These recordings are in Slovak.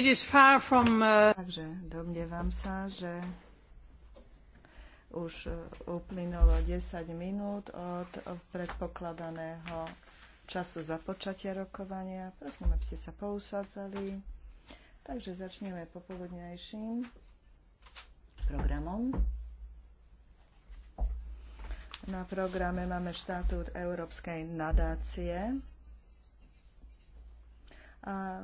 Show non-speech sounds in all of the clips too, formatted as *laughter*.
it is far from... Uh... Takže domnievam sa, že už uh, uplynulo 10 minút od predpokladaného času započatia rokovania. Prosím, aby ste sa pousadzali. Takže začneme popoludnejším programom. Na programe máme štatút Európskej nadácie. A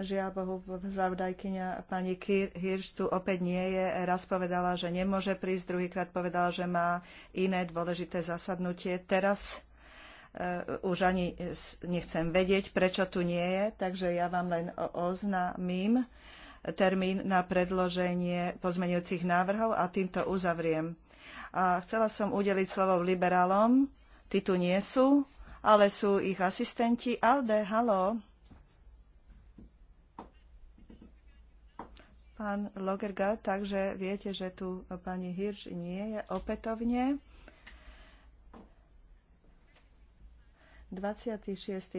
Žiaľ Bohu, pravdajkynia pani Hirš tu opäť nie je. Raz povedala, že nemôže prísť, druhýkrát povedala, že má iné dôležité zasadnutie. Teraz uh, už ani nechcem vedieť, prečo tu nie je, takže ja vám len oznámim termín na predloženie pozmenujúcich návrhov a týmto uzavriem. A chcela som udeliť slovo liberálom. Tí tu nie sú, ale sú ich asistenti. Alde, halo. pán Logergal, takže viete, že tu pani Hirš nie je opätovne. 26.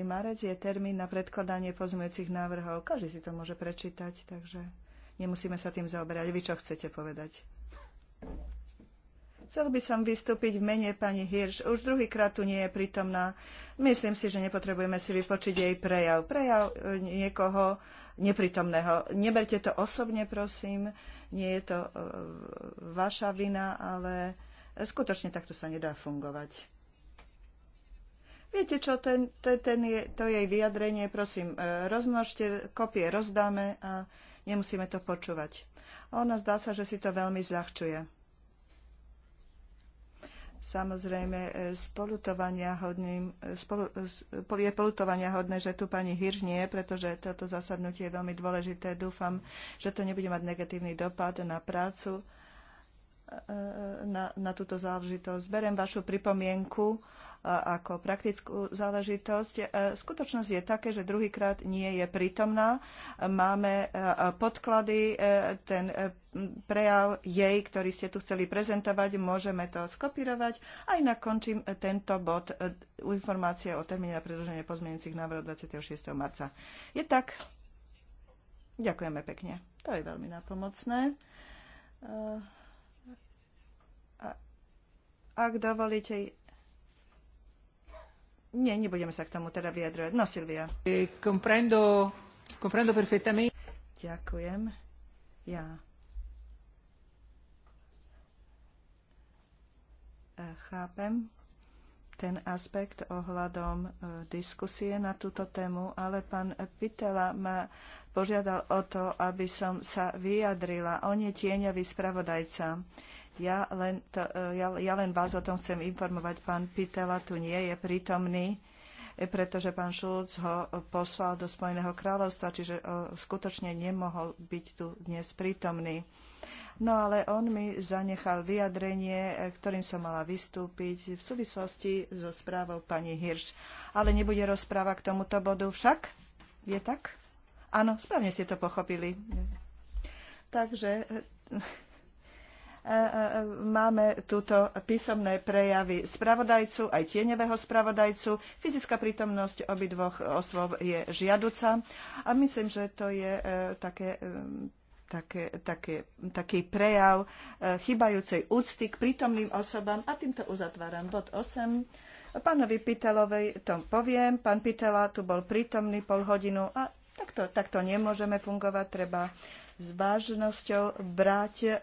marec je termín na predkladanie pozmujúcich návrhov. Každý si to môže prečítať, takže nemusíme sa tým zaoberať. Vy čo chcete povedať? Chcel by som vystúpiť v mene pani Hirš. Už druhýkrát tu nie je prítomná. Myslím si, že nepotrebujeme si vypočiť jej prejav. Prejav niekoho, neprítomného. Neberte to osobne, prosím, nie je to e, vaša vina, ale skutočne takto sa nedá fungovať. Viete čo, ten, ten, ten je, to jej vyjadrenie, prosím, e, rozmnožte, kopie rozdáme a nemusíme to počúvať. Ona zdá sa, že si to veľmi zľahčuje. Samozrejme, e, spolutovania hodným, e, spolu, e, je polutovania hodné, že tu pani Hirš nie, pretože toto zasadnutie je veľmi dôležité. Dúfam, že to nebude mať negatívny dopad na prácu na, na túto záležitosť. Berem vašu pripomienku ako praktickú záležitosť. E, skutočnosť je také, že druhýkrát nie je prítomná. Máme e, podklady, e, ten prejav jej, ktorý ste tu chceli prezentovať, môžeme to skopírovať. A inak končím tento bod informácie o termíne na predloženie pozmienujúcich návrhov 26. marca. Je tak? Ďakujeme pekne. To je veľmi napomocné. Ak dovolíte, nie, nebudeme sa k tomu teda vyjadrovať. No, Silvia. E, comprendo, comprendo perfettamente. Ďakujem. Ja e, chápem ten aspekt ohľadom e, diskusie na túto tému, ale pán Pitela ma požiadal o to, aby som sa vyjadrila. On je tieňový spravodajca. Ja len, to, e, ja, ja len vás o tom chcem informovať. Pán Pitela tu nie je prítomný, e, pretože pán Šulc ho poslal do Spojeného kráľovstva, čiže e, skutočne nemohol byť tu dnes prítomný. No ale on mi zanechal vyjadrenie, ktorým som mala vystúpiť v súvislosti so správou pani Hirš. Ale nebude rozpráva k tomuto bodu však? Je tak? Áno, správne ste to pochopili. Takže máme túto písomné prejavy spravodajcu, aj tieňového spravodajcu. Fyzická prítomnosť obidvoch osôb je žiaduca a myslím, že to je e, také e, také, také, taký prejav e, chybajúcej úcty k prítomným osobám. A týmto uzatváram bod 8. Pánovi Pitelovej to poviem. Pán Pitela tu bol prítomný pol hodinu a takto, takto nemôžeme fungovať. Treba s vážnosťou brať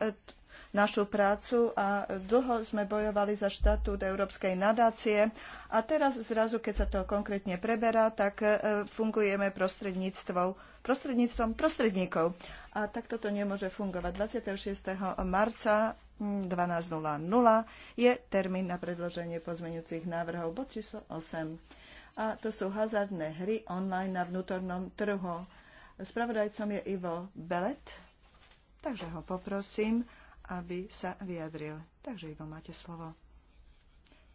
našu prácu a dlho sme bojovali za štatút Európskej nadácie a teraz zrazu, keď sa to konkrétne preberá, tak e, fungujeme prostredníctvom, prostredníctvom prostredníkov. A takto to nemôže fungovať. 26. marca 12.00 je termín na predloženie pozmeňujúcich návrhov bod číslo 8 a to sú hazardné hry online na vnútornom trhu. Spravodajcom je Ivo Belet, takže ho poprosím, aby sa vyjadril. Takže Ivo, máte slovo.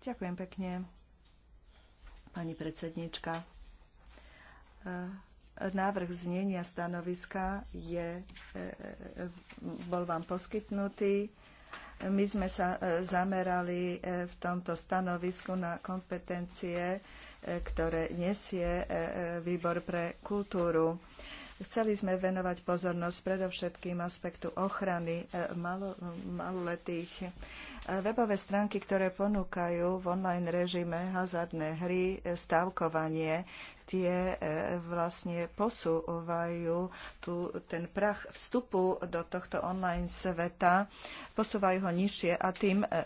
Ďakujem pekne, pani predsednička. E, návrh znenia stanoviska je, e, bol vám poskytnutý. My sme sa e, zamerali v tomto stanovisku na kompetencie, ktoré nesie Výbor pre kultúru. Chceli sme venovať pozornosť predovšetkým aspektu ochrany e, malo, maloletých. E, webové stránky, ktoré ponúkajú v online režime hazardné hry, e, stavkovanie, tie e, vlastne posúvajú tu ten prach vstupu do tohto online sveta, posúvajú ho nižšie a tým e, e,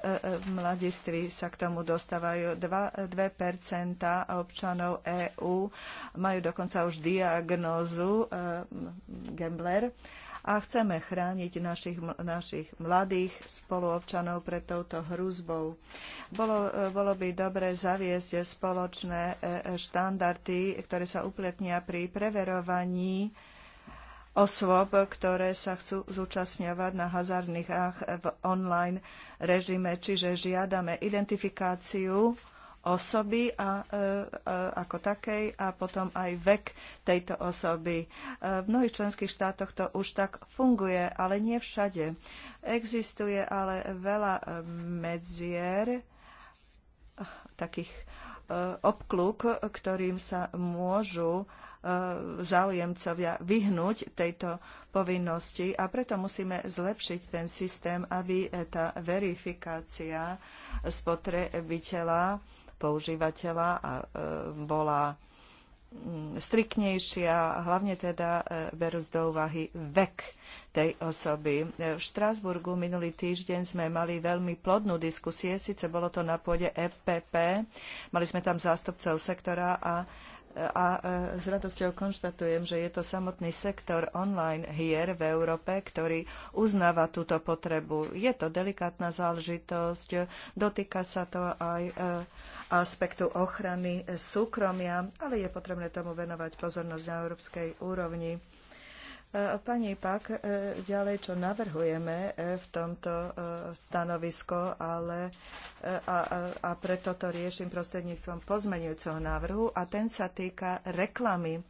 mladiství sa k tomu dostávajú. 2, 2% občanov EÚ majú dokonca už diagnózu Gambler a chceme chrániť našich, našich mladých spoluobčanov pred touto hrúzbou. Bolo, e, bolo by dobre zaviesť spoločné e, e, štandardy, ktoré sa upletnia pri preverovaní osôb, ktoré sa chcú zúčastňovať na hazardných hrách v online režime. Čiže žiadame identifikáciu osoby e, a, ako takej a potom aj vek tejto osoby. E, v mnohých členských štátoch to už tak funguje, ale nie všade. Existuje ale veľa e, medzier, takých obklúk, ktorým sa môžu záujemcovia vyhnúť tejto povinnosti a preto musíme zlepšiť ten systém, aby tá verifikácia spotrebiteľa používateľa a e, bola mm, striktnejšia, hlavne teda e, berúc do úvahy vek tej osoby. E, v Štrásburgu minulý týždeň sme mali veľmi plodnú diskusie, síce bolo to na pôde EPP, mali sme tam zástupcov sektora a a e, s radosťou konštatujem, že je to samotný sektor online hier v Európe, ktorý uznáva túto potrebu. Je to delikátna záležitosť, dotýka sa to aj e, aspektu ochrany súkromia, ale je potrebné tomu venovať pozornosť na európskej úrovni. Pani Pak, e, ďalej, čo navrhujeme e, v tomto e, stanovisko, ale a, a preto to riešim prostredníctvom pozmenujúceho návrhu a ten sa týka reklamy.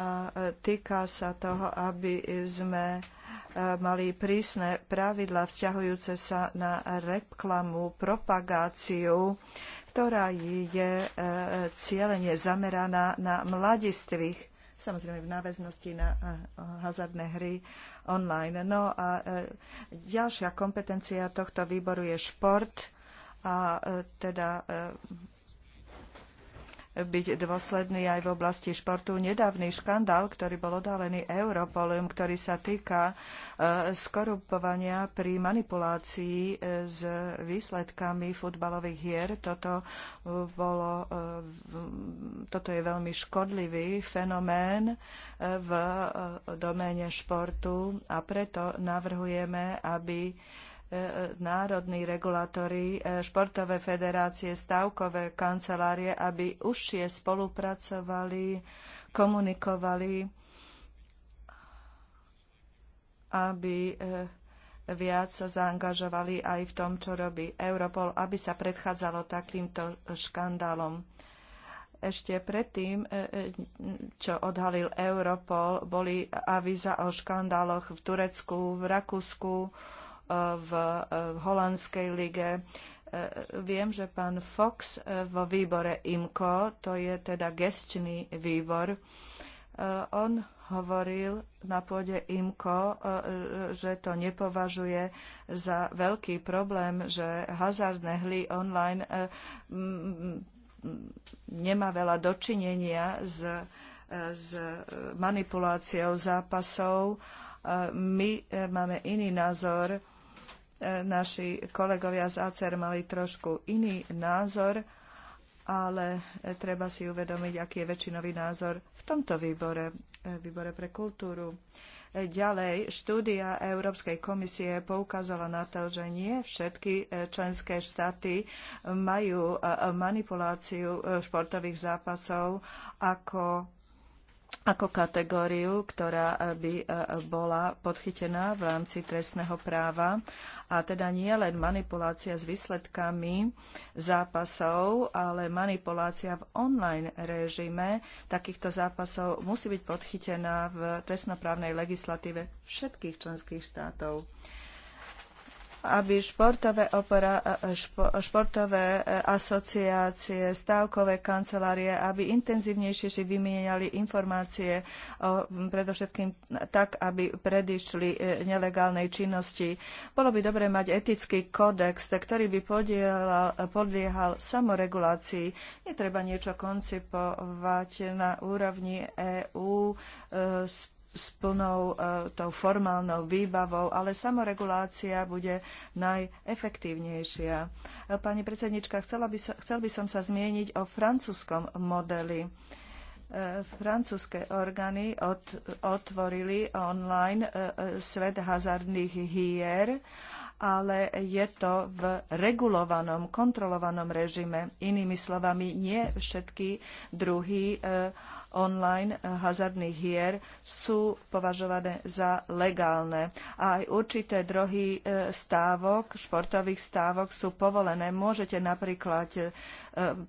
A týka sa toho, aby sme mali prísne pravidla vzťahujúce sa na reklamu, propagáciu, ktorá je cieľene zameraná na mladistvých samozrejme v náväznosti na eh, hazardné hry online. No a eh, ďalšia kompetencia tohto výboru je šport a eh, teda byť dôsledný aj v oblasti športu. Nedávny škandál, ktorý bol odhalený Europolom, ktorý sa týka e, skorupovania pri manipulácii e, s výsledkami futbalových hier. Toto, e, bolo, toto je veľmi škodlivý fenomén v doméne športu a preto navrhujeme, aby E, národní regulátory, e, športové federácie, stavkové kancelárie, aby užšie spolupracovali, komunikovali, aby e, viac sa zaangažovali aj v tom, čo robí Europol, aby sa predchádzalo takýmto škandálom. Ešte predtým, čo odhalil Europol, boli avíza o škandáloch v Turecku, v Rakúsku, v holandskej lige. E, viem, že pán Fox e, vo výbore IMCO, to je teda gestčný výbor, e, on hovoril na pôde IMCO, že to nepovažuje za veľký problém, že hazardné hly online nemá veľa dočinenia s, s manipuláciou zápasov. My máme iný názor naši kolegovia z ACER mali trošku iný názor, ale treba si uvedomiť, aký je väčšinový názor v tomto výbore, e, výbore pre kultúru. E, ďalej, štúdia Európskej komisie poukázala na to, že nie všetky e, členské štáty majú manipuláciu športových zápasov ako ako kategóriu, ktorá e, by e, bola podchytená v rámci trestného práva. A teda nie len manipulácia s výsledkami zápasov, ale manipulácia v online režime takýchto zápasov musí byť podchytená v trestnoprávnej legislatíve všetkých členských štátov aby športové, opera, špo, športové e, asociácie, stávkové kancelárie, aby intenzívnejšie si vymieniali informácie, o, predovšetkým tak, aby predišli e, nelegálnej činnosti. Bolo by dobre mať etický kódex, ktorý by podielal, e, podliehal samoregulácii. Netreba niečo koncipovať na úrovni EÚ. E, s plnou e, tou formálnou výbavou, ale samoregulácia bude najefektívnejšia. E, pani predsednička, chcela by, chcel by som sa zmieniť o francúzskom modeli e, francúzske orgány otvorili online svet hazardných hier, ale je to v regulovanom, kontrolovanom režime. Inými slovami, nie všetky druhy online hazardných hier sú považované za legálne. A aj určité druhy e, stávok, športových stávok sú povolené. Môžete napríklad e,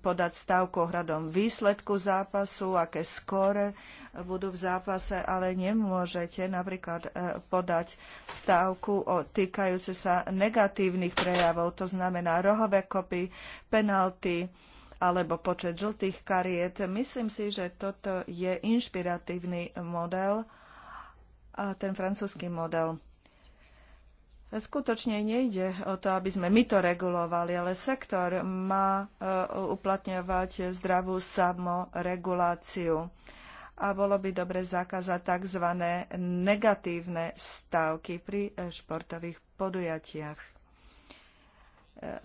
podať stávku ohradom výsledku zápasu, aké skóre budú v zápase, ale nemôžete napríklad e, podať stávku o týkajúce sa negatívnych prejavov, to znamená rohové kopy, penalty, alebo počet žltých kariet. Myslím si, že toto je inšpiratívny model, a ten francúzsky model. Skutočne nejde o to, aby sme my to regulovali, ale sektor má e, uplatňovať zdravú samoreguláciu. A bolo by dobre zakázať tzv. negatívne stavky pri e, športových podujatiach. E,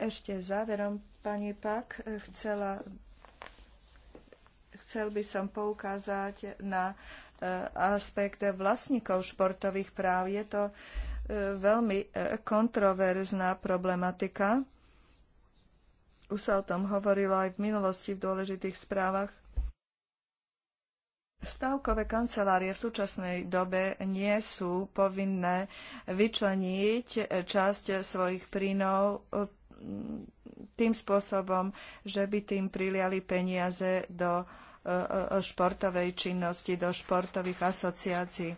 ešte záverom Pani Pak, eh, chcela, chcel by som poukázať na eh, aspekt vlastníkov športových práv. Je to eh, veľmi kontroverzná problematika. Už sa o tom hovorilo aj v minulosti v dôležitých správach. Stavkové kancelárie v súčasnej dobe nie sú povinné vyčleniť časť svojich prínov, tým spôsobom, že by tým priliali peniaze do e, e, e, športovej činnosti, do športových asociácií.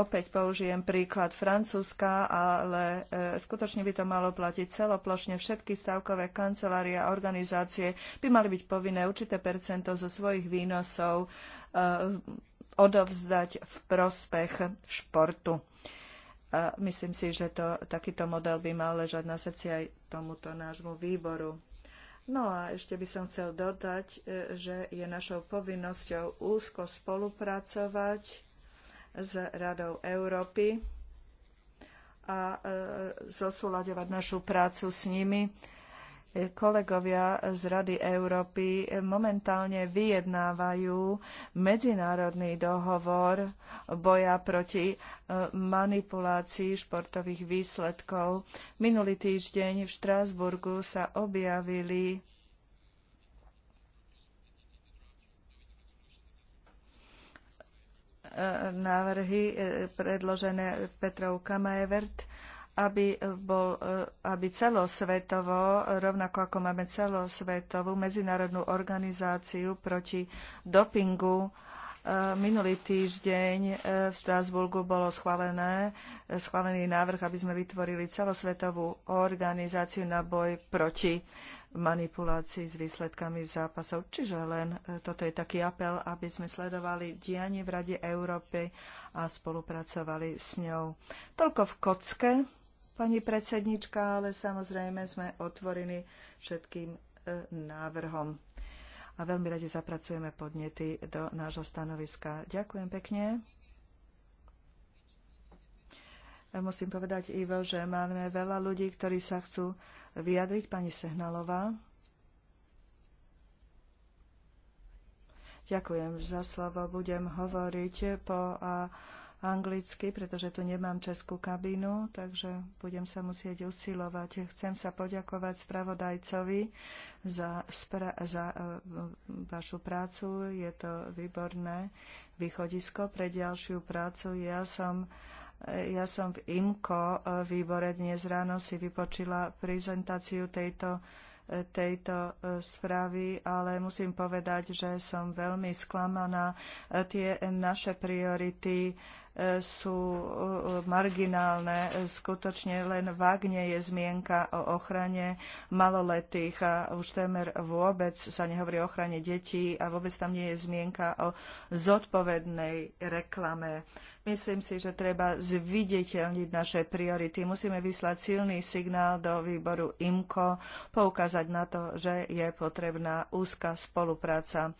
Opäť použijem príklad Francúzska, ale skutočne by to malo platiť celoplošne. Všetky stavkové kancelárie a organizácie by mali byť povinné určité percento zo svojich výnosov odovzdať v prospech športu. A myslím si, že to, takýto model by mal ležať na srdci aj tomuto nášmu výboru. No a ešte by som chcel dodať, e, že je našou povinnosťou úzko spolupracovať s Radou Európy a e, zosúľadovať našu prácu s nimi kolegovia z Rady Európy momentálne vyjednávajú medzinárodný dohovor boja proti e, manipulácii športových výsledkov. Minulý týždeň v Štrásburgu sa objavili e, návrhy e, predložené Petrou Kamaevert aby, bol, e, aby celosvetovo, rovnako ako máme celosvetovú medzinárodnú organizáciu proti dopingu, e, Minulý týždeň e, v Strasburgu bolo schválené, schválený návrh, aby sme vytvorili celosvetovú organizáciu na boj proti manipulácii s výsledkami zápasov. Čiže len toto je taký apel, aby sme sledovali dianie v Rade Európy a spolupracovali s ňou. Toľko v kocke pani predsednička, ale samozrejme sme otvorení všetkým e, návrhom. A veľmi radi zapracujeme podnety do nášho stanoviska. Ďakujem pekne. E, musím povedať, Ivo, že máme veľa ľudí, ktorí sa chcú vyjadriť. Pani Sehnalová. Ďakujem za slovo. Budem hovoriť po a anglicky, pretože tu nemám českú kabínu, takže budem sa musieť usilovať. Chcem sa poďakovať spravodajcovi za, spra- za e, vašu prácu. Je to výborné východisko pre ďalšiu prácu. Ja som e, ja som v IMKO e, výbore dnes ráno si vypočila prezentáciu tejto tejto správy, ale musím povedať, že som veľmi sklamaná. Tie naše priority sú e, marginálne. Skutočne len vágne je zmienka o ochrane maloletých a už témer vôbec sa nehovorí o ochrane detí a vôbec tam nie je zmienka o zodpovednej reklame. Myslím si, že treba zviditeľniť naše priority. Musíme vyslať silný signál do výboru IMCO, poukázať na to, že je potrebná úzka spolupráca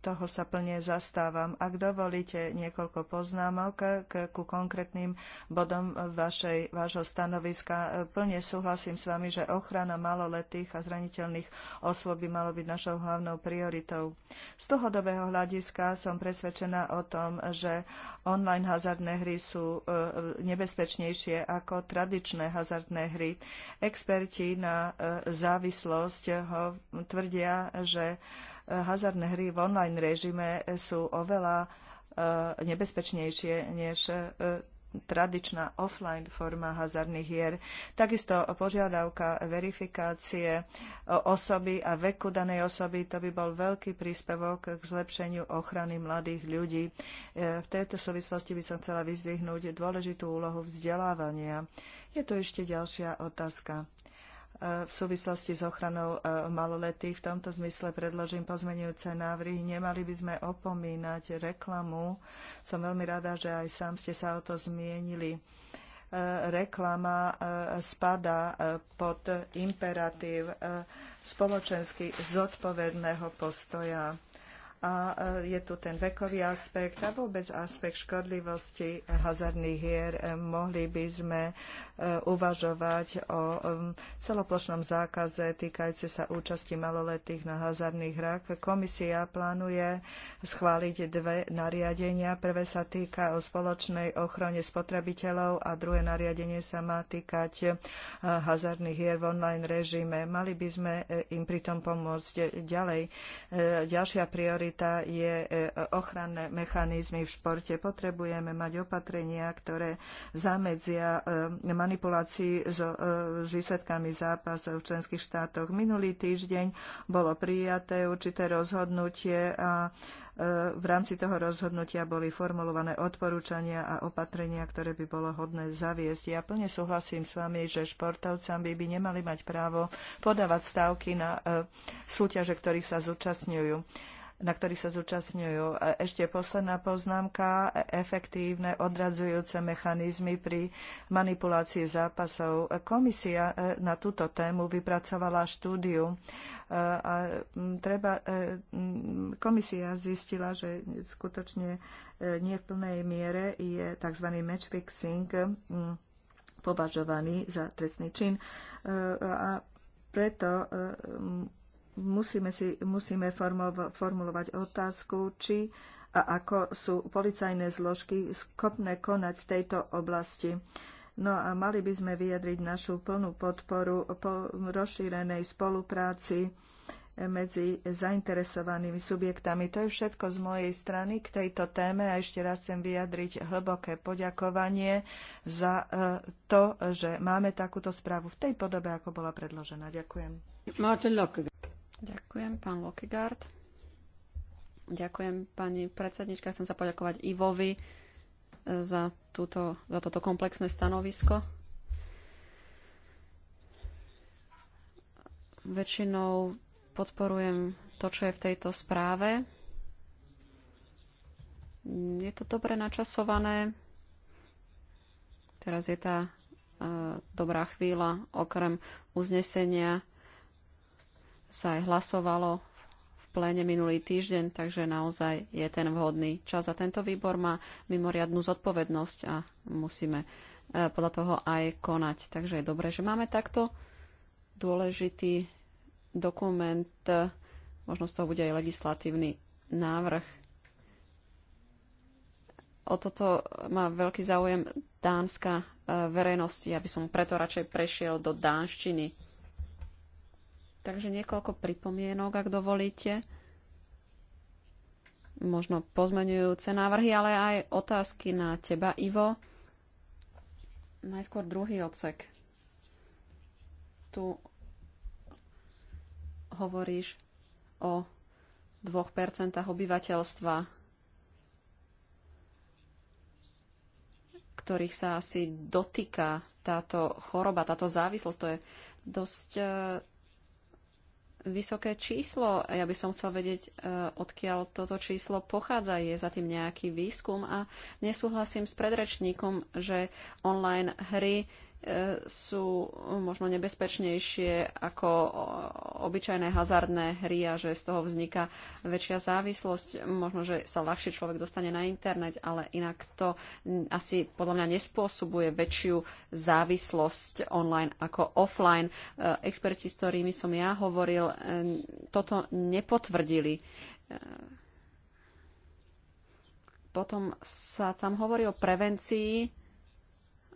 toho sa plne zastávam. Ak dovolíte niekoľko poznámok ku konkrétnym bodom vašej, vášho stanoviska, plne súhlasím s vami, že ochrana maloletých a zraniteľných osôb by malo byť našou hlavnou prioritou. Z dlhodobého hľadiska som presvedčená o tom, že online hazardné hry sú e, nebezpečnejšie ako tradičné hazardné hry. Experti na e, závislosť ho tvrdia, že hazardné hry v online režime sú oveľa e, nebezpečnejšie než e, tradičná offline forma hazardných hier. Takisto požiadavka verifikácie osoby a veku danej osoby, to by bol veľký príspevok k zlepšeniu ochrany mladých ľudí. E, v tejto súvislosti by som chcela vyzdvihnúť dôležitú úlohu vzdelávania. Je tu ešte ďalšia otázka v súvislosti s ochranou e, maloletých. V tomto zmysle predložím pozmenujúce návrhy. Nemali by sme opomínať reklamu. Som veľmi rada, že aj sám ste sa o to zmienili. E, reklama e, spada pod imperatív spoločensky zodpovedného postoja a e, je tu ten vekový aspekt a vôbec aspekt škodlivosti hazardných hier. E, mohli by sme e, uvažovať o celoplošnom zákaze týkajúce sa účasti maloletých na hazardných hrách. Komisia plánuje schváliť dve nariadenia. Prvé sa týka o spoločnej ochrane spotrebiteľov a druhé nariadenie sa má týkať hazardných hier v online režime. Mali by sme im pritom pomôcť ďalej. Ďalšia priorita priorita je e, ochranné mechanizmy v športe. Potrebujeme mať opatrenia, ktoré zamedzia e, manipulácii e, s výsledkami zápasov v členských štátoch. Minulý týždeň bolo prijaté určité rozhodnutie a v rámci toho rozhodnutia boli formulované odporúčania a opatrenia, ktoré by bolo hodné zaviesť. Ja plne súhlasím s vami, že športovcami by nemali mať právo podávať stávky na súťaže, ktorých sa zúčastňujú na ktorý sa zúčastňujú. Ešte posledná poznámka, efektívne odradzujúce mechanizmy pri manipulácii zápasov. Komisia e, na túto tému vypracovala štúdiu e, a treba, e, komisia zistila, že skutočne nie v plnej miere je tzv. match fixing považovaný za trestný čin a preto musíme, si, musíme formulovať otázku, či a ako sú policajné zložky schopné konať v tejto oblasti. No a mali by sme vyjadriť našu plnú podporu po rozšírenej spolupráci medzi zainteresovanými subjektami. To je všetko z mojej strany k tejto téme a ešte raz chcem vyjadriť hlboké poďakovanie za e, to, že máme takúto správu v tej podobe, ako bola predložená. Ďakujem. Máte Ďakujem, pán Lokigard. Ďakujem, pani predsednička. Chcem sa poďakovať Ivovi eh, za, túto, za toto komplexné stanovisko. Väčšinou podporujem to, čo je v tejto správe. Je to dobre načasované. Teraz je tá eh, dobrá chvíľa, okrem uznesenia sa aj hlasovalo v pléne minulý týždeň, takže naozaj je ten vhodný čas. A tento výbor má mimoriadnú zodpovednosť a musíme e, podľa toho aj konať. Takže je dobré, že máme takto dôležitý dokument, možno z toho bude aj legislatívny návrh. O toto má veľký záujem dánska e, verejnosti, aby som preto radšej prešiel do dánštiny. Takže niekoľko pripomienok, ak dovolíte. Možno pozmenujúce návrhy, ale aj otázky na teba, Ivo. Najskôr druhý odsek. Tu hovoríš o 2% obyvateľstva, ktorých sa asi dotýka táto choroba, táto závislosť. To je dosť vysoké číslo. Ja by som chcel vedieť, e, odkiaľ toto číslo pochádza. Je za tým nejaký výskum a nesúhlasím s predrečníkom, že online hry E, sú možno nebezpečnejšie ako obyčajné hazardné hry a že z toho vzniká väčšia závislosť. Možno, že sa ľahšie človek dostane na internet, ale inak to asi podľa mňa nespôsobuje väčšiu závislosť online ako offline. E, experti, s ktorými som ja hovoril, e, toto nepotvrdili. Potom sa tam hovorí o prevencii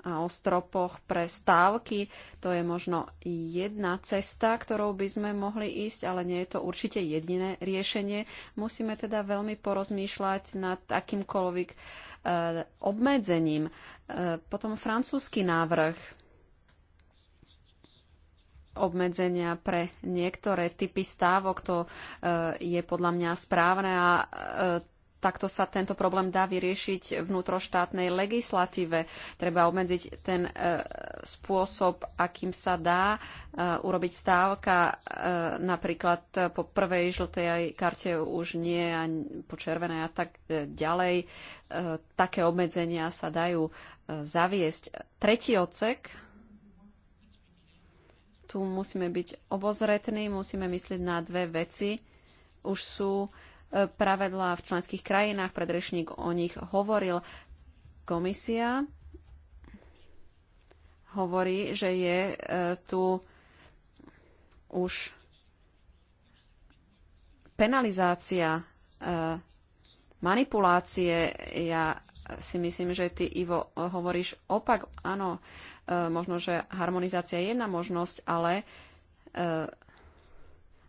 a o stropoch pre stávky. To je možno jedna cesta, ktorou by sme mohli ísť, ale nie je to určite jediné riešenie. Musíme teda veľmi porozmýšľať nad akýmkoľvek e, obmedzením. E, potom francúzsky návrh obmedzenia pre niektoré typy stávok, to e, je podľa mňa správne a e, takto sa tento problém dá vyriešiť vnútroštátnej legislatíve. Treba obmedziť ten e, spôsob, akým sa dá e, urobiť stávka. E, napríklad e, po prvej žltej karte už nie, a po červenej a tak e, ďalej. E, také obmedzenia sa dajú zaviesť. Tretí ocek. Tu musíme byť obozretní, musíme myslieť na dve veci. Už sú pravidlá v členských krajinách. Predrečník o nich hovoril. Komisia hovorí, že je e, tu už penalizácia e, manipulácie. Ja si myslím, že ty, Ivo, hovoríš opak. Áno, e, možno, že harmonizácia je jedna možnosť, ale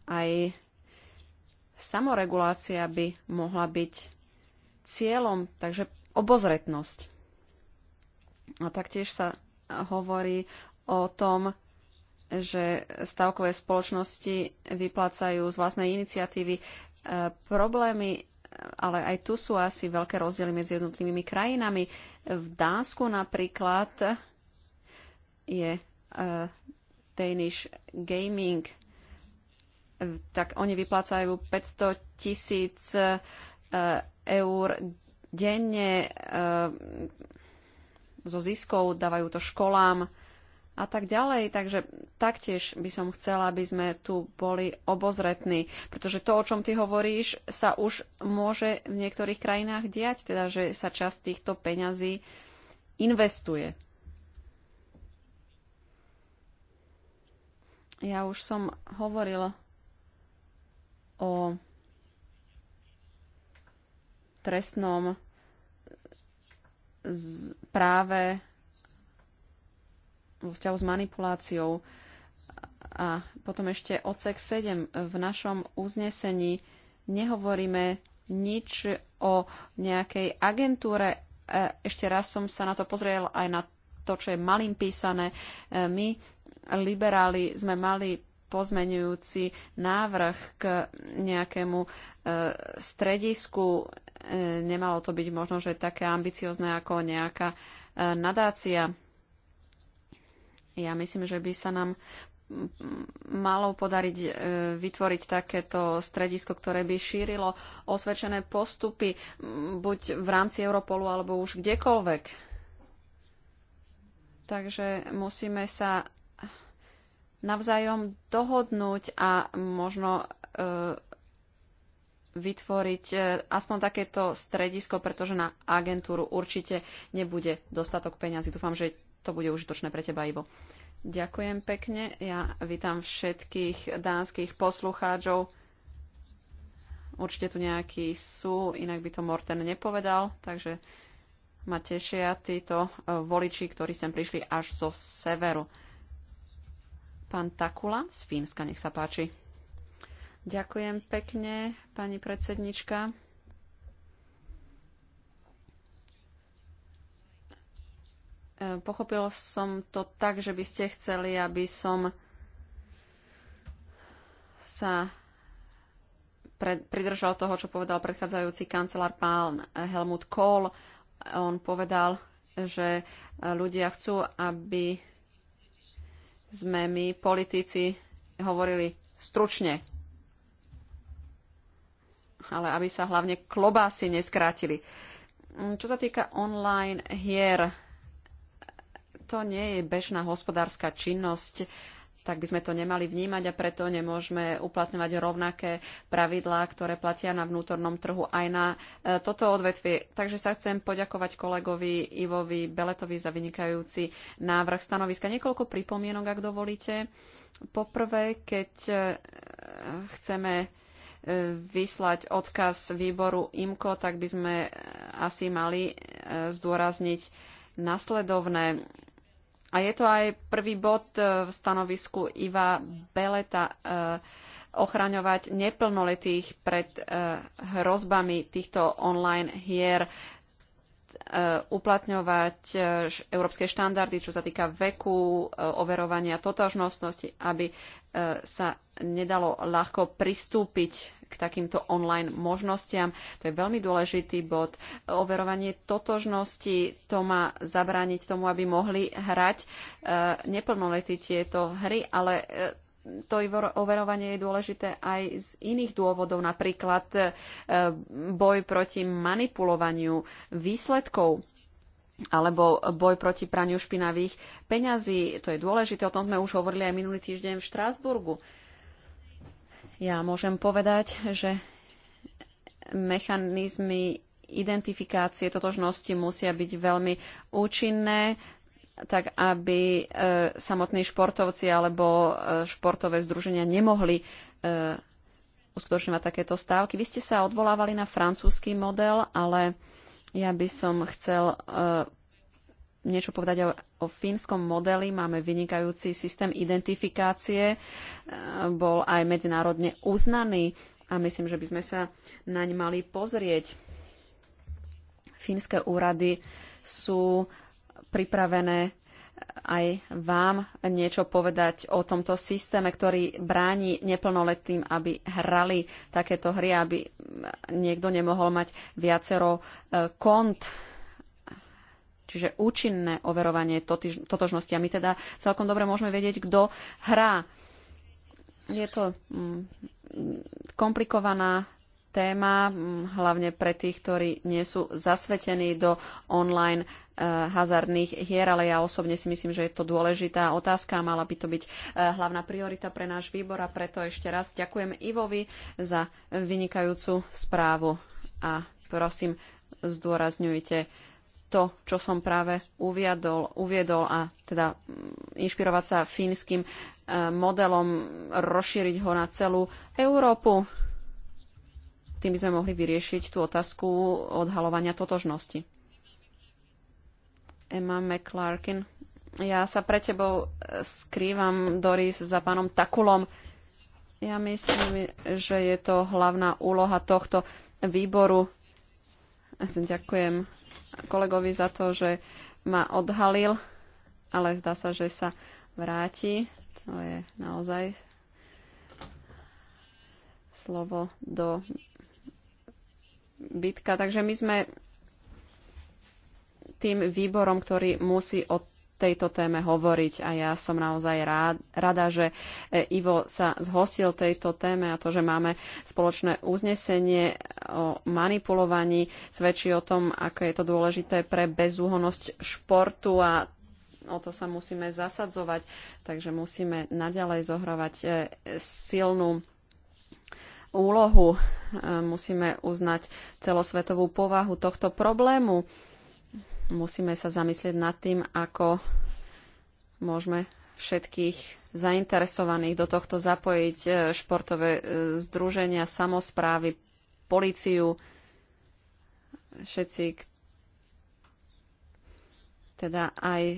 aj samoregulácia by mohla byť cieľom, takže obozretnosť. A taktiež sa hovorí o tom, že stavkové spoločnosti vyplácajú z vlastnej iniciatívy e, problémy, ale aj tu sú asi veľké rozdiely medzi jednotlivými krajinami. V Dánsku napríklad je e, Danish Gaming tak oni vyplácajú 500 tisíc e, eur denne e, zo ziskov, dávajú to školám a tak ďalej. Takže taktiež by som chcela, aby sme tu boli obozretní, pretože to, o čom ty hovoríš, sa už môže v niektorých krajinách diať, teda že sa časť týchto peňazí investuje. Ja už som hovorila o trestnom práve vo vzťahu s manipuláciou. A potom ešte odsek 7. V našom uznesení nehovoríme nič o nejakej agentúre. E, ešte raz som sa na to pozrel aj na to, čo je malým písané. E, my, liberáli, sme mali pozmenujúci návrh k nejakému e, stredisku. E, nemalo to byť možno, že také ambiciozne ako nejaká e, nadácia. Ja myslím, že by sa nám malo podariť vytvoriť takéto stredisko, ktoré by šírilo osvedčené postupy buď v rámci Europolu alebo už kdekoľvek. Takže musíme sa navzájom dohodnúť a možno e, vytvoriť e, aspoň takéto stredisko, pretože na agentúru určite nebude dostatok peňazí. Dúfam, že to bude užitočné pre teba, Ivo. Ďakujem pekne. Ja vítam všetkých dánskych poslucháčov. Určite tu nejakí sú, inak by to Morten nepovedal, takže ma tešia títo e, voliči, ktorí sem prišli až zo severu. Pán Takula z Fínska, nech sa páči. Ďakujem pekne, pani predsednička. E, pochopil som to tak, že by ste chceli, aby som sa pridržal toho, čo povedal predchádzajúci kancelár pán Helmut Kohl. On povedal, že ľudia chcú, aby sme my, politici, hovorili stručne. Ale aby sa hlavne klobásy neskrátili. Mm, čo sa týka online hier, to nie je bežná hospodárska činnosť tak by sme to nemali vnímať a preto nemôžeme uplatňovať rovnaké pravidlá, ktoré platia na vnútornom trhu aj na e, toto odvetvie. Takže sa chcem poďakovať kolegovi Ivovi Beletovi za vynikajúci návrh stanoviska. Niekoľko pripomienok, ak dovolíte. Poprvé, keď e, chceme e, vyslať odkaz výboru IMKO, tak by sme asi mali zdôrazniť nasledovné a je to aj prvý bod e, v stanovisku Iva Beleta e, ochraňovať neplnoletých pred e, hrozbami týchto online hier uplatňovať európske štandardy, čo sa týka veku, overovania totožnostnosti, aby sa nedalo ľahko pristúpiť k takýmto online možnostiam. To je veľmi dôležitý bod. Overovanie totožnosti to má zabrániť tomu, aby mohli hrať e, neplnoletí tieto hry, ale e, to overovanie je dôležité aj z iných dôvodov, napríklad e, boj proti manipulovaniu výsledkov alebo boj proti praniu špinavých peňazí. To je dôležité, o tom sme už hovorili aj minulý týždeň v Štrásburgu. Ja môžem povedať, že mechanizmy identifikácie totožnosti musia byť veľmi účinné, tak aby e, samotní športovci alebo e, športové združenia nemohli e, uskutočňovať takéto stávky. Vy ste sa odvolávali na francúzsky model, ale ja by som chcel e, niečo povedať o, o fínskom modeli. Máme vynikajúci systém identifikácie, e, bol aj medzinárodne uznaný a myslím, že by sme sa naň mali pozrieť. Fínske úrady sú pripravené aj vám niečo povedať o tomto systéme, ktorý bráni neplnoletým, aby hrali takéto hry, aby niekto nemohol mať viacero e, kont Čiže účinné overovanie totožnosti. A my teda celkom dobre môžeme vedieť, kto hrá. Je to mm, komplikovaná téma, mm, hlavne pre tých, ktorí nie sú zasvetení do online e, hazardných hier, ale ja osobne si myslím, že je to dôležitá otázka, mala by to byť e, hlavná priorita pre náš výbor a preto ešte raz ďakujem Ivovi za vynikajúcu správu a prosím, zdôrazňujte to, čo som práve uviadol, uviedol a teda mm, inšpirovať sa fínskym e, modelom, rozšíriť ho na celú Európu. Tým by sme mohli vyriešiť tú otázku odhalovania totožnosti. Emma McClarkin. Ja sa pre tebou e, skrývam, Doris, za pánom Takulom. Ja myslím, že je to hlavná úloha tohto výboru Ďakujem kolegovi za to, že ma odhalil, ale zdá sa, že sa vráti. To je naozaj slovo do bitka. Takže my sme tým výborom, ktorý musí od tejto téme hovoriť a ja som naozaj rád, rada, že e, Ivo sa zhostil tejto téme a to, že máme spoločné uznesenie o manipulovaní, svedčí o tom, ako je to dôležité pre bezúhonosť športu a o to sa musíme zasadzovať, takže musíme naďalej zohrávať e, silnú úlohu. E, musíme uznať celosvetovú povahu tohto problému musíme sa zamyslieť nad tým, ako môžeme všetkých zainteresovaných do tohto zapojiť e, športové e, združenia, samozprávy, policiu, všetci, teda aj e,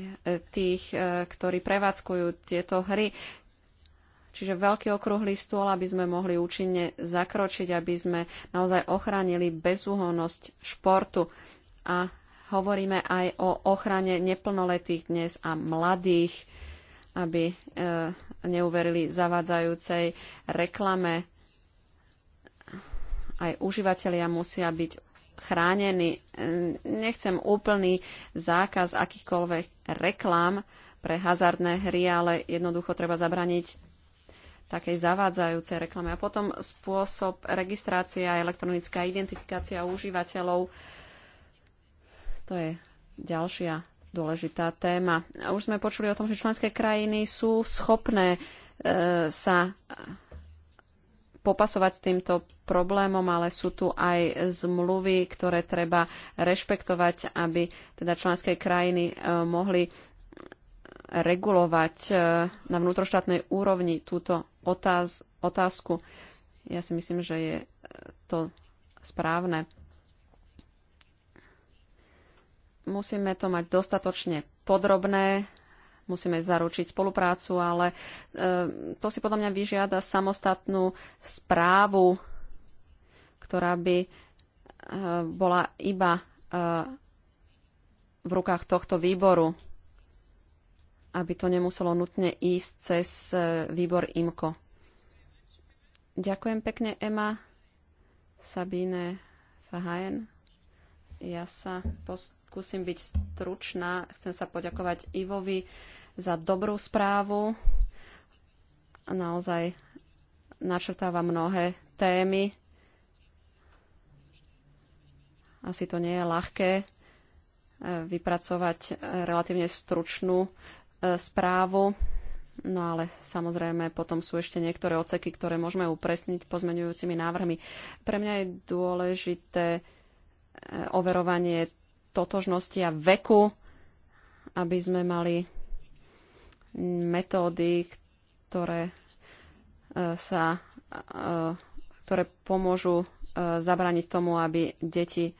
tých, ktorí prevádzkujú tieto hry. Čiže veľký okrúhly stôl, aby sme mohli účinne zakročiť, aby sme naozaj ochránili bezúhonnosť športu a hovoríme aj o ochrane neplnoletých dnes a mladých, aby e, neuverili zavádzajúcej reklame. Aj užívateľia musia byť chránení. E, nechcem úplný zákaz akýchkoľvek reklám pre hazardné hry, ale jednoducho treba zabraniť takej zavádzajúcej reklame. A potom spôsob registrácie a elektronická identifikácia užívateľov to je ďalšia dôležitá téma. Už sme počuli o tom, že členské krajiny sú schopné e, sa popasovať s týmto problémom, ale sú tu aj zmluvy, ktoré treba rešpektovať, aby teda členské krajiny e, mohli regulovať e, na vnútroštátnej úrovni túto otáz, otázku. Ja si myslím, že je e, to správne. Musíme to mať dostatočne podrobné, musíme zaručiť spoluprácu, ale e, to si podľa mňa vyžiada samostatnú správu, ktorá by e, bola iba e, v rukách tohto výboru, aby to nemuselo nutne ísť cez výbor IMKO. Ďakujem pekne, Ema, Sabine, Fahajen. Ja sa post- Skúsim byť stručná. Chcem sa poďakovať Ivovi za dobrú správu. Naozaj načrtáva mnohé témy. Asi to nie je ľahké eh, vypracovať eh, relatívne stručnú eh, správu. No ale samozrejme potom sú ešte niektoré oceky, ktoré môžeme upresniť pozmeňujúcimi návrhmi. Pre mňa je dôležité overovanie totožnosti a veku, aby sme mali metódy, ktoré e, sa e, e, ktoré pomôžu zabrániť tomu, aby deti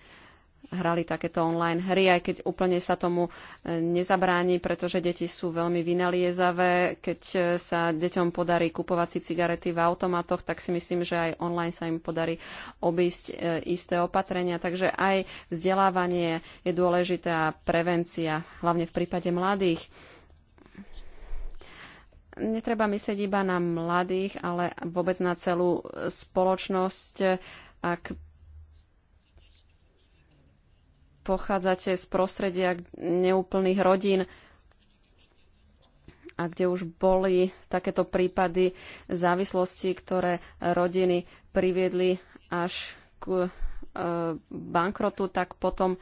hrali takéto online hry, aj keď úplne sa tomu e, nezabráni, pretože deti sú veľmi vynaliezavé. Keď e, sa deťom podarí kupovať si cigarety v automatoch, tak si myslím, že aj online sa im podarí obísť e, isté opatrenia. Takže aj vzdelávanie je dôležité a prevencia, hlavne v prípade mladých. Netreba myslieť iba na mladých, ale vôbec na celú spoločnosť. Ak pochádzate z prostredia neúplných rodín a kde už boli takéto prípady závislosti, ktoré rodiny priviedli až k e, bankrotu, tak potom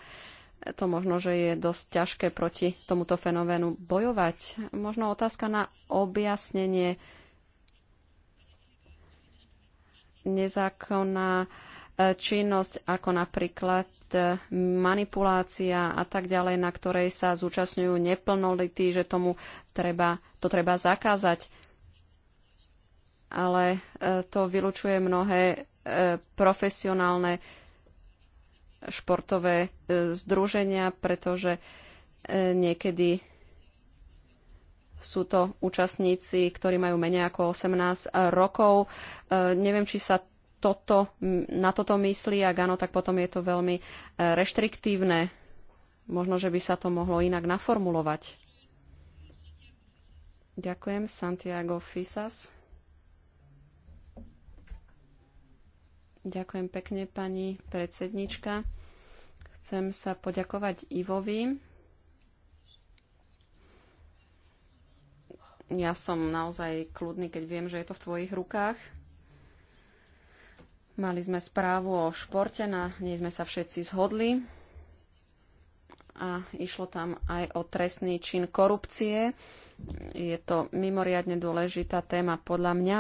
to možno, že je dosť ťažké proti tomuto fenoménu bojovať. Možno otázka na objasnenie nezákonná E, činnosť, ako napríklad e, manipulácia a tak ďalej, na ktorej sa zúčastňujú neplnolití, že tomu treba, to treba zakázať. Ale e, to vylučuje mnohé profesionálne športové združenia, pretože niekedy sú to účastníci, ktorí majú menej ako 18 rokov. Neviem, či sa toto, na toto myslí, ak áno, tak potom je to veľmi e, reštriktívne. Možno, že by sa to mohlo inak naformulovať. Ďakujem. Santiago Fisas. Ďakujem pekne, pani predsednička. Chcem sa poďakovať Ivovi. Ja som naozaj kľudný, keď viem, že je to v tvojich rukách. Mali sme správu o športe, na nej sme sa všetci zhodli a išlo tam aj o trestný čin korupcie. Je to mimoriadne dôležitá téma podľa mňa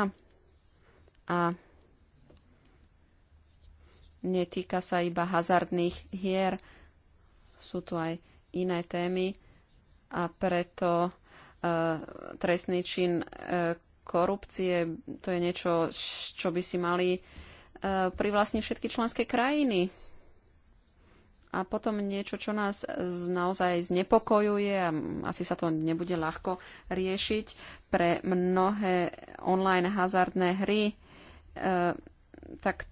a netýka sa iba hazardných hier. Sú tu aj iné témy a preto e, trestný čin e, korupcie to je niečo, čo by si mali E, pri vlastne všetky členské krajiny. A potom niečo, čo nás naozaj znepokojuje a asi sa to nebude ľahko riešiť pre mnohé online hazardné hry, e, tak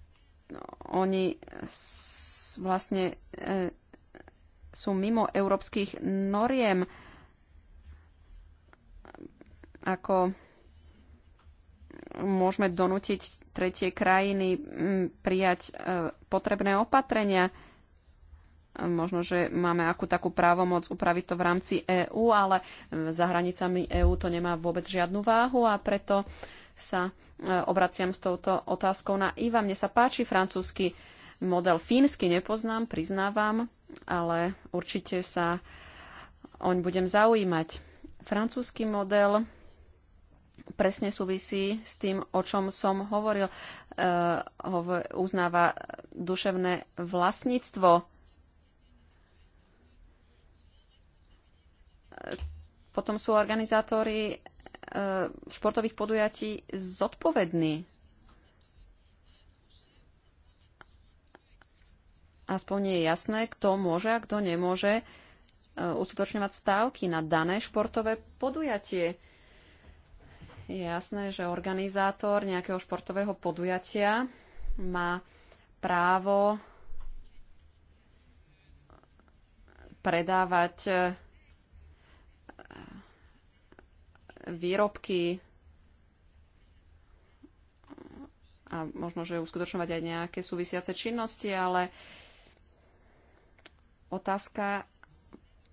oni vlastne e, sú mimo európskych noriem ako môžeme donútiť tretie krajiny prijať e, potrebné opatrenia. Možno, že máme akú takú právomoc upraviť to v rámci EÚ, ale za hranicami EÚ to nemá vôbec žiadnu váhu a preto sa e, obraciam s touto otázkou na Iva. Mne sa páči francúzsky model. Fínsky nepoznám, priznávam, ale určite sa oň budem zaujímať. Francúzsky model presne súvisí s tým, o čom som hovoril. Eh, uznáva duševné vlastníctvo. Potom sú organizátori eh, športových podujatí zodpovední. Aspoň nie je jasné, kto môže a kto nemôže eh, uskutočňovať stávky na dané športové podujatie je jasné, že organizátor nejakého športového podujatia má právo predávať eh, výrobky a možno, že uskutočňovať aj nejaké súvisiace činnosti, ale otázka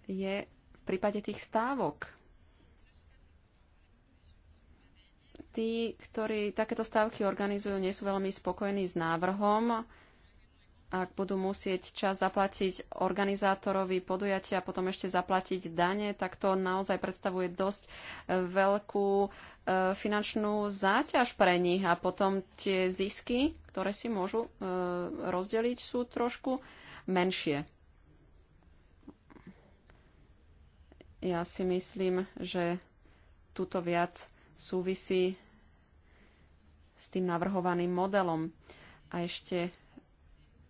je v prípade tých stávok. tí, ktorí takéto stávky organizujú, nie sú veľmi spokojní s návrhom. Ak budú musieť čas zaplatiť organizátorovi podujatia a potom ešte zaplatiť dane, tak to naozaj predstavuje dosť e, veľkú e, finančnú záťaž pre nich a potom tie zisky, ktoré si môžu e, rozdeliť, sú trošku menšie. Ja si myslím, že tuto viac súvisí s tým navrhovaným modelom. A ešte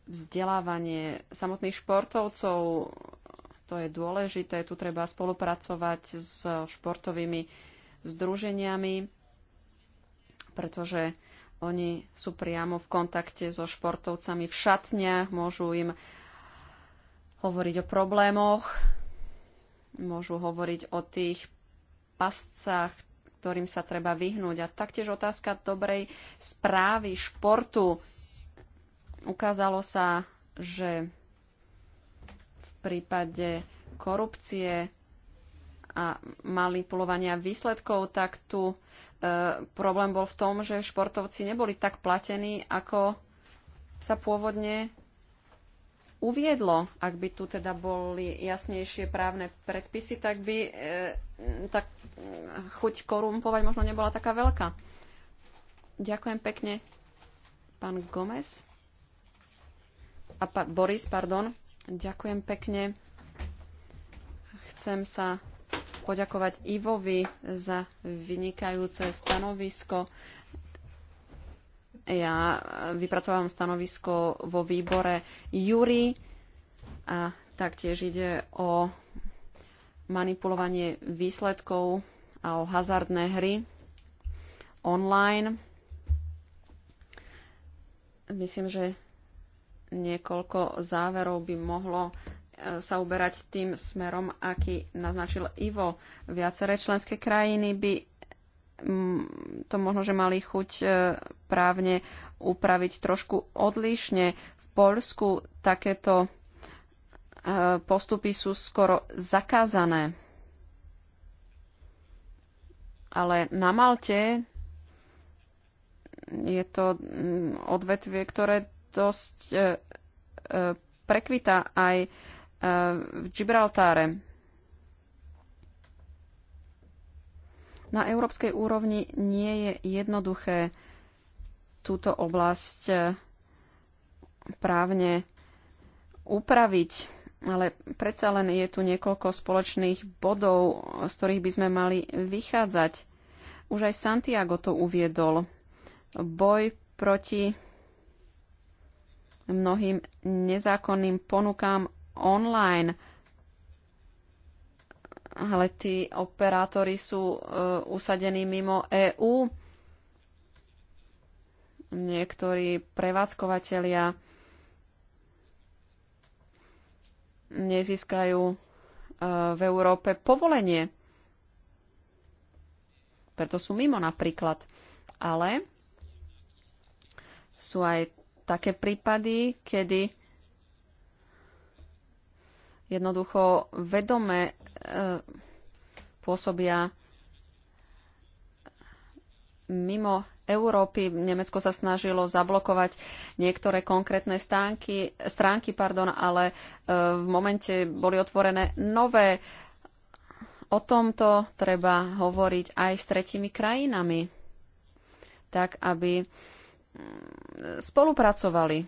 vzdelávanie samotných športovcov, to je dôležité, tu treba spolupracovať s športovými združeniami, pretože oni sú priamo v kontakte so športovcami v šatniach, môžu im hovoriť o problémoch, môžu hovoriť o tých pascách, ktorým sa treba vyhnúť. A taktiež otázka dobrej správy športu. Ukázalo sa, že v prípade korupcie a manipulovania výsledkov, tak tu e, problém bol v tom, že športovci neboli tak platení, ako sa pôvodne uviedlo, ak by tu teda boli jasnejšie právne predpisy, tak by e, tak chuť korumpovať možno nebola taká veľká. Ďakujem pekne, pán Gomez. A pa, Boris, pardon. Ďakujem pekne. Chcem sa poďakovať Ivovi za vynikajúce stanovisko. Ja vypracovávam stanovisko vo výbore Júri a taktiež ide o manipulovanie výsledkov a o hazardné hry online. Myslím, že niekoľko záverov by mohlo e, sa uberať tým smerom, aký naznačil Ivo. Viaceré členské krajiny by Mm, to možno, že mali chuť e, právne upraviť trošku odlišne. V Poľsku takéto e, postupy sú skoro zakázané. Ale na Malte je to mm, odvetvie, ktoré dosť e, prekvita aj v Gibraltáre. Na európskej úrovni nie je jednoduché túto oblasť eh, právne upraviť, ale predsa len je tu niekoľko spoločných bodov, z ktorých by sme mali vychádzať. Už aj Santiago to uviedol. Boj proti mnohým nezákonným ponukám online ale tí operátori sú e, usadení mimo EÚ. Niektorí prevádzkovateľia nezískajú e, v Európe povolenie. Preto sú mimo napríklad. Ale sú aj také prípady, kedy jednoducho vedome pôsobia mimo Európy. Nemecko sa snažilo zablokovať niektoré konkrétne stánky, stránky, pardon, ale e, v momente boli otvorené nové. O tomto treba hovoriť aj s tretimi krajinami, tak aby spolupracovali.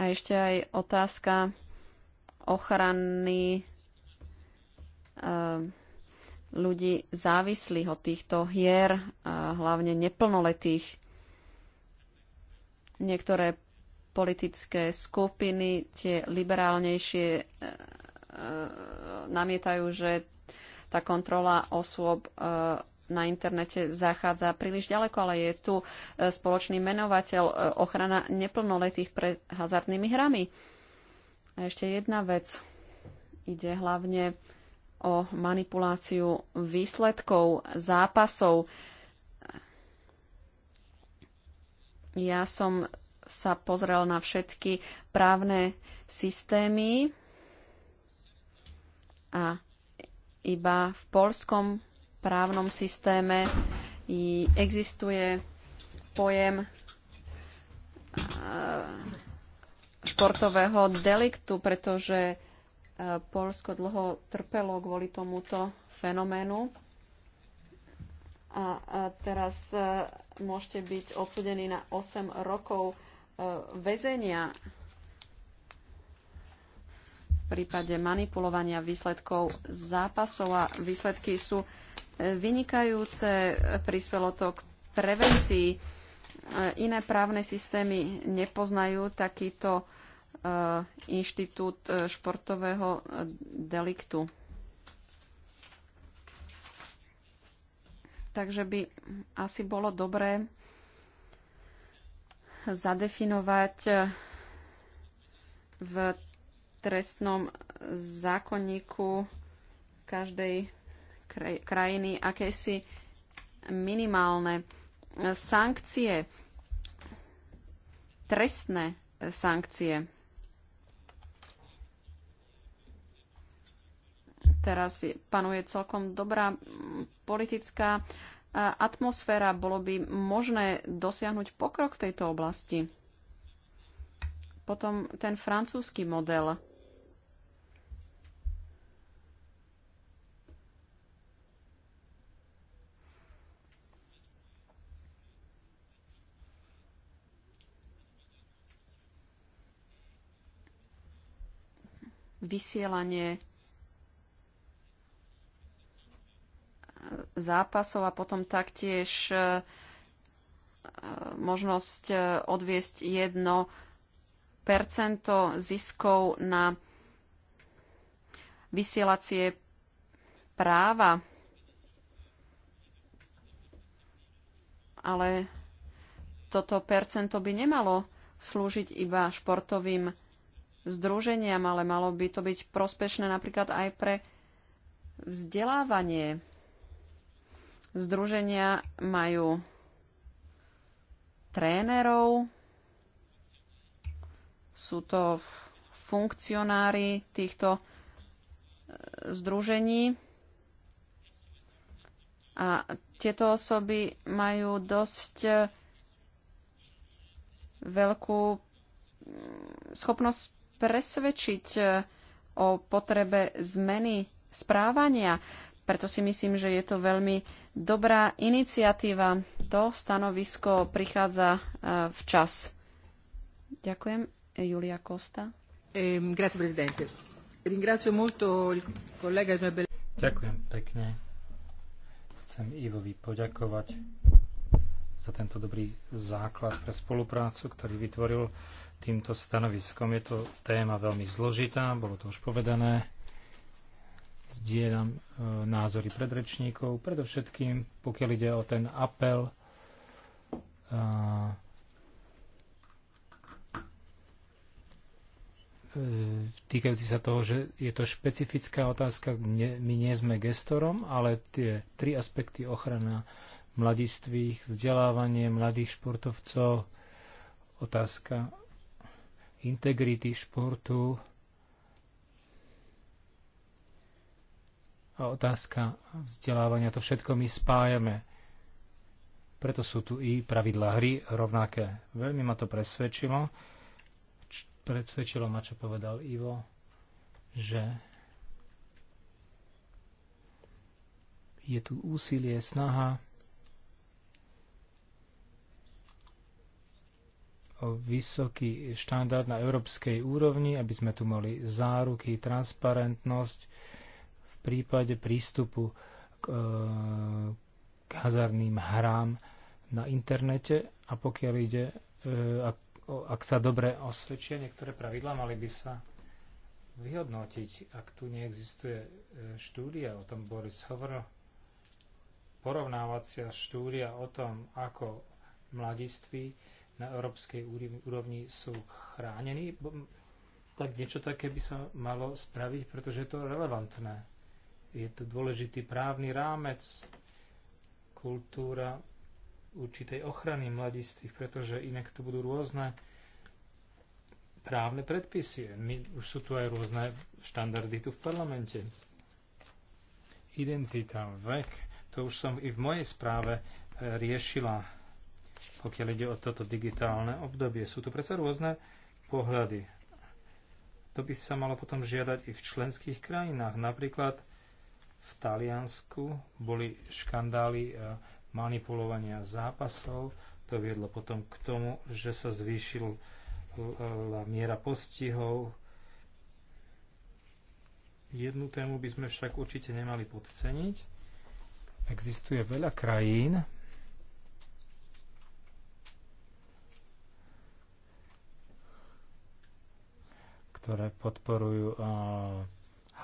A ešte aj otázka ochrany Eh, ľudí závislých od týchto hier, eh, hlavne neplnoletých. Niektoré politické skupiny, tie liberálnejšie, eh, namietajú, že tá kontrola osôb na internete zachádza príliš ďaleko, ale je tu spoločný menovateľ ochrana neplnoletých pred hazardnými hrami. A ešte jedna vec. Ide hlavne o manipuláciu výsledkov zápasov. Ja som sa pozrel na všetky právne systémy a iba v polskom právnom systéme existuje pojem športového deliktu, pretože Polsko dlho trpelo kvôli tomuto fenoménu. A, a teraz e, môžete byť odsudení na 8 rokov e, väzenia v prípade manipulovania výsledkov zápasov a výsledky sú e, vynikajúce. Prispelo to k prevencii. Iné právne systémy nepoznajú takýto Eh, inštitút eh, športového eh, deliktu. Takže by asi bolo dobré zadefinovať v trestnom zákonníku každej krajiny akési minimálne sankcie, trestné sankcie. Teraz panuje celkom dobrá politická atmosféra. Bolo by možné dosiahnuť pokrok v tejto oblasti. Potom ten francúzsky model. vysielanie zápasov a potom taktiež e, e, možnosť e, odviesť jedno percento ziskov na vysielacie práva. Ale toto percento by nemalo slúžiť iba športovým združeniam, ale malo by to byť prospešné napríklad aj pre vzdelávanie Združenia majú trénerov, sú to funkcionári týchto e, združení. A tieto osoby majú dosť e, veľkú mm, schopnosť presvedčiť e, o potrebe zmeny správania. Preto si myslím, že je to veľmi dobrá iniciatíva. To stanovisko prichádza e, včas. Ďakujem. Julia Costa. Ehm, e Ďakujem pekne. Chcem Ivovi poďakovať za tento dobrý základ pre spoluprácu, ktorý vytvoril týmto stanoviskom. Je to téma veľmi zložitá, bolo to už povedané Zdieľam e, názory predrečníkov, predovšetkým pokiaľ ide o ten apel e, týkajúci sa toho, že je to špecifická otázka, my nie sme gestorom, ale tie tri aspekty ochrana mladistvých, vzdelávanie mladých športovcov, otázka integrity športu, a otázka vzdelávania, to všetko my spájame. Preto sú tu i pravidlá hry rovnaké. Veľmi ma to presvedčilo. Presvedčilo ma, čo povedal Ivo, že je tu úsilie, snaha o vysoký štandard na európskej úrovni, aby sme tu mali záruky, transparentnosť, prípade prístupu k, e, k hazardným hrám na internete a pokiaľ ide, e, ak, ak sa dobre osvedčia niektoré pravidlá, mali by sa vyhodnotiť, ak tu neexistuje e, štúdia, o tom Boris hovoril, porovnávacia štúdia o tom, ako mladiství na európskej úrovni sú chránení, tak niečo také by sa malo spraviť, pretože je to relevantné je to dôležitý právny rámec, kultúra určitej ochrany mladistvých, pretože inak tu budú rôzne právne predpisy. My, už sú tu aj rôzne štandardy tu v parlamente. Identita, vek, to už som i v mojej správe eh, riešila, pokiaľ ide o toto digitálne obdobie. Sú tu predsa rôzne pohľady. To by sa malo potom žiadať i v členských krajinách. Napríklad v Taliansku boli škandály e, manipulovania zápasov. To viedlo potom k tomu, že sa zvýšila e, miera postihov. Jednu tému by sme však určite nemali podceniť. Existuje veľa krajín, ktoré podporujú e,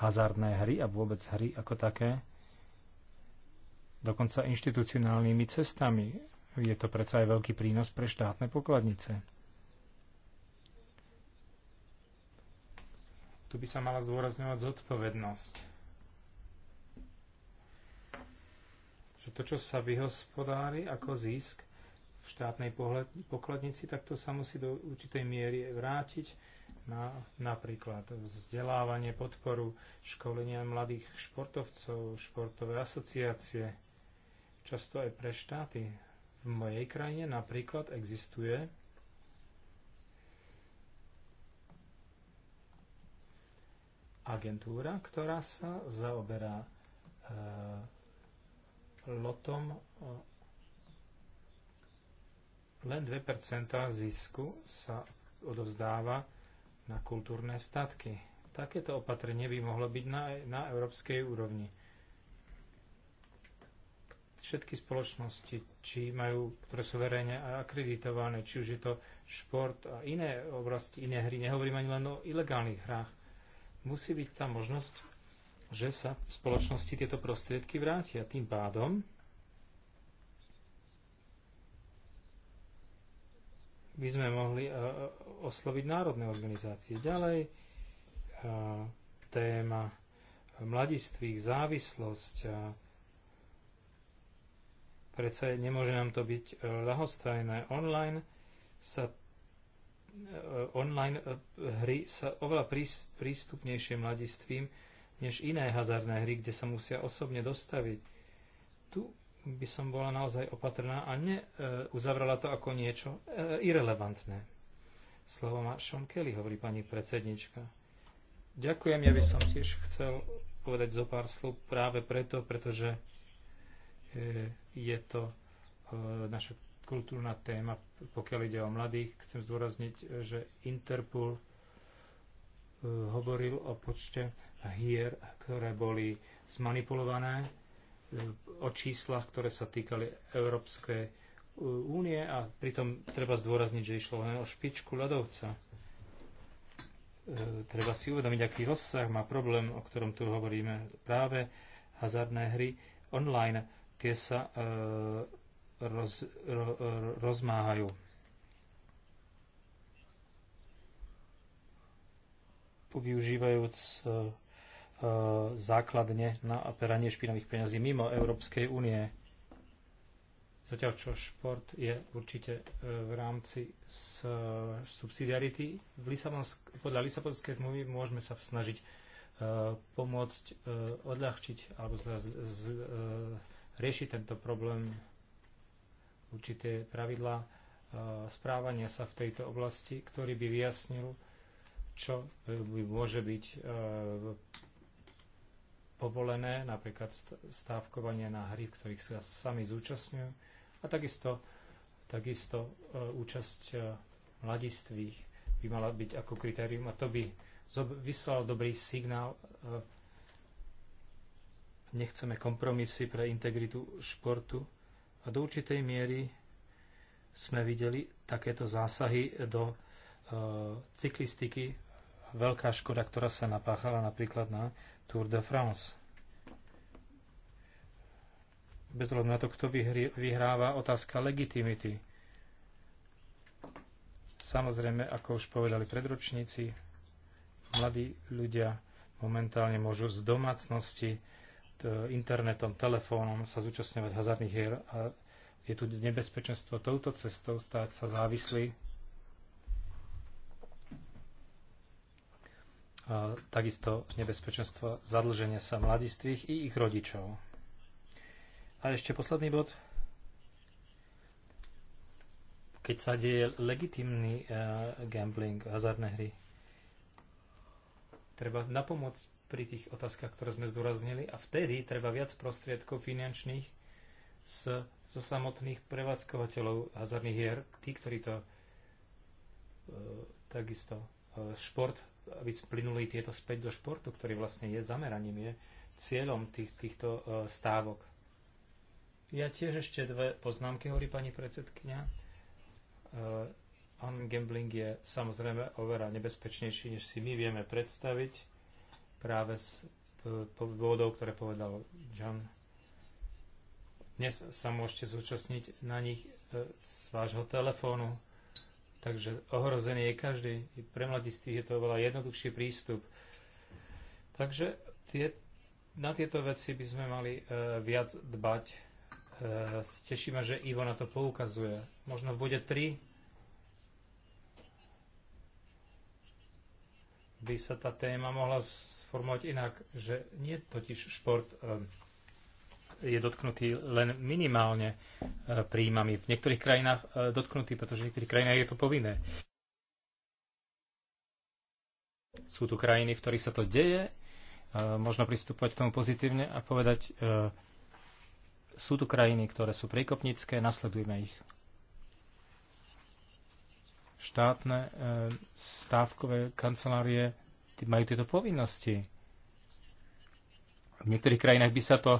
hazardné hry a vôbec hry ako také, dokonca inštitucionálnymi cestami. Je to predsa aj veľký prínos pre štátne pokladnice. Tu by sa mala zdôrazňovať zodpovednosť. že to, čo sa vyhospodári ako zisk v štátnej pokladnici, tak to sa musí do určitej miery vrátiť na, napríklad vzdelávanie, podporu, školenia mladých športovcov, športové asociácie, často aj pre štáty. V mojej krajine napríklad existuje agentúra, ktorá sa zaoberá e, lotom o, e, len 2% zisku sa odovzdáva na kultúrne statky. Takéto opatrenie by mohlo byť na, na európskej úrovni. Všetky spoločnosti, či majú, ktoré sú verejne akreditované, či už je to šport a iné oblasti, iné hry, nehovorím ani len o ilegálnych hrách, musí byť tá možnosť, že sa v spoločnosti tieto prostriedky vrátia. Tým pádom by sme mohli e, e, osloviť národné organizácie. Ďalej e, téma mladistvých, závislosť. Predsa nemôže nám to byť ľahostajné. Online sa online hry sa oveľa prístupnejšie mladistvím než iné hazardné hry, kde sa musia osobne dostaviť. Tu by som bola naozaj opatrná a neuzavrala e, to ako niečo e, irrelevantné. Slovo má Sean Kelly, hovorí pani predsednička. Ďakujem, ja by som tiež chcel povedať zo pár slov práve preto, pretože e, je to naša kultúrna téma, pokiaľ ide o mladých. Chcem zdôrazniť, že Interpol hovoril o počte hier, ktoré boli zmanipulované o číslach, ktoré sa týkali Európskej e, únie a pritom treba zdôrazniť, že išlo len o špičku ľadovca. E, treba si uvedomiť, aký rozsah má problém, o ktorom tu hovoríme práve hazardné hry online. Tie sa e, roz, ro, rozmáhajú. Využívajúc E, základne na peranie špinavých peňazí mimo Európskej únie. Zatiaľ čo šport je určite e, v rámci subsidiarity, podľa Lisabonskej zmluvy môžeme sa snažiť e, pomôcť odľahčiť alebo z, z, riešiť tento problém určité pravidlá správania sa v tejto oblasti, ktorý by vyjasnil, čo by môže byť povolené, napríklad stávkovanie na hry, v ktorých sa sami zúčastňujú a takisto, takisto e, účasť e, mladistvých by mala byť ako kritérium a to by vyslal dobrý signál e, nechceme kompromisy pre integritu športu a do určitej miery sme videli takéto zásahy do cyklistiky. Veľká škoda, ktorá sa napáchala napríklad na Tour de France. Bez hľadu na to, kto vyhráva, otázka legitimity. Samozrejme, ako už povedali predročníci, mladí ľudia momentálne môžu z domácnosti internetom, telefónom sa zúčastňovať hazardných hier a je tu nebezpečenstvo touto cestou stáť sa závislý takisto nebezpečenstvo zadlženia sa mladistvých i ich rodičov. A ešte posledný bod. Keď sa deje legitimný e, gambling, hazardné hry, treba napomôcť pri tých otázkach, ktoré sme zdôraznili a vtedy treba viac prostriedkov finančných z, zo samotných prevádzkovateľov hazardných hier, tí, ktorí to uh, takisto uh, šport aby splynuli tieto späť do športu, ktorý vlastne je zameraním, je cieľom tých, týchto e, stávok. Ja tiež ešte dve poznámky, hovorí pani predsedkynia. On e, gambling je samozrejme oveľa nebezpečnejší, než si my vieme predstaviť práve z e, dôvodov, ktoré povedal John. Dnes sa môžete zúčastniť na nich z vášho telefónu, Takže ohrozený je každý. Pre mladistých je to oveľa jednoduchší prístup. Takže tie, na tieto veci by sme mali e, viac dbať. E, teší ma, že Ivo na to poukazuje. Možno v bode 3 by sa tá téma mohla sformovať inak, že nie totiž šport e, je dotknutý len minimálne e, príjmami. V niektorých krajinách e, dotknutý, pretože v niektorých krajinách je to povinné. Sú tu krajiny, v ktorých sa to deje, e, možno pristúpať k tomu pozitívne a povedať, sú tu krajiny, ktoré sú priekopnícke, nasledujme ich. Štátne stávkové kancelárie majú tieto povinnosti. V niektorých krajinách by sa to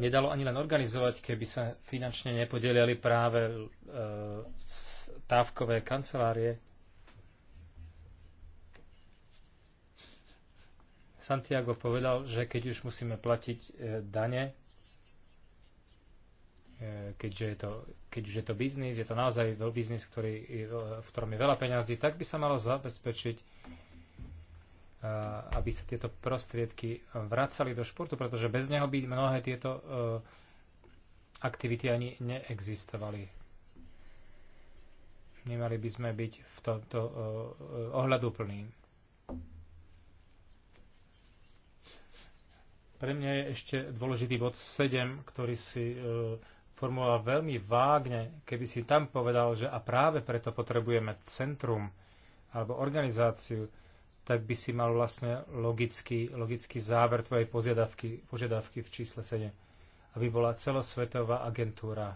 nedalo ani len organizovať, keby sa finančne nepodeliali práve e, stávkové kancelárie. Santiago povedal, že keď už musíme platiť e, dane, e, keďže je to, keď už je to biznis, je to naozaj biznis, ktorý, e, v ktorom je veľa peňazí, tak by sa malo zabezpečiť, Eh, aby sa tieto prostriedky vracali do športu, pretože bez neho by mnohé tieto eh, aktivity ani neexistovali. Nemali by sme byť v tomto eh, ohľadu plný. Pre mňa je ešte dôležitý bod 7, ktorý si formuloval veľmi vágne, keby si tam povedal, že a práve preto potrebujeme centrum alebo organizáciu, tak by si mal vlastne logický, logický záver tvojej požiadavky, požiadavky v čísle 7, aby bola celosvetová agentúra.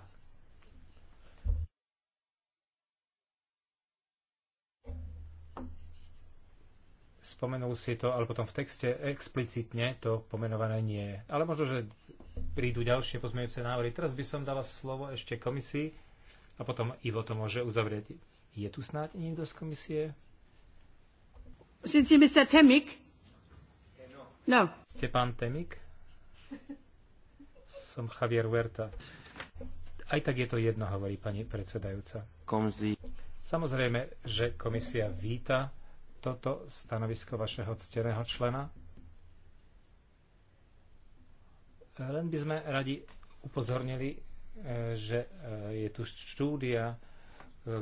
Spomenul si to, ale potom v texte explicitne to pomenované nie je. Ale možno, že prídu ďalšie pozmeňujúce návrhy. Teraz by som dala slovo ešte komisii a potom Ivo to môže uzavrieť. Je tu snáď niekto z komisie? Sind Sie Mr. Temik? No. Temik? Som Javier Huerta. Aj tak je to jedno, hovorí pani predsedajúca. Samozrejme, že komisia víta toto stanovisko vašeho cteného člena. Len by sme radi upozornili, e, že e, je tu štúdia e,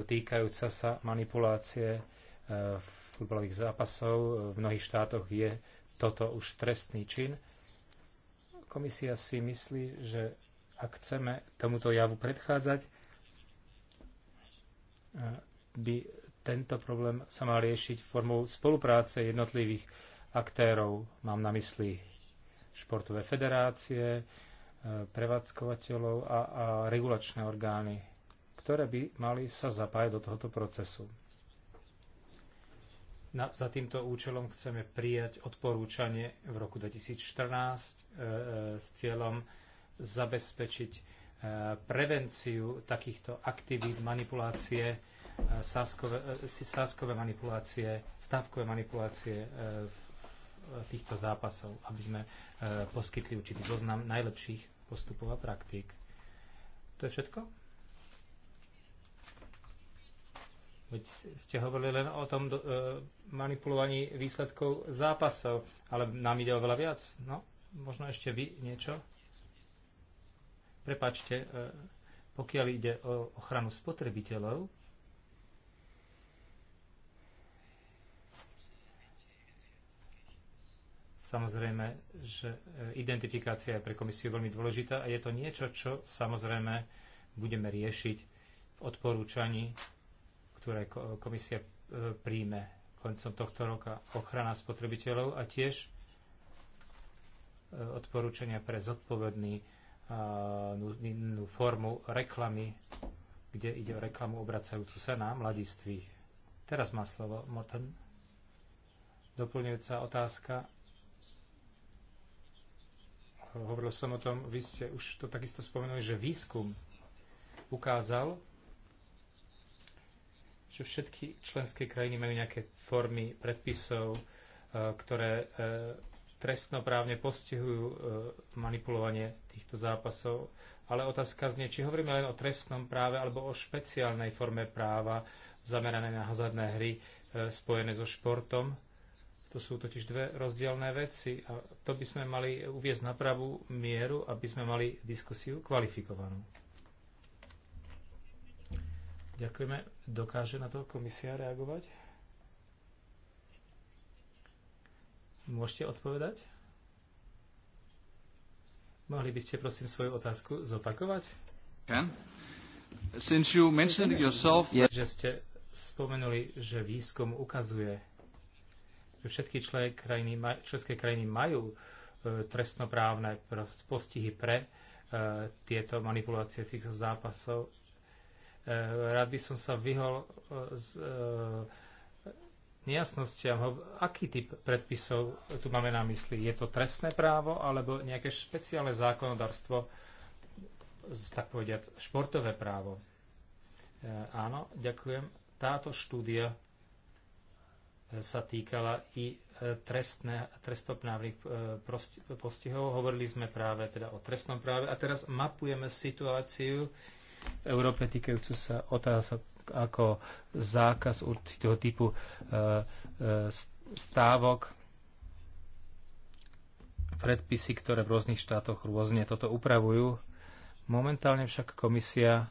týkajúca sa manipulácie v futbalových zápasov v mnohých štátoch je toto už trestný čin. Komisia si myslí, že ak chceme tomuto javu predchádzať, by tento problém sa mal riešiť formou spolupráce jednotlivých aktérov. Mám na mysli športové federácie, prevádzkovateľov a, a regulačné orgány, ktoré by mali sa zapájať do tohoto procesu. Na, za týmto účelom chceme prijať odporúčanie v roku 2014 e, e, s cieľom zabezpečiť e, prevenciu takýchto aktivít manipulácie, e, sáskové, e, manipulácie, stávkové manipulácie e, v, v týchto zápasov, aby sme e, poskytli určitý zoznam najlepších postupov a praktík. To je všetko? Veď ste hovorili len o tom do, e, manipulovaní výsledkov zápasov, ale nám ide oveľa viac. No, možno ešte vy niečo? Prepačte, e, pokiaľ ide o ochranu spotrebiteľov, Samozrejme, že e, identifikácia je pre komisiu veľmi dôležitá a je to niečo, čo samozrejme budeme riešiť v odporúčaní ktoré komisia e, príjme koncom tohto roka ochrana spotrebiteľov a tiež e, odporúčania pre zodpovedný e, formu reklamy, kde ide o reklamu obracajúcu sa na mladistvých. Teraz má slovo Morten. Doplňujúca otázka. Hovoril som o tom, vy ste už to takisto spomenuli, že výskum ukázal, že všetky členské krajiny majú nejaké formy predpisov, e, ktoré e, trestnoprávne postihujú e, manipulovanie týchto zápasov. Ale otázka znie, či hovoríme len o trestnom práve alebo o špeciálnej forme práva zamerané na hazardné hry spojené so športom. To sú totiž dve rozdielne veci a to by sme mali uviezť na pravú mieru, aby sme mali diskusiu kvalifikovanú. Ďakujeme. Dokáže na to komisia reagovať? Môžete odpovedať? Mohli by ste prosím svoju otázku zopakovať? Can. Since you mentioned yourself... Že ste spomenuli, že výskum ukazuje, že všetky krajiny, členské krajiny majú e, trestnoprávne postihy pre e, tieto manipulácie týchto zápasov Eh, rád by som sa vyhol eh, z eh, nejasnostiam, aký typ predpisov tu máme na mysli. Je to trestné právo alebo nejaké špeciálne zákonodarstvo, tak povediať športové právo? áno, ďakujem. Táto štúdia sa týkala i trestné, postihov. Hovorili sme práve teda o trestnom práve a teraz mapujeme situáciu, v Európe týkajúcu sa otázok ako zákaz určitého typu e, e, stávok, predpisy, ktoré v rôznych štátoch rôzne toto upravujú. Momentálne však komisia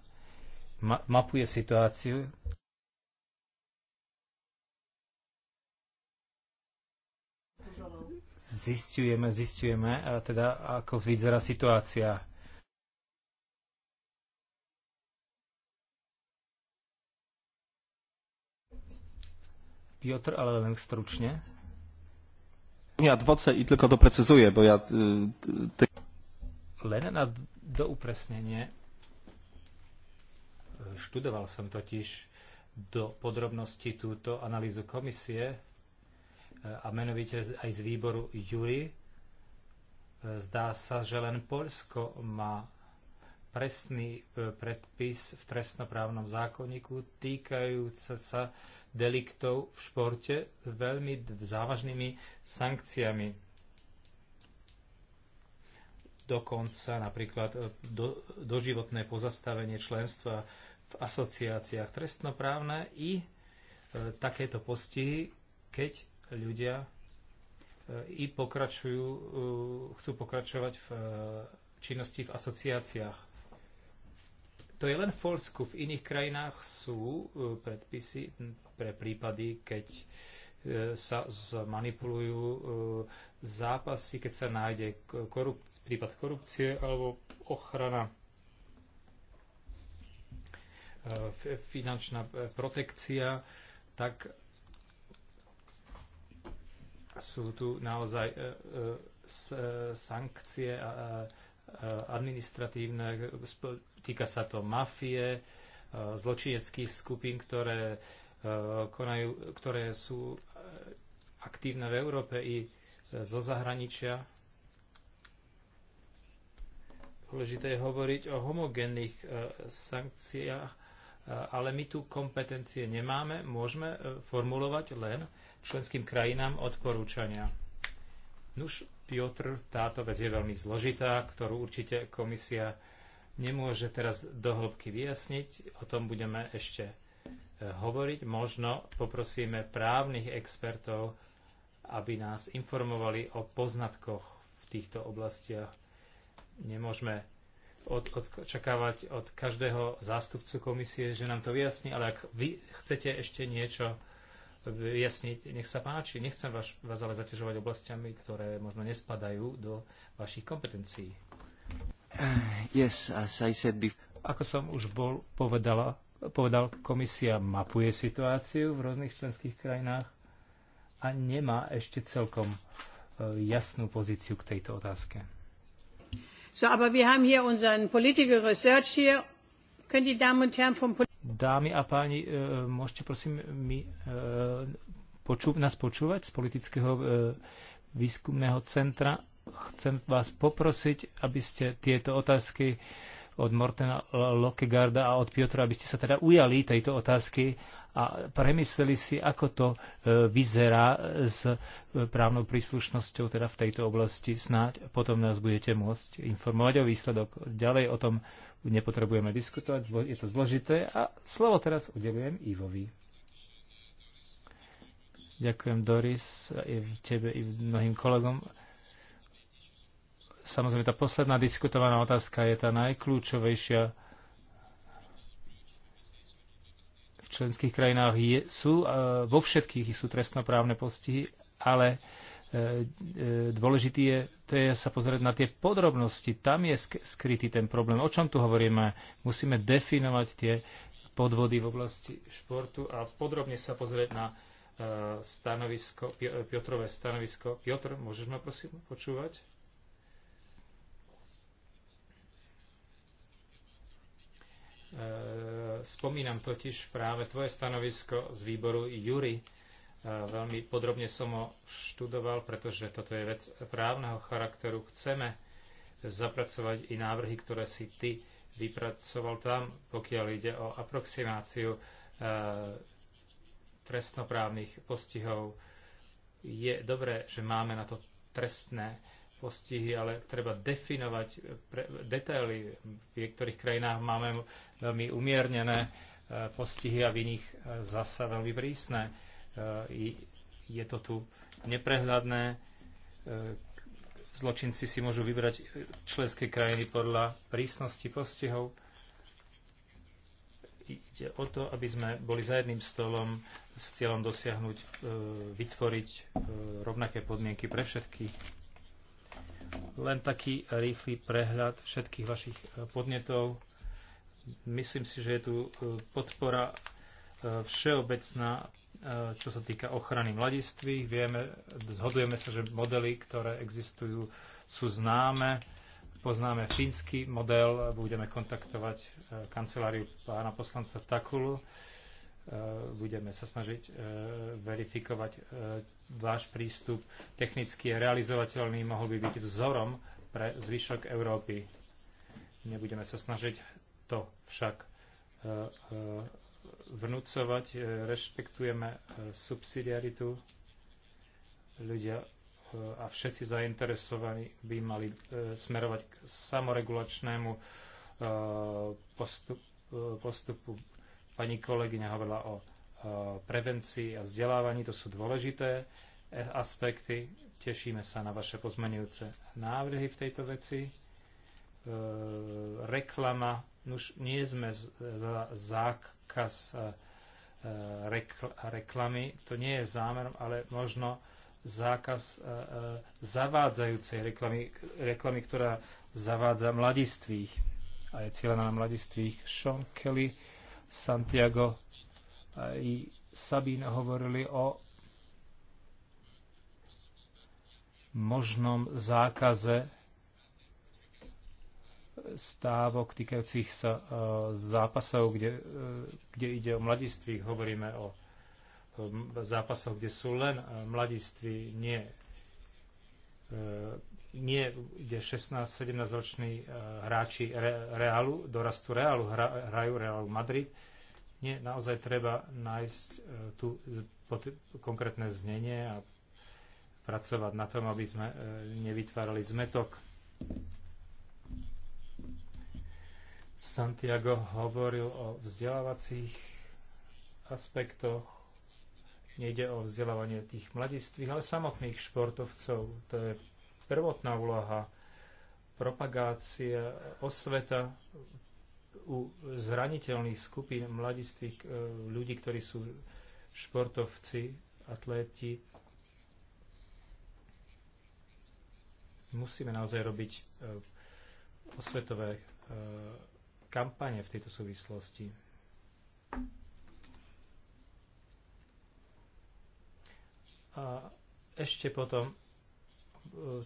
ma- mapuje situáciu. Zistujeme, zistujeme, e, teda, ako vyzerá situácia Piotr, ale len stručne. Ja dvoce i tylko doprecyzuję, bo ja... Ty... Len na do upresnenie. E, študoval som totiž do podrobnosti túto analýzu komisie e, a menovite aj z výboru Jury. E, zdá sa, že len Polsko má presný predpis v trestnoprávnom zákonníku týkajúce sa deliktov v športe veľmi závažnými sankciami. Dokonca napríklad e, do, doživotné pozastavenie členstva v asociáciách trestnoprávne i e, takéto postihy, keď ľudia e, i pokračujú, e, chcú pokračovať v e, činnosti v asociáciách to je len v Polsku. V iných krajinách sú e, predpisy pre prípady, keď e, sa manipulujú e, zápasy, keď sa nájde korup- prípad korupcie alebo ochrana finančná protekcia, tak sú tu naozaj sankcie a administratívne, týka sa to mafie, e, zločineckých skupín, ktoré, e, konajú, ktoré sú e, aktívne v Európe i zo zahraničia. Dôležité je hovoriť o homogénnych sankciách, ale my tu kompetencie nemáme, môžeme formulovať len členským krajinám odporúčania. Nuž, Piotr, táto vec je veľmi zložitá, ktorú určite komisia nemôže teraz dohlbky vyjasniť. O tom budeme ešte e, hovoriť. Možno poprosíme právnych expertov, aby nás informovali o poznatkoch v týchto oblastiach. Nemôžeme od, čakávať od každého zástupcu komisie, že nám to vyjasní, ale ak vy chcete ešte niečo vyjasniť. Nech sa páči, nechcem vás, vás ale zaťažovať oblastiami, ktoré možno nespadajú do vašich kompetencií. Uh, Yes, as I said before. Ako som už bol, povedala, povedal, komisia mapuje situáciu v rôznych členských krajinách a nemá ešte celkom eh, jasnú pozíciu k tejto otázke. So, aber wir haben hier unseren Political Research hier. Können die Damen und Herren vom Polit- Dámy a páni, e, môžete prosím mi, e, poču, nás počúvať z politického e, výskumného centra. Chcem vás poprosiť, aby ste tieto otázky od Mortena Lokegarda a od Piotra, aby ste sa teda ujali tejto otázky a premysleli si, ako to vyzerá s právnou príslušnosťou teda v tejto oblasti. Snáď potom nás budete môcť informovať o výsledok. Ďalej o tom nepotrebujeme diskutovať, je to zložité. A slovo teraz udelujem Ivovi. Ďakujem Doris, i tebe, i mnohým kolegom. Samozrejme, tá posledná diskutovaná otázka je tá najkľúčovejšia. V členských krajinách je, sú, eh, vo všetkých sú trestnoprávne postihy, ale E, e, dôležité je, to je sa pozrieť na tie podrobnosti. Tam je skrytý ten problém. O čom tu hovoríme? Musíme definovať tie podvody v oblasti športu a podrobne sa pozrieť na e, stanovisko, Piotrové stanovisko. Piotr, môžeš ma prosím počúvať? Spomínam totiž práve tvoje stanovisko z výboru Jury, Veľmi podrobne som ho študoval, pretože toto je vec právneho charakteru. Chceme zapracovať i návrhy, ktoré si ty vypracoval tam, pokiaľ ide o aproximáciu e, trestnoprávnych postihov. Je dobré, že máme na to trestné postihy, ale treba definovať pre, detaily. V niektorých krajinách máme veľmi umiernené e, postihy a v iných e, zasa veľmi prísne E, je to tu neprehľadné. E, zločinci si môžu vybrať e, členské krajiny podľa prísnosti postihov. Ide o to, aby sme boli za jedným stolom s cieľom dosiahnuť, vytvoriť rovnaké podmienky pre všetkých len taký rýchly prehľad všetkých vašich podnetov. Myslím si, že je tu podpora všeobecná E, čo sa týka ochrany mladistvých. Vieme, zhodujeme sa, že modely, ktoré existujú, sú známe. Poznáme fínsky model, budeme kontaktovať e, kanceláriu pána poslanca Takulu. E, budeme sa snažiť verifikovať váš prístup. Technicky je realizovateľný, mohol by byť vzorom pre zvyšok Európy. Nebudeme sa snažiť to však vnúcovať, e, rešpektujeme e, subsidiaritu. Ľudia e, a všetci zainteresovaní by mali smerovať k samoregulačnému postup, postupu. Pani kolegyňa hovorila o prevencii a vzdelávaní, to sú dôležité aspekty. Tešíme sa na vaše pozmenujúce návrhy v tejto veci. Reklama, už nie sme za, zákon zákaz e, e, reklamy. To nie je zámerom, ale možno zákaz e, zavádzajúcej reklamy, reklamy, ktorá zavádza mladistvých a je cieľená na mladistvých. Sean Kelly, Santiago i Sabín hovorili o možnom zákaze stávok týkajúcich sa e, zápasov, kde, e, kde ide o mladiství, Hovoríme o zápasoch, kde sú len e, mladiství, nie, nie kde 16-17 roční hráči Realu, dorastu Realu, hra, hrajú Real Madrid. Nie, naozaj treba nájsť tu konkrétne znenie a pracovať na tom, aby sme nevytvárali zmetok. Santiago hovoril o vzdelávacích aspektoch. Nejde o vzdelávanie tých mladistvých, ale samotných športovcov. To je prvotná úloha propagácia, osveta u zraniteľných skupín mladistvých e, ľudí, ktorí sú športovci, atléti. Musíme naozaj robiť e, osvetové e, kampane v tejto súvislosti. A ešte potom e,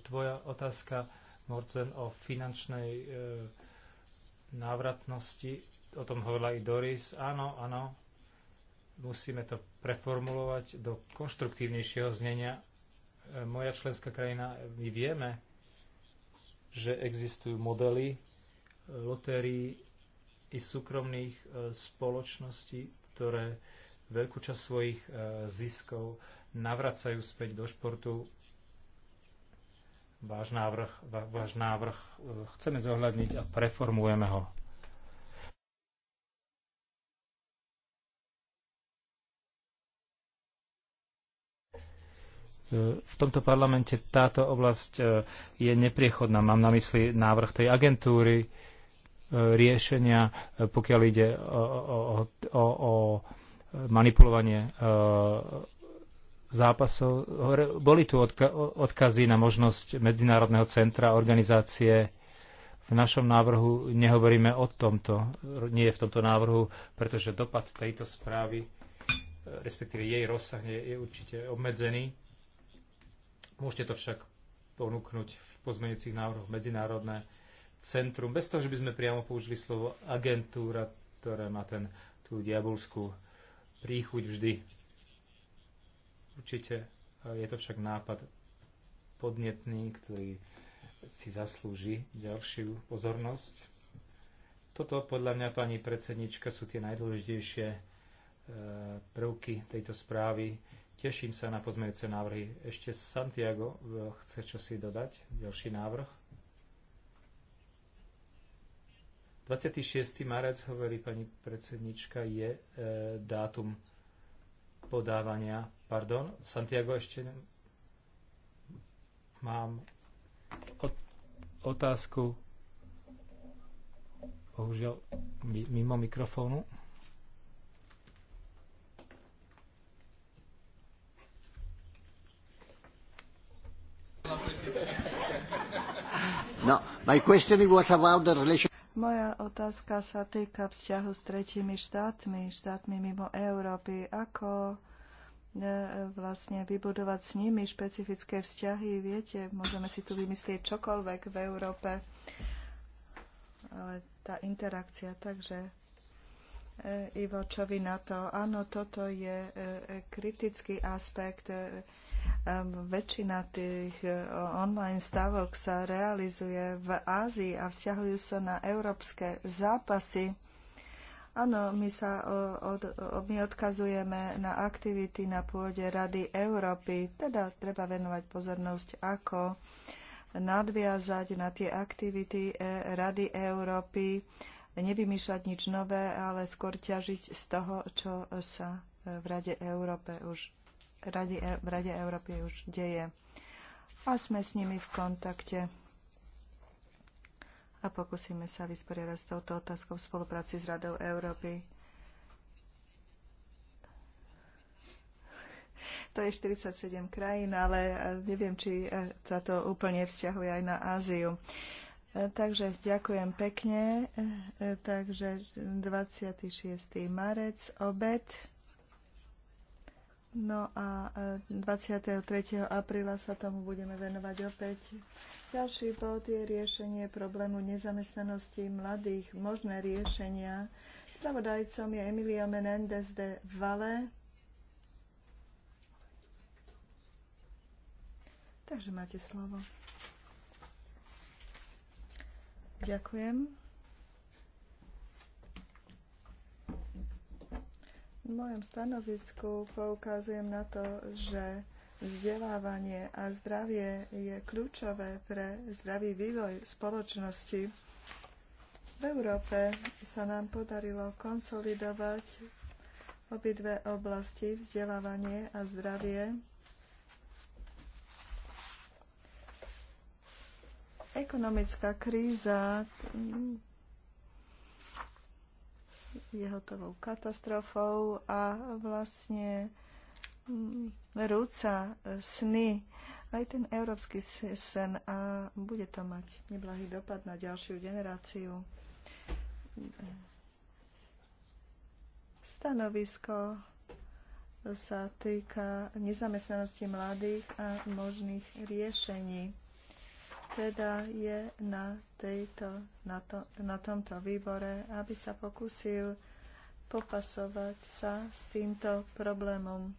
tvoja otázka, Morcen, o finančnej e, návratnosti. O tom hovorila i Doris. Áno, áno. Musíme to preformulovať do konštruktívnejšieho znenia. E, moja členská krajina, my vieme, že existujú modely e, lotérií i súkromných e, spoločností, ktoré veľkú časť svojich e, ziskov navracajú späť do športu. Váš návrh, váš návrh e, chceme zohľadniť a preformujeme ho. v tomto parlamente táto oblasť je nepriechodná. Mám na mysli návrh tej agentúry, riešenia, pokiaľ ide o, o, o manipulovanie e, zápasov. Boli tu odkazy na možnosť Medzinárodného centra organizácie. V našom návrhu nehovoríme o tomto, nie je v tomto návrhu, pretože dopad tejto správy, e, respektíve jej rozsah je, je určite obmedzený. Môžete to však ponúknuť v pozmeňujúcich návrhoch medzinárodné centrum, bez toho, že by sme priamo použili slovo agentúra, ktorá má ten, tú diabolskú príchuť vždy. Určite je to však nápad podnetný, ktorý si zaslúži ďalšiu pozornosť. Toto podľa mňa, pani predsednička, sú tie najdôležitejšie e, prvky tejto správy. Teším sa na pozmejúce návrhy. Ešte Santiago e, chce čosi dodať, ďalší návrh. 26. marec, hovorí pani predsednička, je e, dátum podávania. Pardon, Santiago ešte ne... mám otázku. Bohužiaľ, mimo mikrofónu. No, my question was about the relation moja otázka sa týka vzťahu s tretími štátmi, štátmi mimo Európy. Ako e, vlastne vybudovať s nimi špecifické vzťahy? Viete, môžeme si tu vymyslieť čokoľvek v Európe, ale tá interakcia, takže e, Ivo, čo vy na to? Áno, toto je e, kritický aspekt väčšina tých e, online stavok sa realizuje v Ázii a vzťahujú sa na európske zápasy. Áno, my sa e, od, e, my odkazujeme na aktivity na pôde Rady Európy, teda treba venovať pozornosť, ako nadviazať na tie aktivity Rady Európy, nevymýšľať nič nové, ale skôr ťažiť z toho, čo sa v Rade Európe už Rade, v Rade Európy už deje. A sme s nimi v kontakte a pokúsime sa vysporiadať s touto otázkou v spolupráci s Radou Európy. to je 47 krajín, ale e, neviem, či e, sa to úplne vzťahuje aj na Áziu. E, takže ďakujem pekne. Takže 26. marec, obed. No a 23. E, apríla sa tomu budeme venovať opäť. Ďalší bod je riešenie problému nezamestnanosti mladých. Možné riešenia. Spravodajcom je Emilio Menendez de Valle. Takže máte slovo. Ďakujem. V mojom stanovisku poukazujem na to, že vzdelávanie a zdravie je kľúčové pre zdravý vývoj spoločnosti. V Európe sa nám podarilo konsolidovať obidve oblasti, vzdelávanie a zdravie. Ekonomická kríza jehotovou katastrofou a vlastne mm, rúca e, sny, aj ten európsky sen a bude to mať neblahý dopad na ďalšiu generáciu. Stanovisko sa týka nezamestnanosti mladých a možných riešení teda je na, tejto, na, to, na tomto výbore, aby sa pokusil popasovať sa s týmto problémom.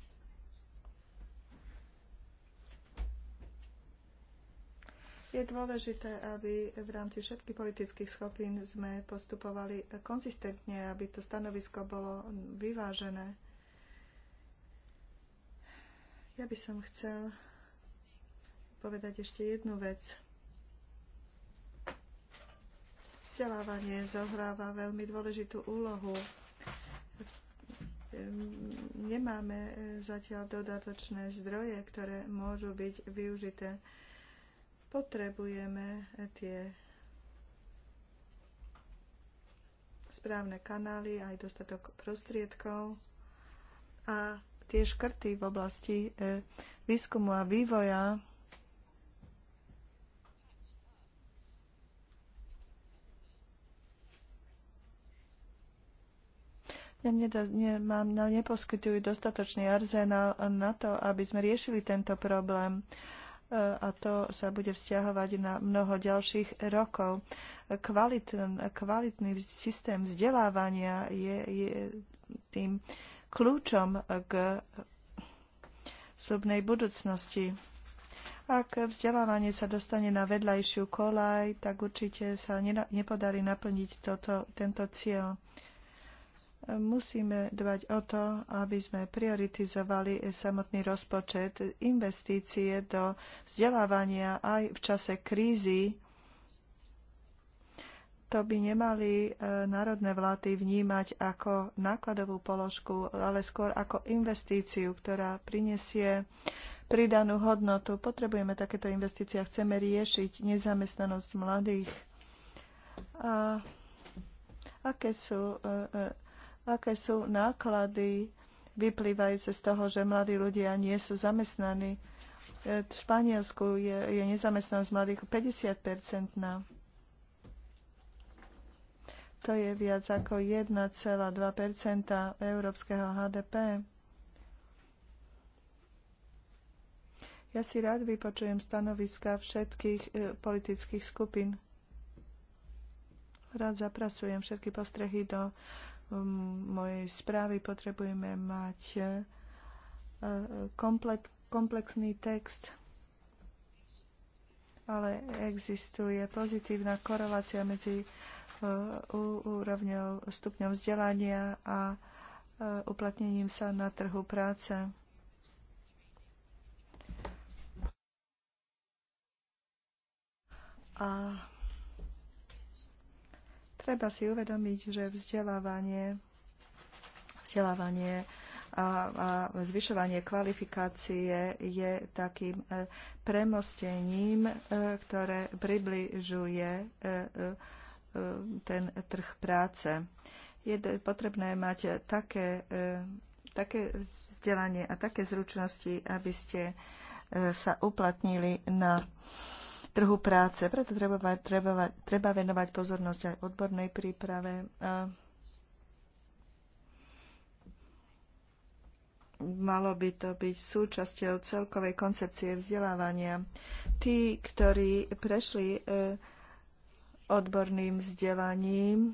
Je dôležité, aby v rámci všetkých politických schopín sme postupovali konzistentne, aby to stanovisko bolo vyvážené. Ja by som chcel povedať ešte jednu vec. Vzdelávanie zohráva veľmi dôležitú úlohu. Nemáme zatiaľ dodatočné zdroje, ktoré môžu byť využité. Potrebujeme tie správne kanály, aj dostatok prostriedkov a tie škrty v oblasti eh, výskumu a vývoja nám ne, neposkytujú dostatočný arzenál na to, aby sme riešili tento problém e, a to sa bude vzťahovať na mnoho ďalších rokov. Kvalitn, kvalitný systém vzdelávania je, je tým kľúčom k slubnej budúcnosti. Ak vzdelávanie sa dostane na vedľajšiu kolaj, tak určite sa nepodarí naplniť toto, tento cieľ musíme dbať o to, aby sme prioritizovali samotný rozpočet investície do vzdelávania aj v čase krízy. To by nemali e, národné vlády vnímať ako nákladovú položku, ale skôr ako investíciu, ktorá prinesie pridanú hodnotu. Potrebujeme takéto investície a chceme riešiť nezamestnanosť mladých. A aké sú e, e, aké sú náklady vyplývajúce z toho, že mladí ľudia nie sú zamestnaní. E, v Španielsku je, je nezamestnanosť mladých 50-percentná. To je viac ako 1,2 európskeho HDP. Ja si rád vypočujem stanoviska všetkých e, politických skupín. Rád zaprasujem všetky postrehy do mojej správy potrebujeme mať e, e, komplexný text, ale existuje pozitívna korelácia medzi e, úrovňou stupňom vzdelania a uplatnením sa na trhu práce. A Treba si uvedomiť, že vzdelávanie, vzdelávanie a, a zvyšovanie kvalifikácie je takým e, premostením, e, ktoré približuje e, ten trh práce. Je potrebné mať také, také vzdelanie a také zručnosti, aby ste sa uplatnili na trhu práce. Preto treba, treba, treba venovať pozornosť aj odbornej príprave. malo by to byť súčasťou celkovej koncepcie vzdelávania. Tí, ktorí prešli e, odborným vzdelaním,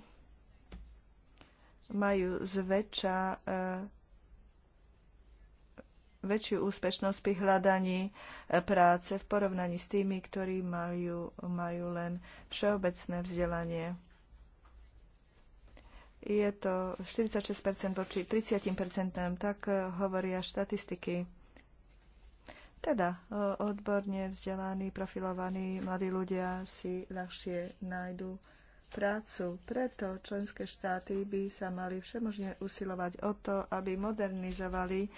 majú zväčša e, väčšiu úspešnosť pri hľadaní e, práce v porovnaní s tými, ktorí majú, majú len všeobecné vzdelanie je to 46% voči 30%, tak e, hovoria štatistiky. Teda e, odborne vzdelaní, profilovaní mladí ľudia si ľahšie nájdu prácu. Preto členské štáty by sa mali všemožne usilovať o to, aby modernizovali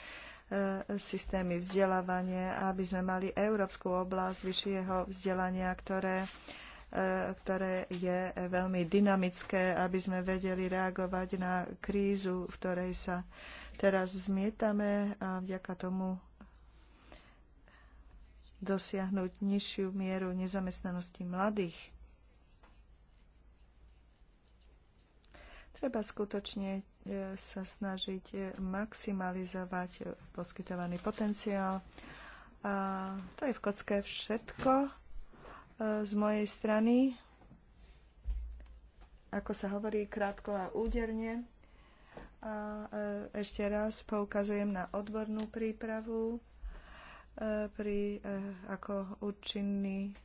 E, systémy vzdelávania, aby sme mali európsku oblasť vyššieho vzdelania, ktoré e, ktoré je veľmi dynamické, aby sme vedeli reagovať na krízu, v ktorej sa teraz zmietame a vďaka tomu dosiahnuť nižšiu mieru nezamestnanosti mladých. Treba skutočne E, sa snažiť e, maximalizovať e, poskytovaný potenciál. A to je v kocke všetko z mojej strany. Ako sa hovorí, krátko a úderne. A ešte raz poukazujem na odbornú prípravu pri, ako účinný,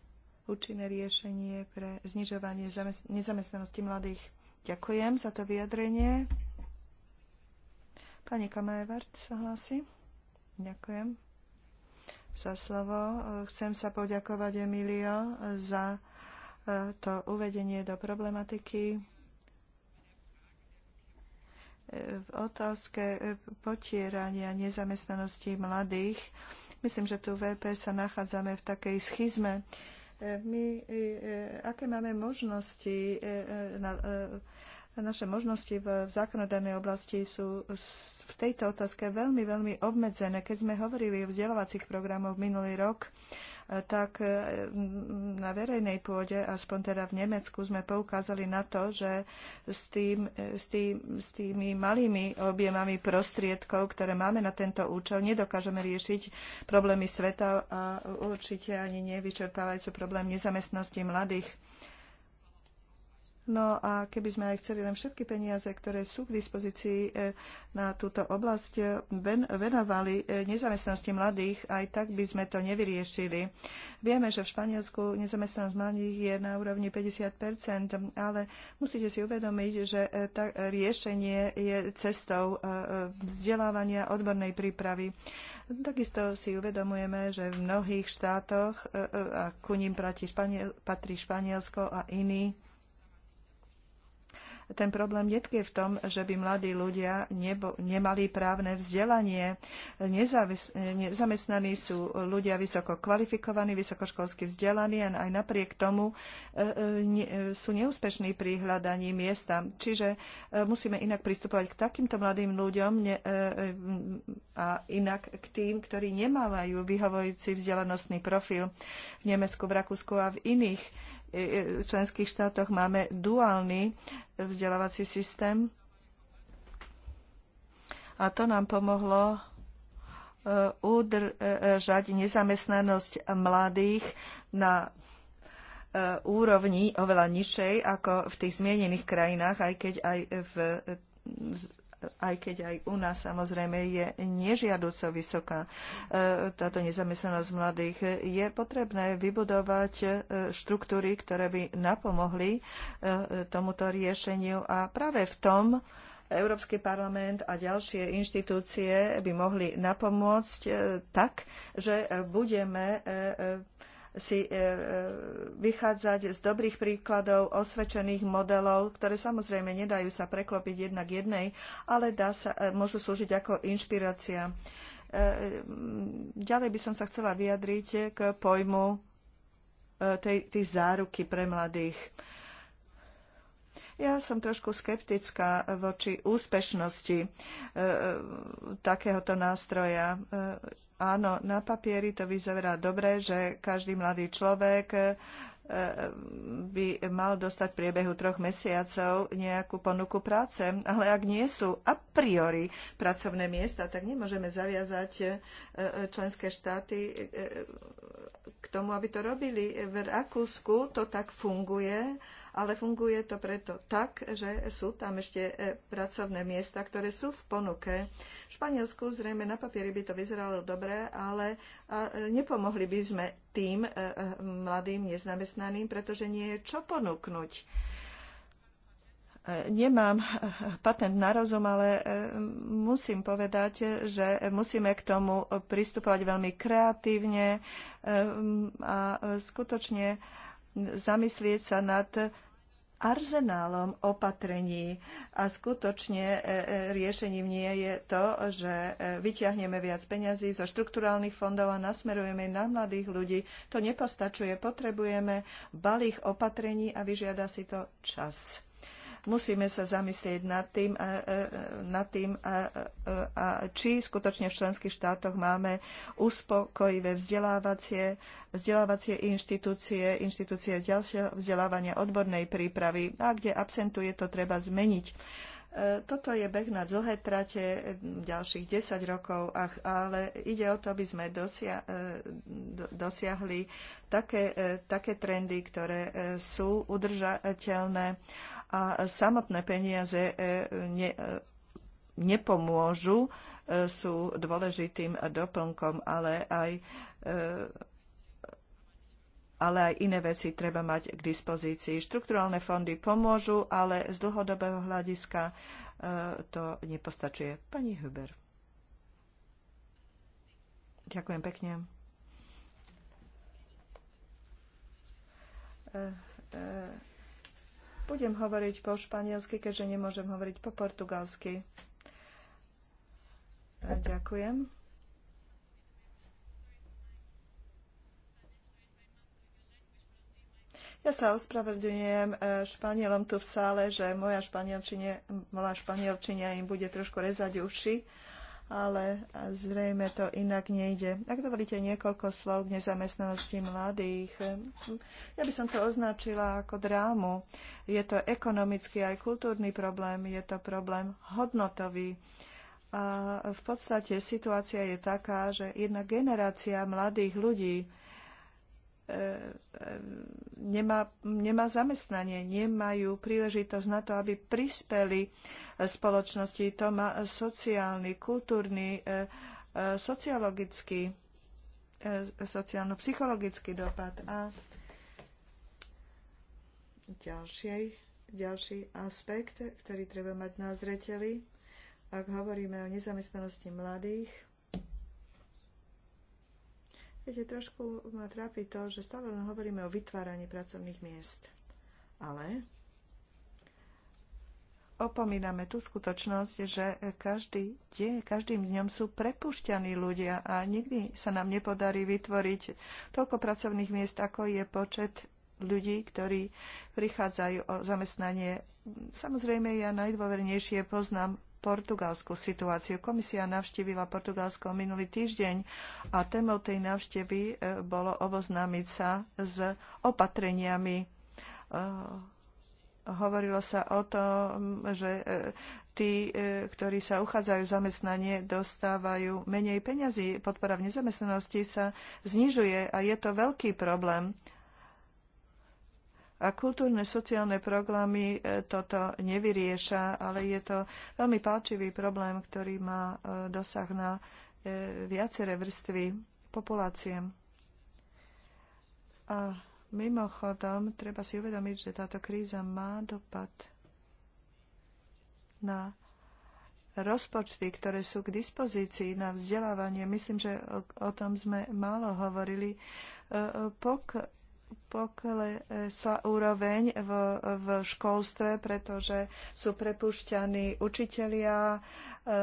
účinné riešenie pre znižovanie nezamestnanosti mladých. Ďakujem za to vyjadrenie. Pani Kamervert sa hlási. Ďakujem za slovo. Chcem sa poďakovať Emilio za e, to uvedenie do problematiky. E, v otázke e, potierania nezamestnanosti mladých, myslím, že tu v VP sa nachádzame v takej schizme. My, aké máme možnosti na, naše možnosti v zákonodárnej oblasti sú v tejto otázke veľmi, veľmi obmedzené. Keď sme hovorili o vzdelávacích programoch minulý rok, e, tak e, na verejnej pôde, aspoň teda v Nemecku, sme poukázali na to, že s, tým, e, s, tým, s tými malými objemami prostriedkov, ktoré máme na tento účel, nedokážeme riešiť problémy sveta a určite ani nevyčerpávajúce problém nezamestnosti mladých No a keby sme aj chceli len všetky peniaze, ktoré sú k dispozícii e, na túto oblasť, e, venovali e, nezamestnanosti mladých, aj tak by sme to nevyriešili. Vieme, že v Španielsku nezamestnanosť mladých je na úrovni 50 ale musíte si uvedomiť, že riešenie je cestou vzdelávania odbornej prípravy. Takisto si uvedomujeme, že v mnohých štátoch, a ku ním patrí Španielsko a iní, ten problém netky v tom, že by mladí ľudia nebo, nemali právne vzdelanie. Nezavis, nezamestnaní sú ľudia vysoko kvalifikovaní, vysokoškolsky vzdelaní a aj napriek tomu ne, e, sú neúspešní pri hľadaní miesta. Čiže e, musíme inak pristupovať k takýmto mladým ľuďom ne, e, a inak k tým, ktorí nemávajú vyhovujúci vzdelanostný profil v Nemecku, v Rakúsku a v iných E, e, v členských štátoch máme duálny vzdelávací systém a to nám pomohlo e, udržať nezamestnanosť mladých na úrovni oveľa nižšej ako v tých zmienených krajinách, aj keď aj v aj keď aj u nás samozrejme je nežiaduco vysoká e, táto nezamestnanosť mladých, je potrebné vybudovať e, štruktúry, ktoré by napomohli e, tomuto riešeniu a práve v tom, Európsky parlament a ďalšie inštitúcie by mohli napomôcť tak, že budeme si e, e, vychádzať z dobrých príkladov, osvedčených modelov, ktoré samozrejme nedajú sa preklopiť jedna k jednej, ale dá sa, e, môžu slúžiť ako inšpirácia. Ďalej by som sa chcela vyjadriť k pojmu tej, tej záruky pre mladých. Ja som trošku skeptická voči úspešnosti e, takéhoto nástroja. E, Áno, na papieri to vyzerá dobre, že každý mladý človek e, by mal dostať v priebehu troch mesiacov nejakú ponuku práce. Ale ak nie sú a priori pracovné miesta, tak nemôžeme zaviazať e, členské štáty e, k tomu, aby to robili. V Rakúsku to tak funguje ale funguje to preto tak, že sú tam ešte e, pracovné miesta, ktoré sú v ponuke. V Španielsku zrejme na papieri by to vyzeralo dobre, ale e, nepomohli by sme tým e, mladým nezamestnaným, pretože nie je čo ponúknuť nemám patent na rozum, ale musím povedať, že musíme k tomu pristupovať veľmi kreatívne a skutočne zamyslieť sa nad arzenálom opatrení a skutočne e, e, riešením nie je to, že e, vyťahneme viac peňazí zo štrukturálnych fondov a nasmerujeme na mladých ľudí. To nepostačuje. Potrebujeme balých opatrení a vyžiada si to čas musíme sa zamyslieť nad tým, e, e, nad tým e, či skutočne v členských štátoch máme uspokojivé vzdelávacie, vzdelávacie inštitúcie, inštitúcie ďalšieho vzdelávania odbornej prípravy a kde absentuje, to treba zmeniť E, toto je beh na dlhé trate e, ďalších 10 rokov, ale ide o to, aby sme dosia, e, dosiahli také, také trendy, ktoré sú udržateľné a samotné peniaze ne, nepomôžu, sú dôležitým doplnkom, ale aj ale aj iné veci treba mať k dispozícii. Štrukturálne fondy pomôžu, ale z dlhodobého hľadiska e, to nepostačuje. Pani Huber. Ďakujem pekne. E, e, budem hovoriť po španielsky, keďže nemôžem hovoriť po portugalsky. Ďakujem. Ja sa ospravedlňujem e, Španielom tu v sále, že moja, španielčine, moja španielčina im bude trošku rezať uši, ale e, zrejme to inak nejde. Ak dovolíte niekoľko slov k nezamestnanosti mladých, e, ja by som to označila ako drámu. Je to ekonomický aj kultúrny problém, je to problém hodnotový. A v podstate situácia je taká, že jedna generácia mladých ľudí nemá, nemá zamestnanie, nemajú príležitosť na to, aby prispeli spoločnosti. To má sociálny, kultúrny, e, e, sociologický, e, sociálno-psychologický dopad. A ďalší, ďalší aspekt, ktorý treba mať na zreteli, ak hovoríme o nezamestnanosti mladých, Viete, trošku ma trápi to, že stále hovoríme o vytváraní pracovných miest. Ale opomíname tú skutočnosť, že každý deň, každým dňom sú prepušťaní ľudia a nikdy sa nám nepodarí vytvoriť toľko pracovných miest, ako je počet ľudí, ktorí prichádzajú o zamestnanie. Samozrejme, ja najdôvernejšie poznám portugalskú situáciu. Komisia navštívila Portugalsko minulý týždeň a témou tej návštevy e, bolo oboznámiť sa s opatreniami. E, hovorilo sa o tom, že e, tí, ktorí sa uchádzajú zamestnanie, dostávajú menej peňazí. Podpora v nezamestnanosti sa znižuje a je to veľký problém a kultúrne sociálne programy e, toto nevyrieša, ale je to veľmi palčivý problém, ktorý má e, dosah na e, viaceré vrstvy populácie. A mimochodom, treba si uvedomiť, že táto kríza má dopad na rozpočty, ktoré sú k dispozícii na vzdelávanie. Myslím, že o, o tom sme málo hovorili. Pok, poklesla e, úroveň v, v školstve, pretože sú prepušťaní učitelia, e, e,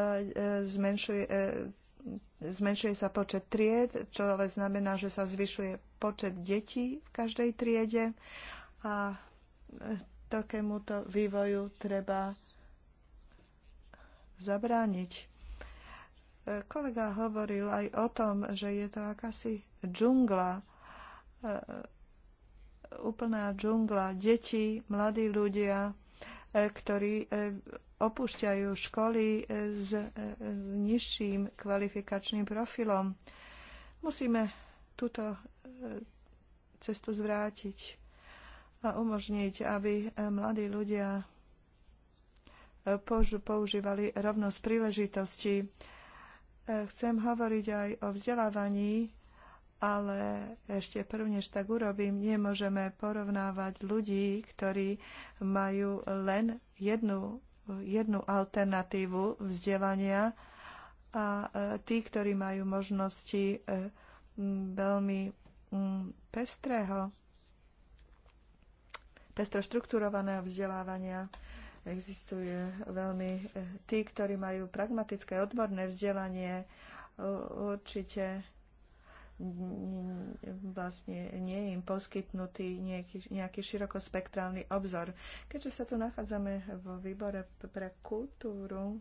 zmenšuje, zmenšuje sa počet tried, čo ale znamená, že sa zvyšuje počet detí v každej triede a takémuto vývoju treba zabrániť. Kolega hovoril aj o tom, že je to akási džungla úplná džungla. Deti, mladí ľudia, e, ktorí e, opúšťajú školy e, s nižším kvalifikačným profilom. Musíme túto cestu zvrátiť a umožniť, aby mladí ľudia používali rovnosť príležitosti. Chcem hovoriť aj o vzdelávaní ale ešte prv, než tak urobím, nemôžeme porovnávať ľudí, ktorí majú len jednu, jednu alternatívu vzdelania a e, tí, ktorí majú možnosti e, veľmi pestrého, pestroštruktúrovaného vzdelávania. Existuje veľmi e, tí, ktorí majú pragmatické odborné vzdelanie, určite vlastne nie je im poskytnutý nejaký, nejaký širokospektrálny obzor. Keďže sa tu nachádzame vo výbore pre kultúru,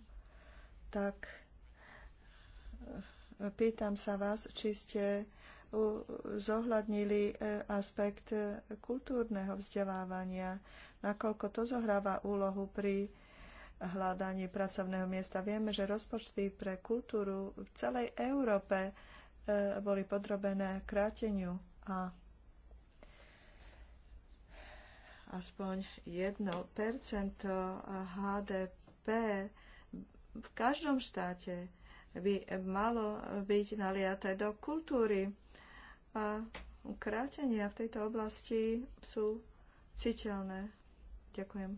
tak eh, pýtam sa vás, či ste zohľadnili eh, aspekt eh, kultúrneho vzdelávania, nakoľko to zohráva úlohu pri hľadaní pracovného miesta. Vieme, že rozpočty pre kultúru v celej Európe E, boli podrobené kráteniu a aspoň 1% HDP v každom štáte by malo byť naliaté do kultúry. A krátenia v tejto oblasti sú citeľné. Ďakujem.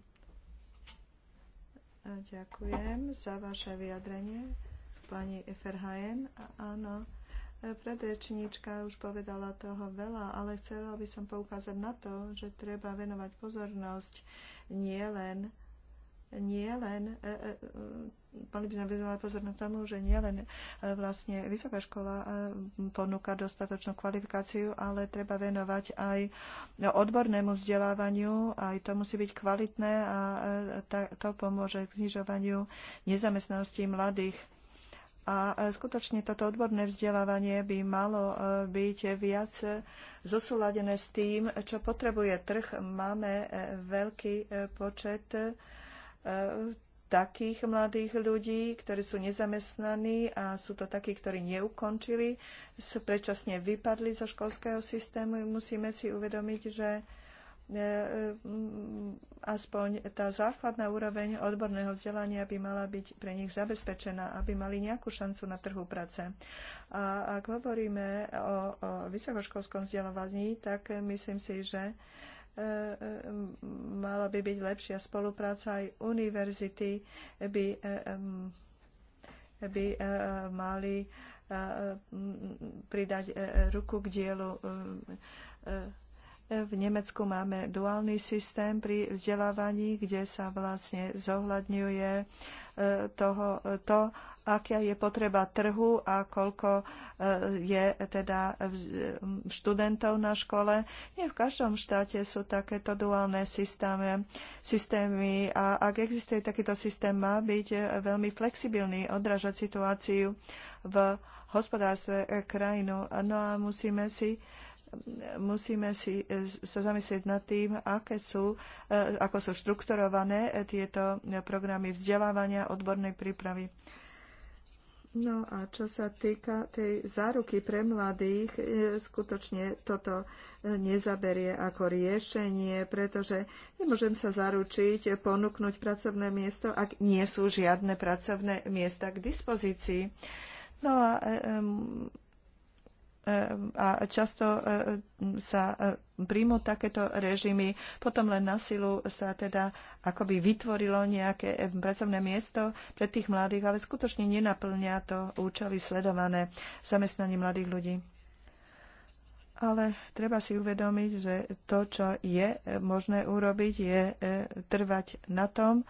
E, ďakujem za vaše vyjadrenie, pani Ferhajen. Áno Predrečníčka už povedala toho veľa, ale chcela by som poukázať na to, že treba venovať pozornosť nielen nie len, e, e, e, mali by sme venovať pozornosť tomu, že nie len vlastne vysoká škola ponúka dostatočnú kvalifikáciu, ale treba venovať aj odbornému vzdelávaniu, aj to musí byť kvalitné a to pomôže k znižovaniu nezamestnanosti mladých a e, skutočne toto odborné vzdelávanie by malo e, byť viac zosúladené s tým, čo potrebuje trh. Máme e, veľký počet takých mladých ľudí, ktorí sú nezamestnaní a sú to takí, ktorí neukončili, sú predčasne vypadli zo školského systému. Musíme si uvedomiť, že E, e, aspoň tá základná úroveň odborného vzdelania by mala byť pre nich zabezpečená, aby mali nejakú šancu na trhu práce. A ak hovoríme o, o vysokoškolskom vzdelávaní, tak myslím si, že e, mala by byť lepšia spolupráca aj univerzity by, by mali pridať ruku k dielu v Nemecku máme duálny systém pri vzdelávaní, kde sa vlastne zohľadňuje e, toho, to, aká je potreba trhu a koľko e, je teda študentov na škole. Nie v každom štáte sú takéto duálne systémy, systémy a ak existuje takýto systém, má byť e, veľmi flexibilný, odrážať situáciu v hospodárstve krajinu. No a musíme si musíme si e, sa zamyslieť nad tým, aké sú, e, ako sú štrukturované e, tieto programy vzdelávania, odbornej prípravy. No a čo sa týka tej záruky pre mladých, skutočne toto nezaberie ako riešenie, pretože nemôžem sa zaručiť ponúknuť pracovné miesto, ak nie sú žiadne pracovné miesta k dispozícii. No a um, a často e, sa e, príjmu takéto režimy, potom len na silu sa teda akoby vytvorilo nejaké e, pracovné miesto pre tých mladých, ale skutočne nenaplňa to účely sledované zamestnaní mladých ľudí. Ale treba si uvedomiť, že to, čo je možné urobiť, je trvať na tom,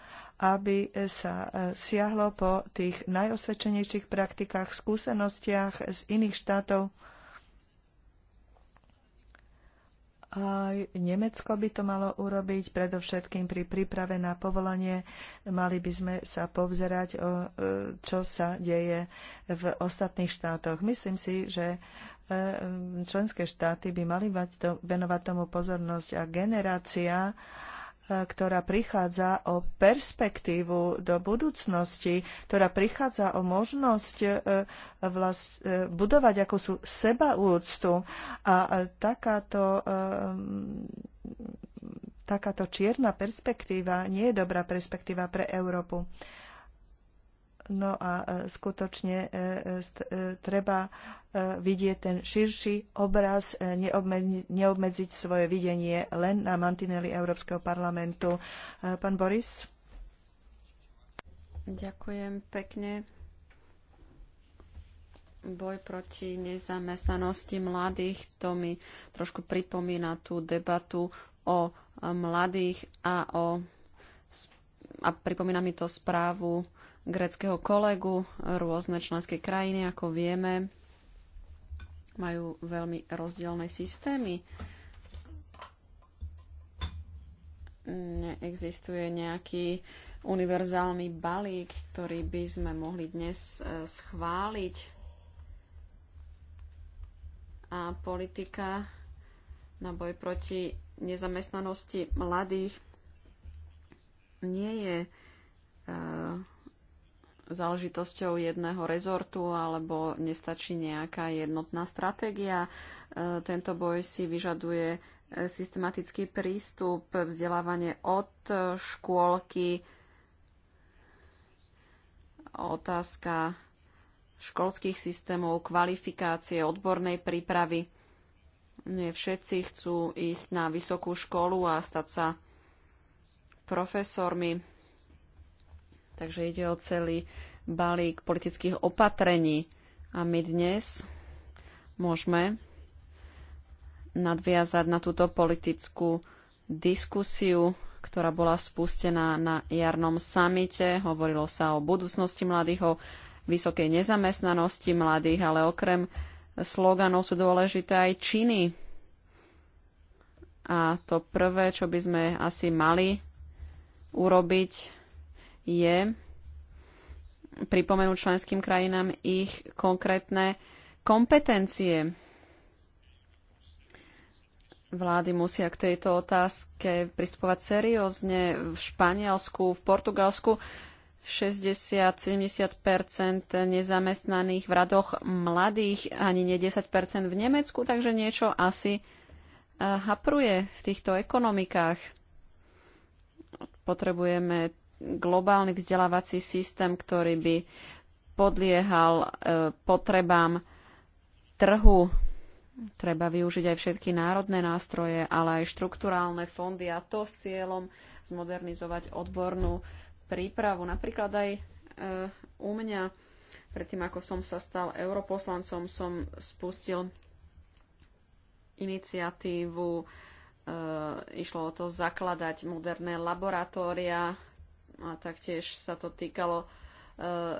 aby sa siahlo po tých najosvedčenejších praktikách, skúsenostiach z iných štátov, aj Nemecko by to malo urobiť, predovšetkým pri príprave na povolanie. Mali by sme sa povzerať, o, e, čo sa deje v ostatných štátoch. Myslím si, že e, členské štáty by mali to, venovať tomu pozornosť a generácia ktorá prichádza o perspektívu do budúcnosti, ktorá prichádza o možnosť e, vlast, e, budovať sú sebaúctu. A takáto e, takáto čierna perspektíva nie je dobrá perspektíva pre Európu. No a e, skutočne e, e, treba vidieť ten širší obraz, neobmedziť, svoje videnie len na mantinely Európskeho parlamentu. Pán Boris? Ďakujem pekne. Boj proti nezamestnanosti mladých, to mi trošku pripomína tú debatu o mladých a o a pripomína mi to správu greckého kolegu. Rôzne členské krajiny, ako vieme, majú veľmi rozdielne systémy. Neexistuje nejaký univerzálny balík, ktorý by sme mohli dnes e, schváliť. A politika na boj proti nezamestnanosti mladých nie je uh, záležitosťou jedného rezortu alebo nestačí nejaká jednotná stratégia. E, tento boj si vyžaduje e, systematický prístup, vzdelávanie od e, škôlky, otázka školských systémov, kvalifikácie, odbornej prípravy. Nie všetci chcú ísť na vysokú školu a stať sa profesormi Takže ide o celý balík politických opatrení. A my dnes môžeme nadviazať na túto politickú diskusiu, ktorá bola spustená na jarnom samite. Hovorilo sa o budúcnosti mladých, o vysokej nezamestnanosti mladých, ale okrem sloganov sú dôležité aj činy. A to prvé, čo by sme asi mali urobiť, je pripomenúť členským krajinám ich konkrétne kompetencie. Vlády musia k tejto otázke pristupovať seriózne. V Španielsku, v Portugalsku 60-70 nezamestnaných v radoch mladých, ani nie 10 v Nemecku, takže niečo asi eh, hapruje v týchto ekonomikách. Potrebujeme globálny vzdelávací systém, ktorý by podliehal e, potrebám trhu. Treba využiť aj všetky národné nástroje, ale aj štruktúrálne fondy a to s cieľom zmodernizovať odbornú prípravu. Napríklad aj e, u mňa, predtým ako som sa stal europoslancom, som spustil iniciatívu, e, išlo o to zakladať moderné laboratória a taktiež sa to týkalo e,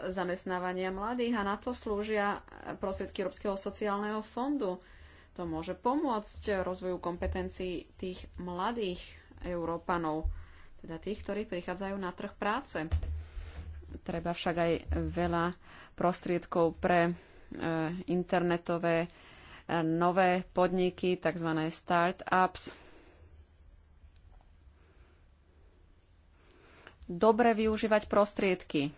zamestnávania mladých a na to slúžia prostriedky Európskeho sociálneho fondu. To môže pomôcť rozvoju kompetencií tých mladých Európanov, teda tých, ktorí prichádzajú na trh práce. Treba však aj veľa prostriedkov pre e, internetové e, nové podniky, tzv. start-ups, dobre využívať prostriedky.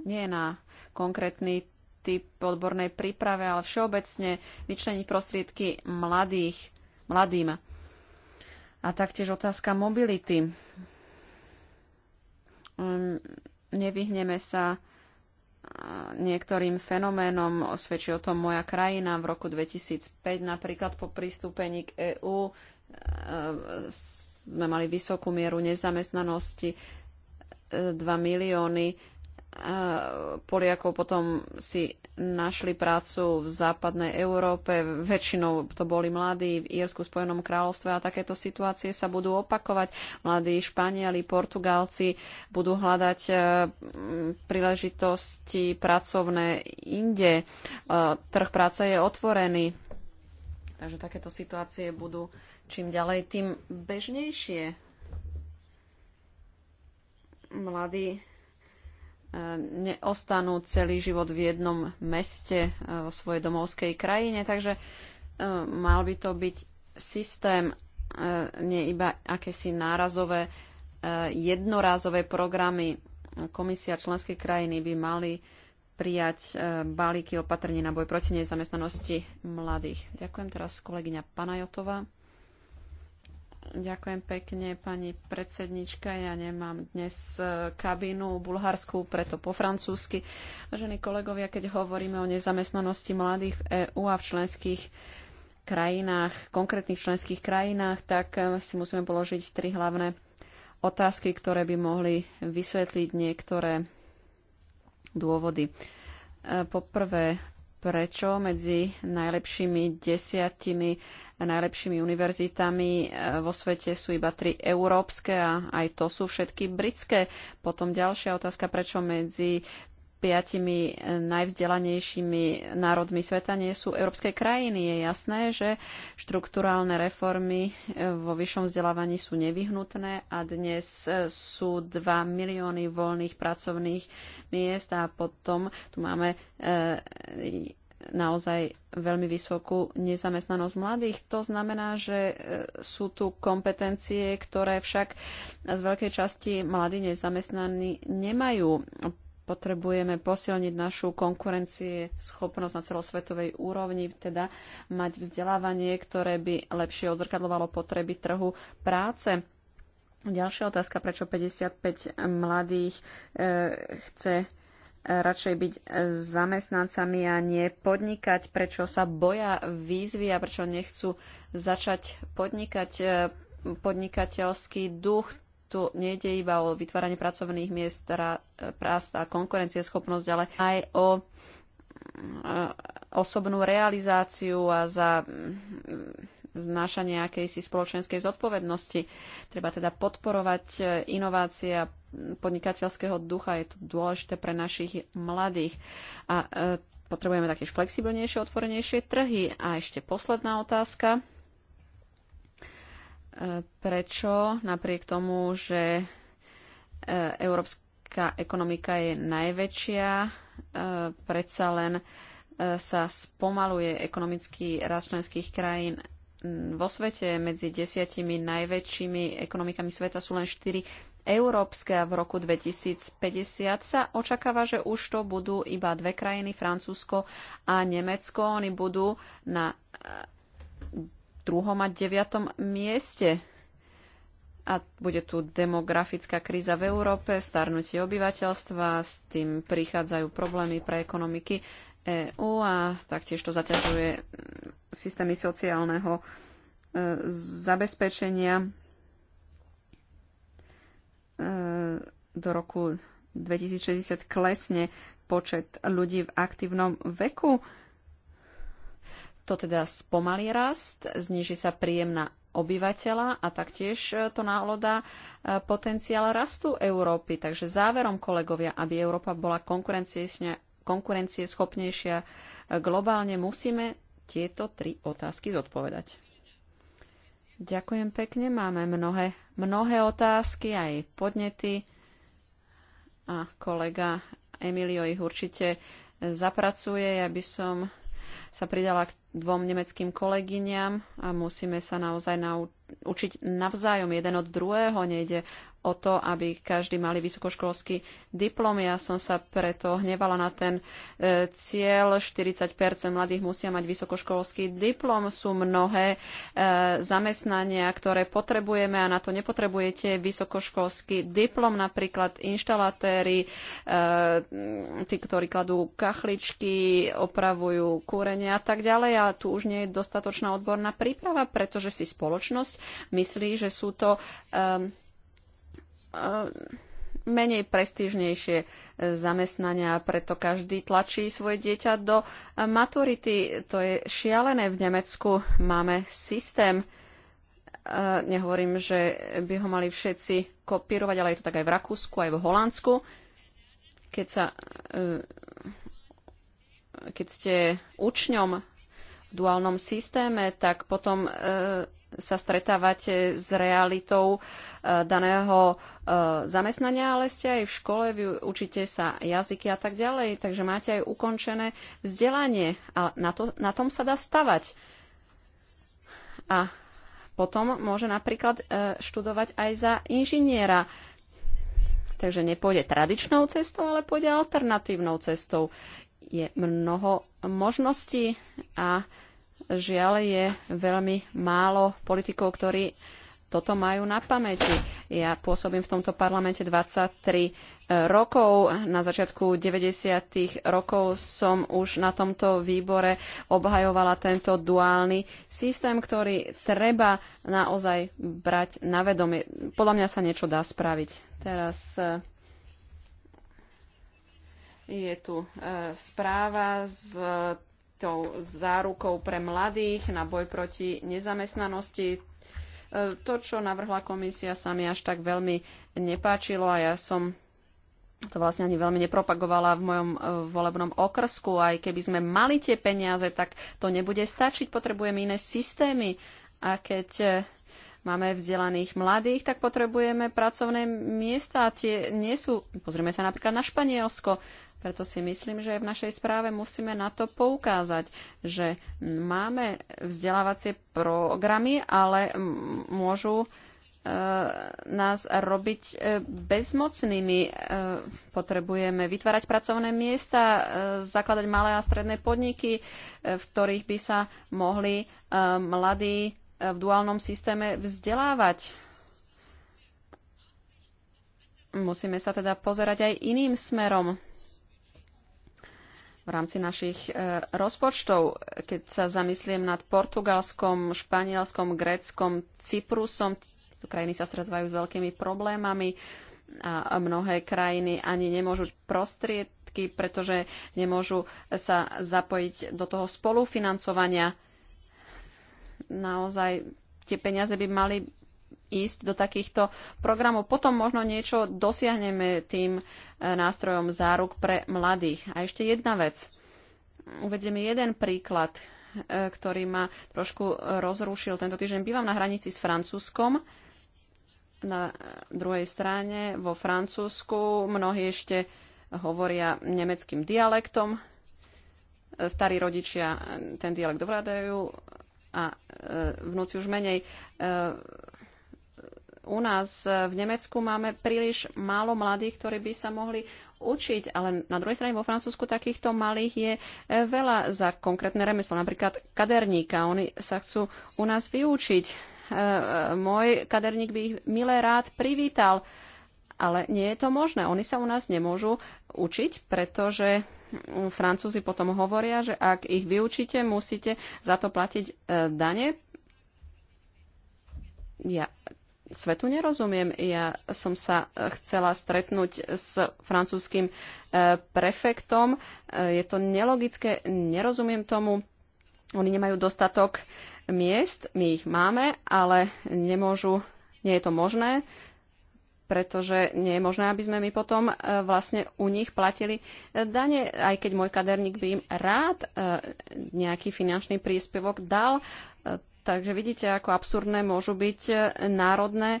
Nie na konkrétny typ odbornej príprave, ale všeobecne vyčleniť prostriedky mladých, mladým. A taktiež otázka mobility. Um, nevyhneme sa uh, niektorým fenoménom. Osvedčí o tom moja krajina v roku 2005 napríklad po pristúpení k EÚ sme mali vysokú mieru nezamestnanosti, 2 e, milióny e, Poliakov potom si našli prácu v západnej Európe, väčšinou to boli mladí v Írsku, Spojenom kráľovstve a takéto situácie sa budú opakovať. Mladí Španieli, Portugálci budú hľadať e, príležitosti pracovné inde. Trh práce je otvorený Takže takéto situácie budú čím ďalej, tým bežnejšie. Mladí e, neostanú celý život v jednom meste e, vo svojej domovskej krajine, takže e, mal by to byť systém, nie iba akési nárazové, jednorázové programy. Komisia členskej krajiny by mali prijať e, balíky opatrení na boj proti nezamestnanosti mladých. Ďakujem teraz kolegyňa Panajotová. Ďakujem pekne, pani predsednička. Ja nemám dnes e, kabínu bulharskú, preto po francúzsky. Vážení kolegovia, keď hovoríme o nezamestnanosti mladých v EÚ a v členských krajinách, konkrétnych členských krajinách, tak e, si musíme položiť tri hlavné otázky, ktoré by mohli vysvetliť niektoré dôvody. E, poprvé, prečo medzi najlepšími desiatimi najlepšími univerzitami e, vo svete sú iba tri európske a aj to sú všetky britské. Potom ďalšia otázka, prečo medzi piatimi eh, najvzdelanejšími národmi sveta nie sú európske krajiny. Je jasné, že štruktúrálne reformy eh, vo vyššom vzdelávaní sú nevyhnutné a dnes eh, sú 2 milióny voľných pracovných miest a potom tu máme naozaj veľmi vysokú nezamestnanosť mladých. To znamená, že sú tu kompetencie, ktoré však z veľkej časti mladí nezamestnaní nemajú potrebujeme posilniť našu konkurencie, schopnosť na celosvetovej úrovni, teda mať vzdelávanie, ktoré by lepšie odzrkadlovalo potreby trhu práce. Ďalšia otázka, prečo 55 mladých e, chce e, radšej byť zamestnancami a nie podnikať, prečo sa boja výzvy a prečo nechcú začať podnikať e, podnikateľský duch tu nejde iba o vytváranie pracovných miest, teda, e, prast a konkurencieschopnosť, ale aj o e, osobnú realizáciu a za mm, znášanie akejsi spoločenskej zodpovednosti. Treba teda podporovať e, inovácie a podnikateľského ducha. Je to dôležité pre našich mladých. A potrebujeme takéž flexibilnejšie, otvorenejšie trhy. A ešte posledná otázka Prečo napriek tomu, že e, európska ekonomika je najväčšia, e, predsa len e, sa spomaluje ekonomický rast členských krajín vo svete medzi desiatimi najväčšími ekonomikami sveta sú len štyri európske a v roku 2050 sa očakáva, že už to budú iba dve krajiny, Francúzsko a Nemecko. Oni budú na druhom a deviatom mieste. A bude tu demografická kríza v Európe, starnutie obyvateľstva, s tým prichádzajú problémy pre ekonomiky EÚ a taktiež to zaťažuje mm, systémy sociálneho e, zabezpečenia e, do roku 2060 klesne počet ľudí v aktívnom veku to teda spomalí rast, zniží sa príjem na obyvateľa a taktiež e, to náhľadá e, potenciál rastu Európy. Takže záverom, kolegovia, aby Európa bola konkurencieschopnejšia e, globálne, musíme tieto tri otázky zodpovedať. Ďakujem pekne, máme mnohé, mnohé otázky, aj podnety a kolega Emilio ich určite zapracuje. Ja by som sa pridala k dvom nemeckým kolegyňam a musíme sa naozaj učiť navzájom jeden od druhého. Nejde o to, aby každý mali vysokoškolský diplom. Ja som sa preto hnevala na ten e, cieľ. 40 mladých musia mať vysokoškolský diplom. Sú mnohé e, zamestnania, ktoré potrebujeme a na to nepotrebujete vysokoškolský diplom. Napríklad inštalatéry, e, tí, ktorí kladú kachličky, opravujú kúrenie a tak ďalej. A tu už nie je dostatočná odborná príprava, pretože si spoločnosť myslí, že sú to E, E, menej prestížnejšie zamestnania preto každý tlačí svoje dieťa do maturity. To je šialené. V Nemecku máme systém, e, nehovorím, že by ho mali všetci kopírovať, ale je to tak aj v Rakúsku, aj v Holandsku. Keď, sa, e, keď ste učňom v duálnom systéme, tak potom sa stretávate eh, s realitou eh, daného eh, zamestnania, ale ste aj v škole, vy učíte sa jazyky a tak ďalej, takže máte aj ukončené vzdelanie a na, to, na tom sa dá stavať. A potom môže napríklad študovať aj za inžiniera. Takže nepôjde tradičnou cestou, ale pôjde alternatívnou cestou. Je mnoho možností a Žiaľ je veľmi málo politikov, ktorí toto majú na pamäti. Ja pôsobím v tomto parlamente 23 e, rokov. Na začiatku 90. rokov som už na tomto výbore obhajovala tento duálny systém, ktorý treba naozaj brať na vedomie. Podľa mňa sa niečo dá spraviť. Teraz e, je tu e, správa z tou zárukou pre mladých na boj proti nezamestnanosti. E, to, čo navrhla komisia, sa mi až tak veľmi nepáčilo a ja som to vlastne ani veľmi nepropagovala v mojom e, volebnom okrsku. Aj keby sme mali tie peniaze, tak to nebude stačiť. Potrebujeme iné systémy. A keď e, máme vzdelaných mladých, tak potrebujeme pracovné miesta. Tie nie sú, pozrieme sa napríklad na Španielsko, preto si myslím, že v našej správe musíme na to poukázať, že máme vzdelávacie programy, ale môžu e, nás robiť e, bezmocnými. E, potrebujeme vytvárať pracovné miesta, zakladať malé a stredné podniky, v ktorých by sa mohli mladí v duálnom systéme vzdelávať. Musíme sa teda pozerať aj iným smerom v rámci našich e, rozpočtov. Keď sa zamyslím nad Portugalskom, Španielskom, Gréckom, Cyprusom, tieto krajiny sa stretávajú s veľkými problémami a mnohé krajiny ani nemôžu prostriedky, pretože nemôžu sa zapojiť do toho spolufinancovania. Naozaj tie peniaze by mali ísť do takýchto programov. Potom možno niečo dosiahneme tým e, nástrojom záruk pre mladých. A ešte jedna vec. Uvediem jeden príklad, e, ktorý ma trošku rozrušil tento týždeň. Bývam na hranici s Francúzskom na druhej strane vo Francúzsku. Mnohí ešte hovoria nemeckým dialektom. Starí rodičia ten dialekt dovládajú a e, vnúci už menej u nás e, v Nemecku máme príliš málo mladých, ktorí by sa mohli učiť, ale na druhej strane vo Francúzsku takýchto malých je e, veľa za konkrétne remeslo, napríklad kaderníka. Oni sa chcú u nás vyučiť. E, môj kaderník by ich milé rád privítal, ale nie je to možné. Oni sa u nás nemôžu učiť, pretože mm, Francúzi potom hovoria, že ak ich vyučíte, musíte za to platiť dane. Ja svetu nerozumiem. Ja som sa chcela stretnúť s francúzským e, prefektom. E, je to nelogické, nerozumiem tomu. Oni nemajú dostatok miest, my ich máme, ale nemôžu, nie je to možné, pretože nie je možné, aby sme my potom e, vlastne u nich platili dane, aj keď môj kaderník by im rád nejaký finančný príspevok dal. Takže vidíte, ako absurdné môžu byť e, národné e,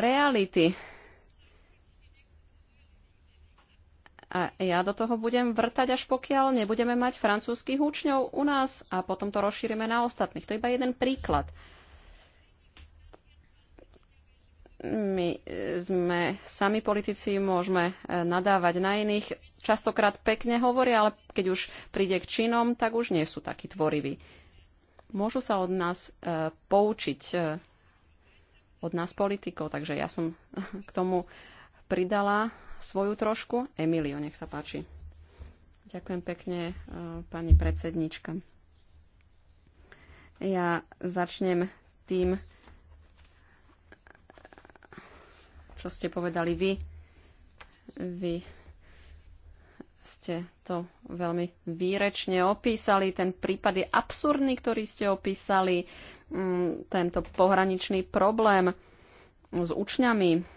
reality. A ja do toho budem vrtať, až pokiaľ nebudeme mať francúzskych účňov u nás a potom to rozšírime na ostatných. To je iba jeden príklad. My e, sme sami politici, môžeme nadávať na iných. Častokrát pekne hovoria, ale keď už príde k činom, tak už nie sú takí tvoriví môžu sa od nás e, poučiť, e, od nás politikov. Takže ja som *laughs* k tomu pridala svoju trošku. Emilio, nech sa páči. Ďakujem pekne, e, pani predsednička. Ja začnem tým, čo ste povedali vy. Vy ste to veľmi výrečne opísali. Ten prípad je absurdný, ktorý ste opísali, mm, tento pohraničný problém s učňami.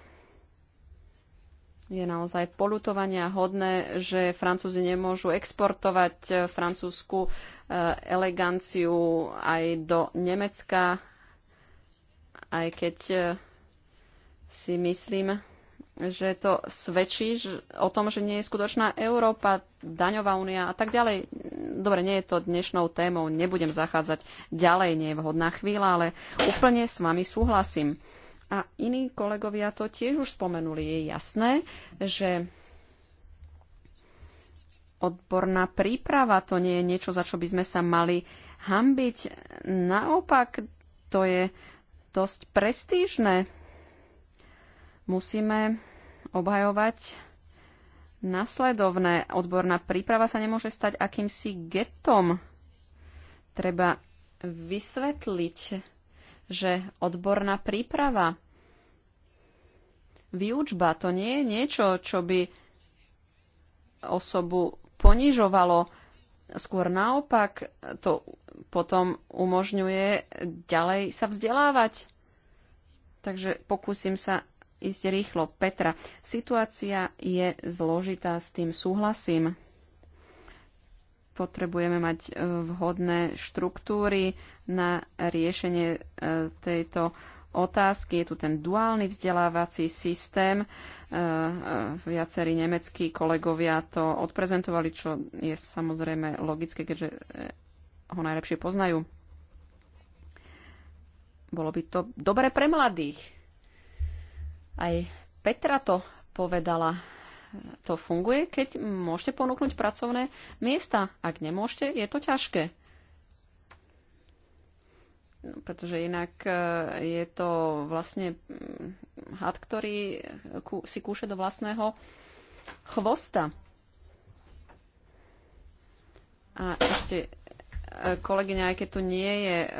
Je naozaj polutovania hodné, že Francúzi nemôžu exportovať eh, francúzsku eh, eleganciu aj do Nemecka, aj keď eh, si myslím, že to svedčí o tom, že nie je skutočná Európa, daňová únia a tak ďalej. Dobre, nie je to dnešnou témou, nebudem zachádzať ďalej, nie je vhodná chvíľa, ale úplne s vami súhlasím. A iní kolegovia to tiež už spomenuli. Je jasné, že odborná príprava to nie je niečo, za čo by sme sa mali hambiť. Naopak, to je dosť prestížne musíme obhajovať nasledovné. Odborná príprava sa nemôže stať akýmsi getom. Treba vysvetliť, že odborná príprava, výučba, to nie je niečo, čo by osobu ponižovalo. Skôr naopak, to potom umožňuje ďalej sa vzdelávať. Takže pokúsim sa ísť rýchlo. Petra, situácia je zložitá, s tým súhlasím. Potrebujeme mať e, vhodné štruktúry na riešenie e, tejto otázky. Je tu ten duálny vzdelávací systém. E, viacerí nemeckí kolegovia to odprezentovali, čo je samozrejme logické, keďže ho najlepšie poznajú. Bolo by to dobre pre mladých, aj Petra to povedala. To funguje, keď môžete ponúknuť pracovné miesta. Ak nemôžete, je to ťažké. No, pretože inak e, je to vlastne mm, had, ktorý si kúše do vlastného chvosta. A ešte e, kolegyňa, aj keď tu nie je, e,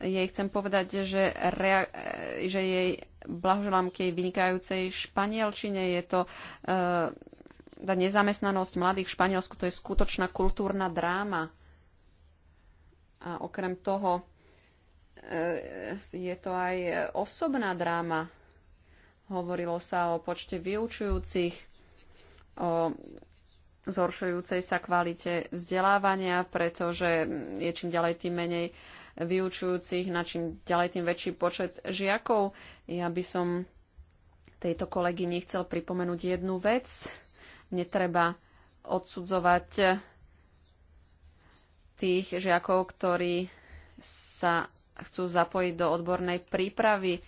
jej chcem povedať, že, rea- e, že jej blahoželám k jej vynikajúcej španielčine. Je to e, nezamestnanosť mladých v Španielsku, to je skutočná kultúrna dráma. A okrem toho uh, je to aj osobná dráma. Hovorilo sa o počte vyučujúcich, o zhoršujúcej sa kvalite vzdelávania, pretože je čím ďalej tým menej vyučujúcich na čím ďalej tým väčší počet žiakov. Ja by som tejto kolegyni chcel pripomenúť jednu vec. Netreba odsudzovať tých žiakov, ktorí sa chcú zapojiť do odbornej prípravy.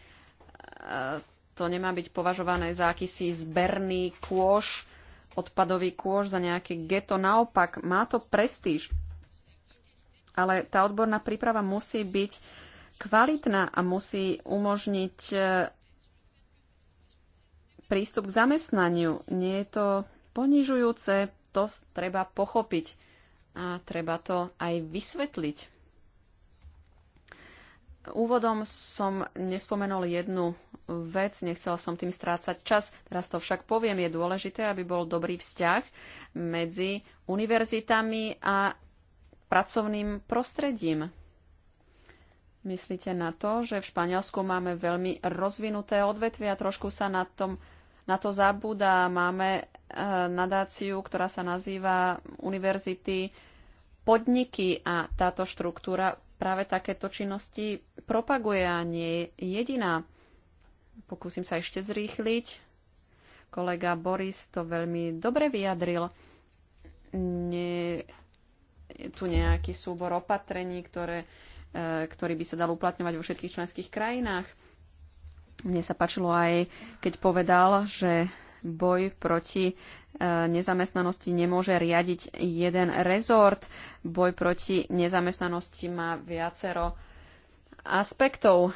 To nemá byť považované za akýsi zberný kôš, odpadový kôš za nejaké geto. Naopak, má to prestíž ale tá odborná príprava musí byť kvalitná a musí umožniť e, prístup k zamestnaniu. Nie je to ponižujúce, to treba pochopiť a treba to aj vysvetliť. Úvodom som nespomenul jednu vec, nechcela som tým strácať čas, teraz to však poviem, je dôležité, aby bol dobrý vzťah medzi univerzitami a pracovným prostredím. Myslíte na to, že v Španielsku máme veľmi rozvinuté a trošku sa na, tom, na to zabúda. Máme e, nadáciu, ktorá sa nazýva Univerzity podniky a táto štruktúra práve takéto činnosti propaguje a nie je jediná. Pokúsim sa ešte zrýchliť. Kolega Boris to veľmi dobre vyjadril. Nie, tu nejaký súbor opatrení, ktoré, e, ktorý by sa dal uplatňovať vo všetkých členských krajinách. Mne sa páčilo aj, keď povedal, že boj proti e, nezamestnanosti nemôže riadiť jeden rezort. Boj proti nezamestnanosti má viacero aspektov.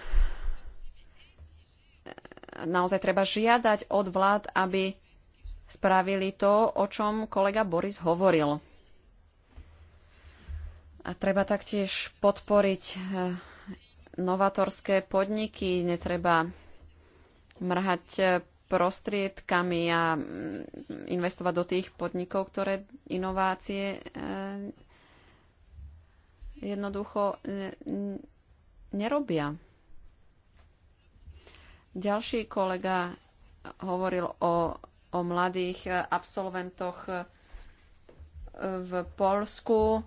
Naozaj treba žiadať od vlád, aby spravili to, o čom kolega Boris hovoril. A treba taktiež podporiť e, novatorské podniky, netreba mrhať e, prostriedkami a investovať do tých podnikov, ktoré inovácie e, jednoducho nerobia. Ďalší kolega hovoril o, o mladých absolventoch v Polsku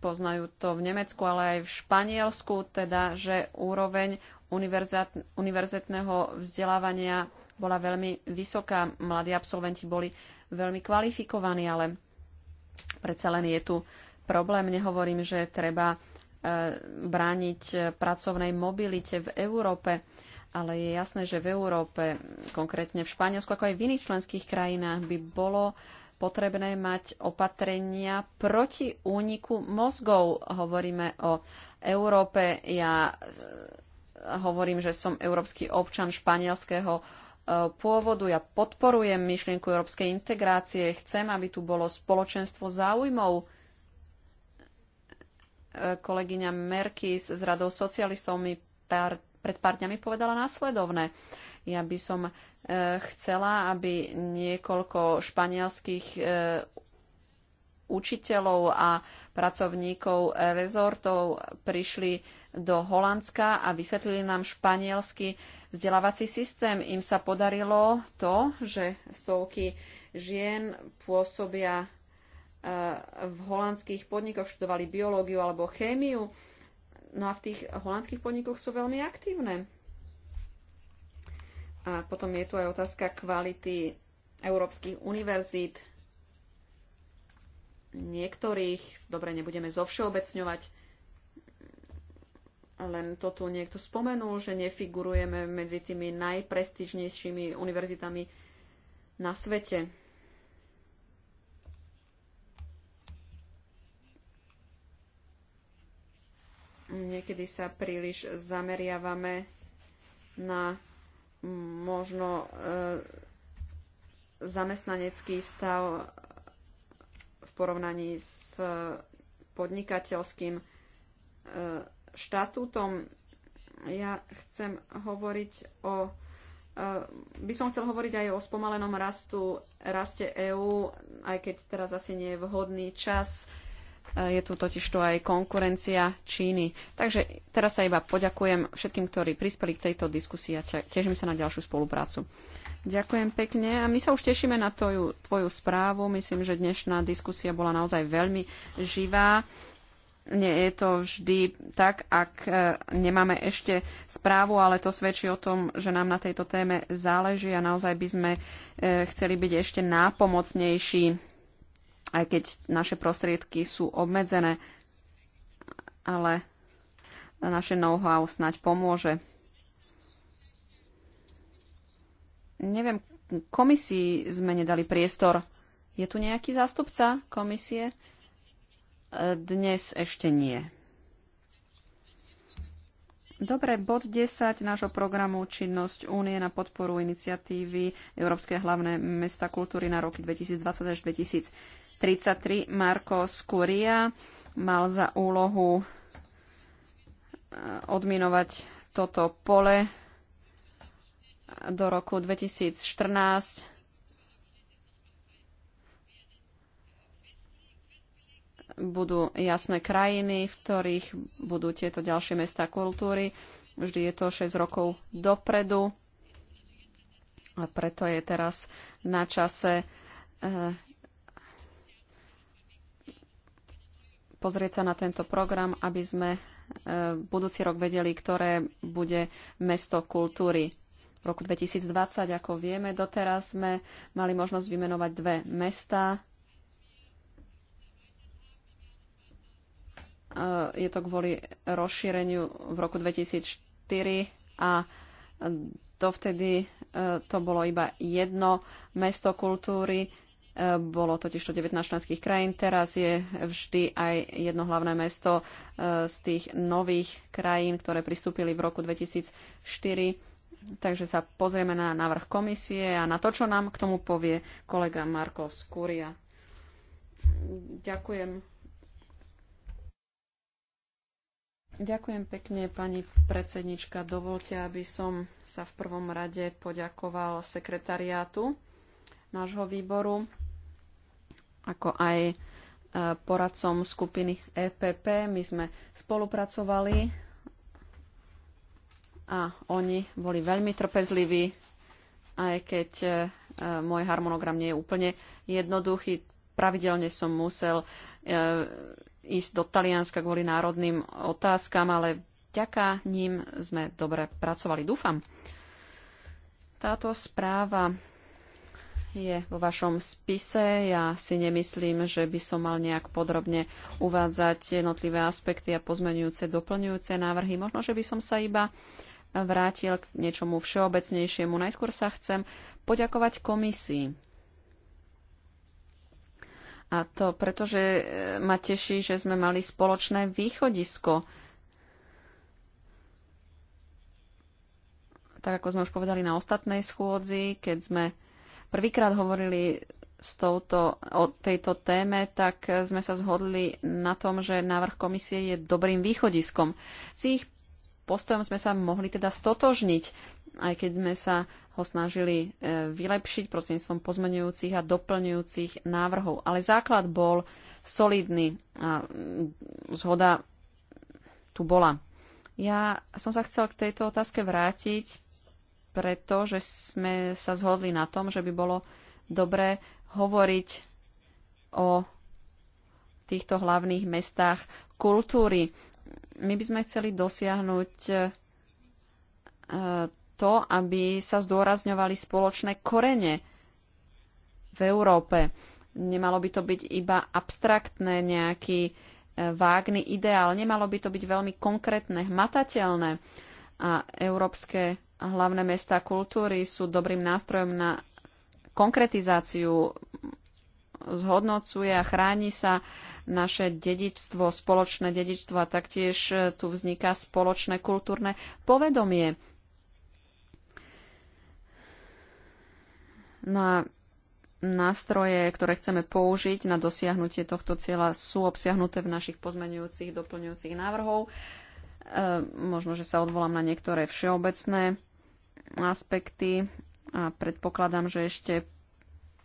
poznajú to v Nemecku, ale aj v Španielsku, teda, že úroveň univerzitného vzdelávania bola veľmi vysoká. Mladí absolventi boli veľmi kvalifikovaní, ale predsa len je tu problém. Nehovorím, že treba e, brániť pracovnej mobilite v Európe, ale je jasné, že v Európe, konkrétne v Španielsku, ako aj v iných členských krajinách, by bolo uh, potrebné mať opatrenia proti úniku mozgov. Hovoríme o Európe. Ja e, hovorím, že som európsky občan španielského e, pôvodu. Ja podporujem myšlienku európskej integrácie. Chcem, aby tu bolo spoločenstvo záujmov. E, kolegyňa Merkis s radou socialistov mi pár, pred pár dňami povedala následovné. Ja by som e, chcela, aby niekoľko španielských e, učiteľov a pracovníkov rezortov prišli do Holandska a vysvetlili nám španielsky vzdelávací systém. Im sa podarilo to, že stovky žien pôsobia e, v holandských podnikoch, študovali biológiu alebo chémiu. No a v tých holandských podnikoch sú veľmi aktívne. A potom je tu aj otázka kvality európskych univerzít. Niektorých, dobre, nebudeme zovšeobecňovať, len to tu niekto spomenul, že nefigurujeme medzi tými najprestižnejšími univerzitami na svete. Niekedy sa príliš zameriavame na možno e, zamestnanecký stav v porovnaní s podnikateľským e, štatútom. Ja chcem hovoriť o e, by som chcel hovoriť aj o spomalenom rastu, raste EÚ, aj keď teraz asi nie je vhodný čas. Je tu totiž tu aj konkurencia Číny. Takže teraz sa iba poďakujem všetkým, ktorí prispeli k tejto diskusii a teším sa na ďalšiu spoluprácu. Ďakujem pekne a my sa už tešíme na tvoju, tvoju správu. Myslím, že dnešná diskusia bola naozaj veľmi živá. Nie je to vždy tak, ak e, nemáme ešte správu, ale to svedčí o tom, že nám na tejto téme záleží a naozaj by sme e, chceli byť ešte nápomocnejší aj keď naše prostriedky sú obmedzené, ale naše know-how snať pomôže. Neviem, komisii sme nedali priestor. Je tu nejaký zástupca komisie? Dnes ešte nie. Dobre, bod 10 nášho programu Činnosť únie na podporu iniciatívy Európske hlavné mesta kultúry na roky 2020 až 2020. 33 Marko Skuria mal za úlohu e, odminovať toto pole do roku 2014. Budú jasné krajiny, v ktorých budú tieto ďalšie mesta kultúry. Vždy je to 6 rokov dopredu. A preto je teraz na čase e, pozrieť sa na tento program, aby sme e, budúci rok vedeli, ktoré bude mesto kultúry. V roku 2020, ako vieme, doteraz sme mali možnosť vymenovať dve mesta. E, je to kvôli rozšíreniu v roku 2004 a dovtedy e, to bolo iba jedno mesto kultúry bolo totiž to 19 členských krajín, teraz je vždy aj jedno hlavné mesto e, z tých nových krajín, ktoré pristúpili v roku 2004. Takže sa pozrieme na návrh komisie a na to, čo nám k tomu povie kolega Marko Skúria. Ďakujem. Ďakujem pekne, pani predsednička. Dovolte, aby som sa v prvom rade poďakoval sekretariátu nášho výboru ako aj e, poradcom skupiny EPP. My sme spolupracovali a oni boli veľmi trpezliví, aj keď e, môj harmonogram nie je úplne jednoduchý. Pravidelne som musel e, ísť do Talianska kvôli národným otázkam, ale vďaka ním sme dobre pracovali. Dúfam. Táto správa je vo vašom spise. Ja si nemyslím, že by som mal nejak podrobne uvádzať jednotlivé aspekty a pozmenujúce, doplňujúce návrhy. Možno, že by som sa iba vrátil k niečomu všeobecnejšiemu. Najskôr sa chcem poďakovať komisii. A to preto, že e, ma teší, že sme mali spoločné východisko. Tak ako sme už povedali na ostatnej schôdzi, keď sme prvýkrát hovorili s touto, o tejto téme, tak sme sa zhodli na tom, že návrh komisie je dobrým východiskom. S ich postojom sme sa mohli teda stotožniť, aj keď sme sa ho snažili e, vylepšiť prostredníctvom pozmenujúcich a doplňujúcich návrhov. Ale základ bol solidný a mm, zhoda tu bola. Ja som sa chcel k tejto otázke vrátiť, preto, že sme sa zhodli na tom, že by bolo dobre hovoriť o týchto hlavných mestách kultúry. My by sme chceli dosiahnuť e, to, aby sa zdôrazňovali spoločné korene v Európe. Nemalo by to byť iba abstraktné, nejaký e, vágny ideál. Nemalo by to byť veľmi konkrétne, hmatateľné. A európske hlavné mesta kultúry sú dobrým nástrojom na konkretizáciu, zhodnocuje a chráni sa naše dedičstvo, spoločné dedičstvo a taktiež tu vzniká spoločné kultúrne povedomie. No a nástroje, ktoré chceme použiť na dosiahnutie tohto cieľa, sú obsiahnuté v našich pozmenujúcich, doplňujúcich návrhov. E, možno, že sa odvolám na niektoré všeobecné aspekty a predpokladám, že ešte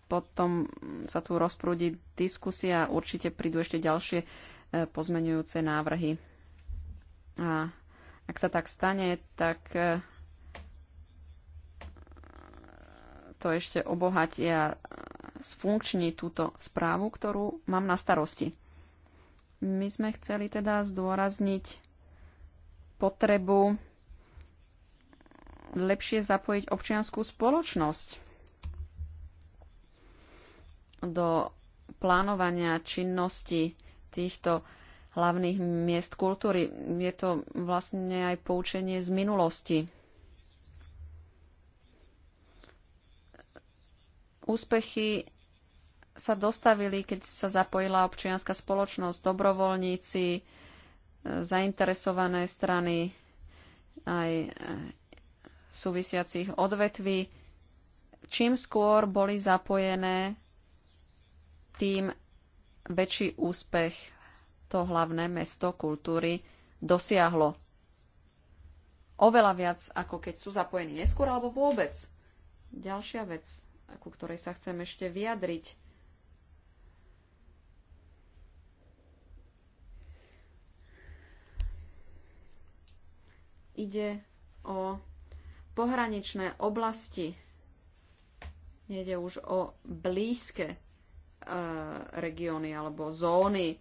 potom sa tu rozprúdi diskusia a určite prídu ešte ďalšie e, pozmenujúce návrhy. A ak sa tak stane, tak e, to ešte obohatí a sfunkční túto správu, ktorú mám na starosti. My sme chceli teda zdôrazniť potrebu lepšie zapojiť občianskú spoločnosť do plánovania činnosti týchto hlavných miest kultúry. Je to vlastne aj poučenie z minulosti. Úspechy sa dostavili, keď sa zapojila občianská spoločnosť, dobrovoľníci, zainteresované strany aj e, súvisiacich odvetví. Čím skôr boli zapojené, tým väčší úspech to hlavné mesto kultúry dosiahlo. Oveľa viac, ako keď sú zapojení neskôr alebo vôbec. Ďalšia vec, ku ktorej sa chcem ešte vyjadriť. ide o pohraničné oblasti. Nejde už o blízke e, regióny alebo zóny.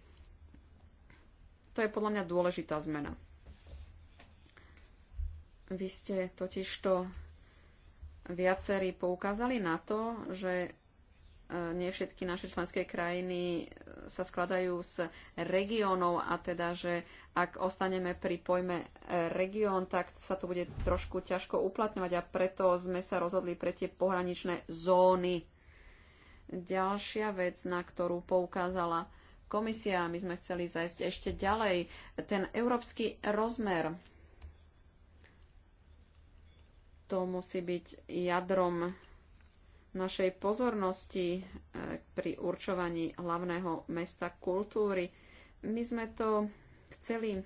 To je podľa mňa dôležitá zmena. Vy ste totižto viacerí poukázali na to, že nie všetky naše členské krajiny e, sa skladajú z regiónov a teda, že ak ostaneme pri pojme e, región, tak sa to bude trošku ťažko uplatňovať a preto sme sa rozhodli pre tie pohraničné zóny. Ďalšia vec, na ktorú poukázala komisia, my sme chceli zajsť ešte ďalej, ten európsky rozmer. To musí byť jadrom našej pozornosti e, pri určovaní hlavného mesta kultúry. My sme to chceli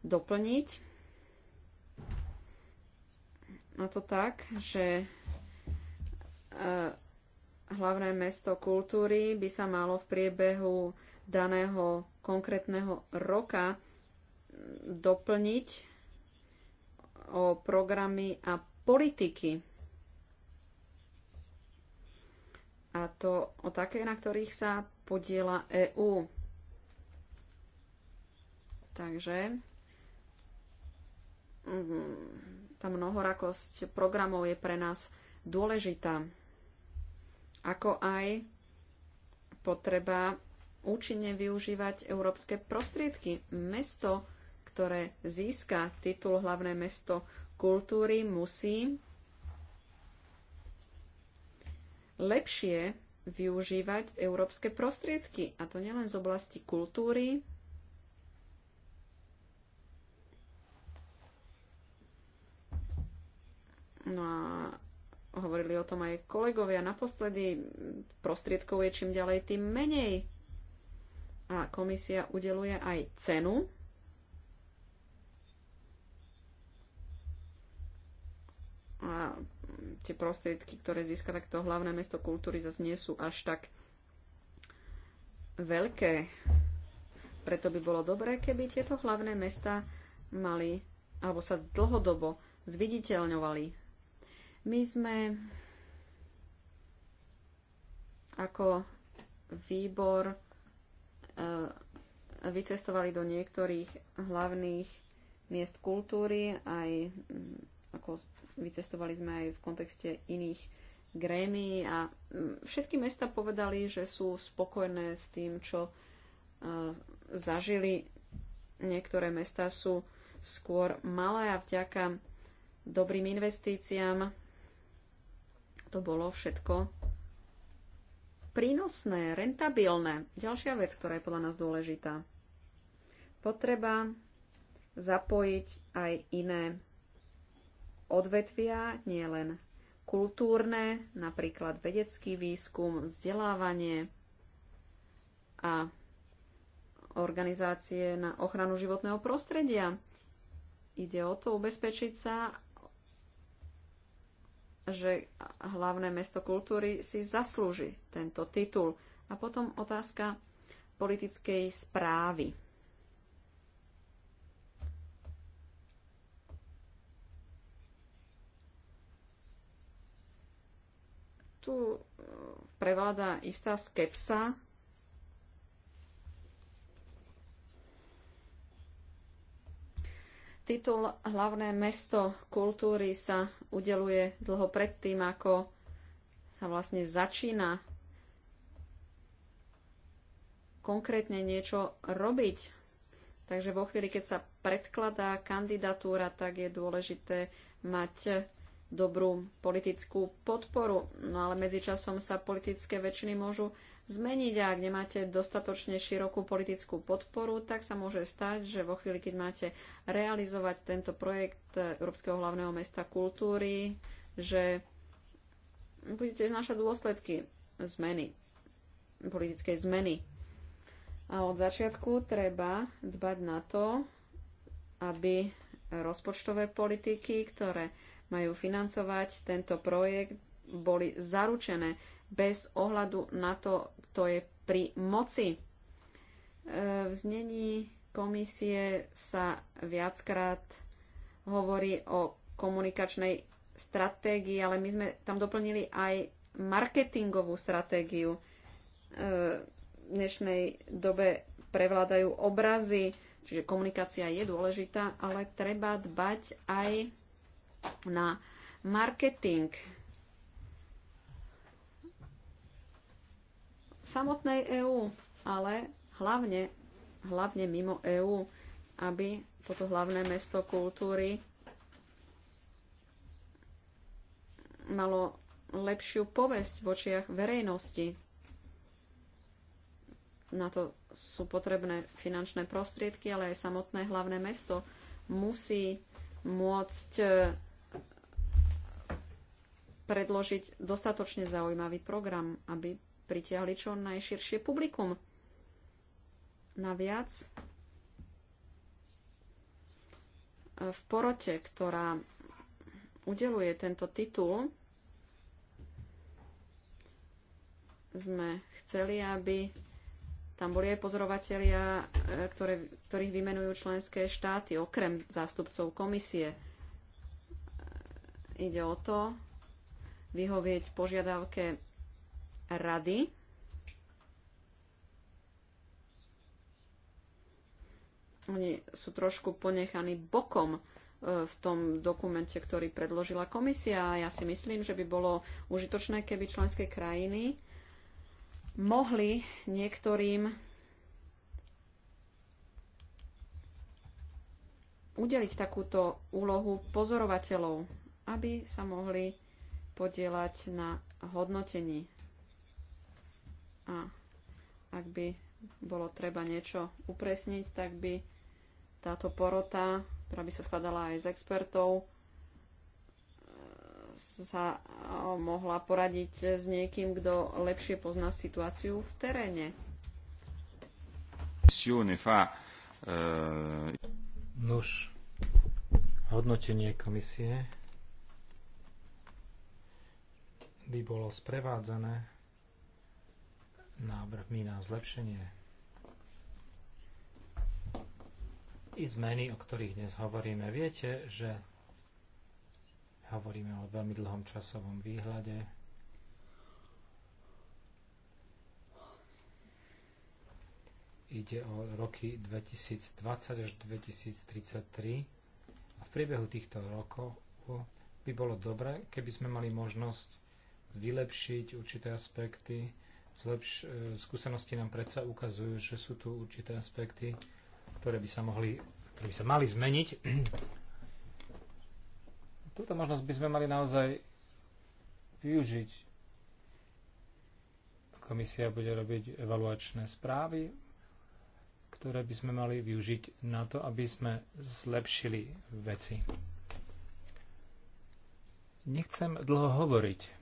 doplniť. A to tak, že e, hlavné mesto kultúry by sa malo v priebehu daného konkrétneho roka doplniť o programy a politiky a to o také, na ktorých sa podiela EÚ. Takže mhm, tá mnohorakosť programov je pre nás dôležitá. Ako aj potreba účinne využívať európske prostriedky. Mesto, ktoré získa titul hlavné mesto kultúry, musí lepšie využívať európske prostriedky. A to nielen z oblasti kultúry, No a hovorili o tom aj kolegovia. Naposledy prostriedkov je čím ďalej tým menej. A komisia udeluje aj cenu. A tie prostriedky, ktoré získa takto hlavné mesto kultúry, zase nie sú až tak veľké. Preto by bolo dobré, keby tieto hlavné mesta mali alebo sa dlhodobo zviditeľňovali. My sme ako výbor e, vycestovali do niektorých hlavných miest kultúry, aj ako vycestovali sme aj v kontexte iných grémy a mm, všetky mesta povedali, že sú spokojné s tým, čo e, zažili. Niektoré mesta sú skôr malé a vďaka dobrým investíciám to bolo všetko prínosné, rentabilné. Ďalšia vec, ktorá je podľa nás dôležitá. Potreba zapojiť aj iné odvetvia, nie len kultúrne, napríklad vedecký výskum, vzdelávanie a organizácie na ochranu životného prostredia. Ide o to ubezpečiť sa, že hlavné mesto kultúry si zaslúži tento titul. A potom otázka politickej správy. tu e, prevláda istá skepsa. Titul Hlavné mesto kultúry sa udeluje dlho predtým, ako sa vlastne začína konkrétne niečo robiť. Takže vo chvíli, keď sa predkladá kandidatúra, tak je dôležité mať dobrú politickú podporu. No ale medzičasom sa politické väčšiny môžu zmeniť a ak nemáte dostatočne širokú politickú podporu, tak sa môže stať, že vo chvíli, keď máte realizovať tento projekt Európskeho hlavného mesta kultúry, že budete znášať dôsledky zmeny, politickej zmeny. A od začiatku treba dbať na to, aby rozpočtové politiky, ktoré majú financovať tento projekt, boli zaručené bez ohľadu na to, kto je pri moci. E, v znení komisie sa viackrát hovorí o komunikačnej stratégii, ale my sme tam doplnili aj marketingovú stratégiu. E, v dnešnej dobe prevládajú obrazy, čiže komunikácia je dôležitá, ale treba dbať aj na marketing samotnej EÚ, ale hlavne, hlavne mimo EÚ, aby toto hlavné mesto kultúry malo lepšiu povesť v očiach verejnosti. Na to sú potrebné finančné prostriedky, ale aj samotné hlavné mesto musí môcť predložiť dostatočne zaujímavý program, aby pritiahli čo najširšie publikum. Naviac e, v porote, ktorá udeluje tento titul, sme chceli, aby tam boli aj pozorovatelia, e, ktoré, ktorých vymenujú členské štáty, okrem zástupcov komisie. E, ide o to, vyhovieť požiadavke rady. Oni sú trošku ponechaní bokom e, v tom dokumente, ktorý predložila komisia. Ja si myslím, že by bolo užitočné, keby členské krajiny mohli niektorým udeliť takúto úlohu pozorovateľov, aby sa mohli podielať na hodnotení. A ak by bolo treba niečo upresniť, tak by táto porota, ktorá by sa skladala aj z expertov, e, sa e, mohla poradiť s niekým, kto lepšie pozná situáciu v teréne. E, Nuž, hodnotenie komisie by bolo sprevádzané návrhmi na zlepšenie i zmeny, o ktorých dnes hovoríme. Viete, že hovoríme o veľmi dlhom časovom výhľade. Ide o roky 2020 až 2033 a v priebehu týchto rokov by bolo dobré, keby sme mali možnosť vylepšiť určité aspekty. Zlepš- e, skúsenosti nám predsa ukazujú, že sú tu určité aspekty, ktoré by sa mohli, ktoré by sa mali zmeniť. *clears throat* Túto možnosť by sme mali naozaj využiť. Komisia bude robiť evaluačné správy, ktoré by sme mali využiť na to, aby sme zlepšili veci. Nechcem dlho hovoriť.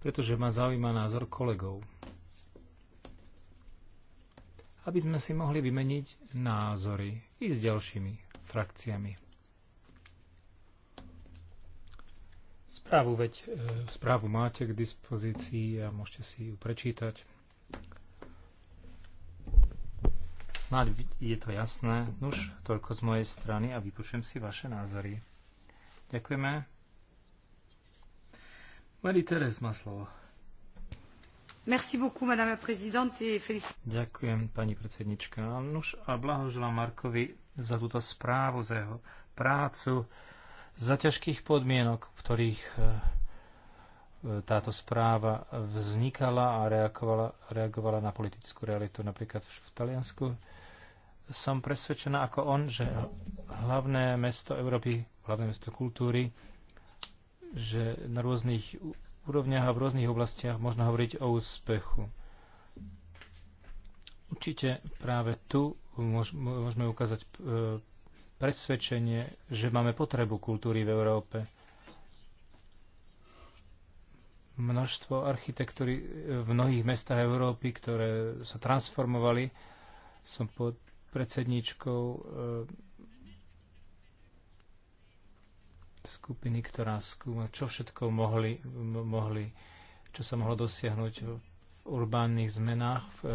pretože ma zaujíma názor kolegov. Aby sme si mohli vymeniť názory i s ďalšími frakciami. Správu, veď, e, správu máte k dispozícii a môžete si ju prečítať. Snáď je to jasné. Nuž, toľko z mojej strany a vypočujem si vaše názory. Ďakujeme. Marie-Teres má slovo. Merci beaucoup, madame la présidente, et Ďakujem, pani predsednička. Nuž a blahoželám Markovi za túto správu, za jeho prácu, za ťažkých podmienok, v ktorých e, e, táto správa vznikala a reagovala, reagovala na politickú realitu. Napríklad v Taliansku som presvedčená ako on, že hlavné mesto Európy, hlavné mesto kultúry že na rôznych úrovniach a v rôznych oblastiach možno hovoriť o úspechu. Určite práve tu môžeme ukázať e, presvedčenie, že máme potrebu kultúry v Európe. Množstvo architektúry e, v mnohých mestách Európy, ktoré sa transformovali, som pod predsedničkou e, skupiny, ktorá skúma, čo všetko mohli, mohli čo sa mohlo dosiahnuť v urbánnych zmenách. V, e,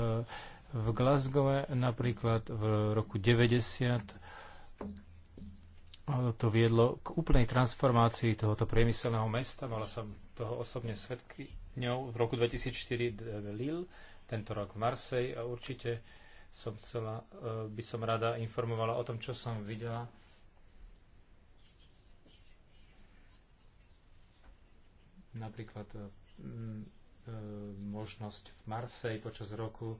v Glasgow napríklad v roku 90 e, to viedlo k úplnej transformácii tohoto priemyselného mesta. Mala som toho osobne svetkyňou v roku 2004 v e, Lille, tento rok v Marseille a určite som chcela, by som rada informovala o tom, čo som videla Napríklad e, e, možnosť v Marseji počas roku e,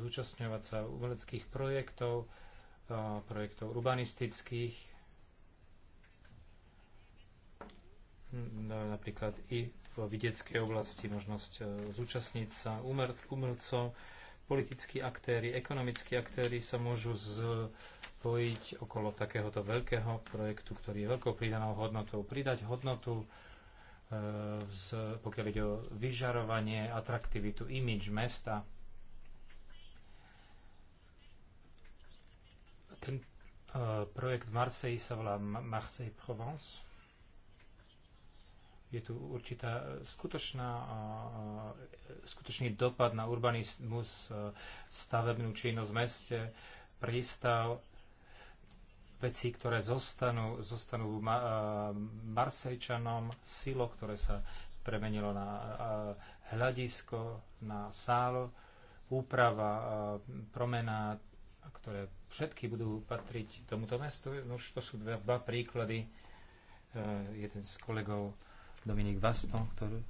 zúčastňovať sa umeleckých projektov, projektov urbanistických, no, napríklad i v vidieckej oblasti možnosť zúčastniť sa umelcov, politickí aktéry, ekonomickí aktéry sa môžu spojiť okolo takéhoto veľkého projektu, ktorý je veľkou pridanou hodnotou, pridať hodnotu Eh, pokiaľ ide o vyžarovanie, atraktivitu, imidž mesta. Ten eh, projekt v Marseille sa volá Marseille Provence. Je tu určitá eh, skutočná, skutočný dopad na urbanizmus, stavebnú činnosť v meste, prístav, vecí, ktoré zostanú, zostanú ma, Marsejčanom, silo, ktoré sa premenilo na hľadisko, na sál, úprava, promená, ktoré všetky budú patriť tomuto mestu. No už to sú dva, dva príklady. E, jeden z kolegov Dominik Vaston, ktorý e,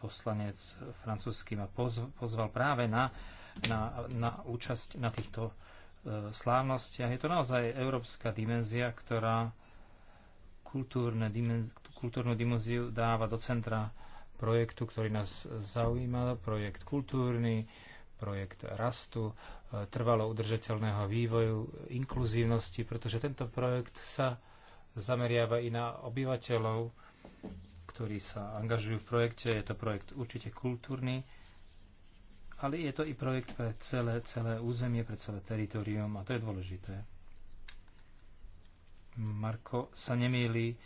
poslanec francúzsky ma pozval práve na, na, na účasť na týchto slávnostiach. Je to naozaj európska dimenzia, ktorá kultúrne dimenz- kultúrnu dimenziu dáva do centra projektu, ktorý nás zaujíma, projekt kultúrny, projekt rastu, e, trvalo udržateľného vývoju, inkluzívnosti, pretože tento projekt sa zameriava i na obyvateľov, ktorí sa angažujú v projekte. Je to projekt určite kultúrny, ale je to i projekt pre celé, celé územie, pre celé teritorium a to je dôležité. Marko sa nemýli, e,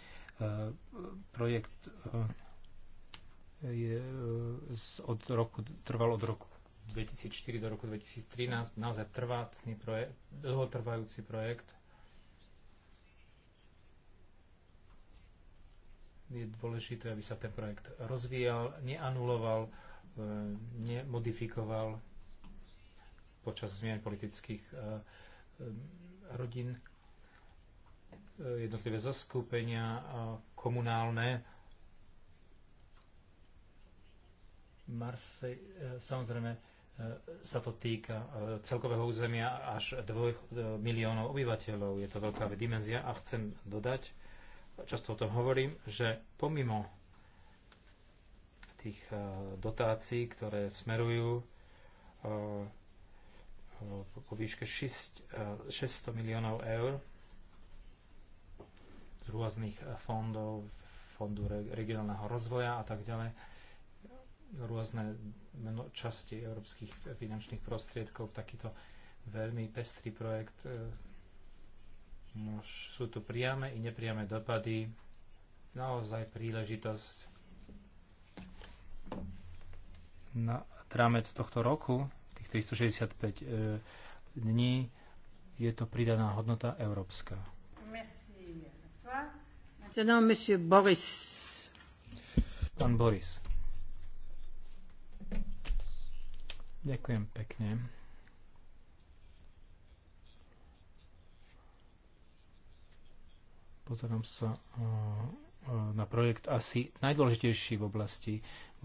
projekt e, je e, od roku, trval od roku 2004 do roku 2013, naozaj trvácný projekt, dlhotrvajúci projekt. Je dôležité, aby sa ten projekt rozvíjal, neanuloval, E, nemodifikoval počas zmien politických e, e, rodín jednotlivé zaskupenia komunálne. Marse, samozrejme, sa to týka celkového územia až 2 miliónov obyvateľov. Je to veľká dimenzia a chcem dodať, často o tom hovorím, že pomimo tých eh, dotácií, ktoré smerujú po eh, výške 600 eh, miliónov eur z rôznych fondov, Fondu regionálneho rozvoja a tak ďalej, rôzne časti európskych finančných prostriedkov, takýto veľmi pestrý projekt. No, sú tu priame i nepriame dopady, naozaj príležitosť na rámec tohto roku, tých 365 e, dní, je to pridaná hodnota európska. Merci. Boris. Pán Boris. Ďakujem pekne. Pozerám sa e, na projekt asi najdôležitejší v oblasti,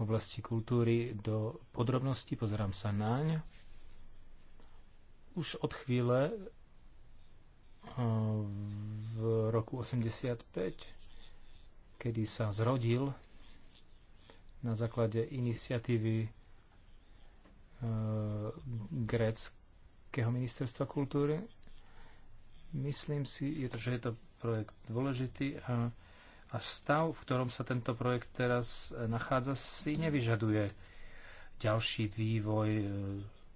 v oblasti kultúry do podrobností. Pozerám sa naň. Už od chvíle eh, v roku 85, kedy sa zrodil na základe iniciatívy eh, gréckého ministerstva kultúry. Myslím si, že je to projekt dôležitý a a stav, v ktorom sa tento projekt teraz e, nachádza, si nevyžaduje ďalší vývoj e,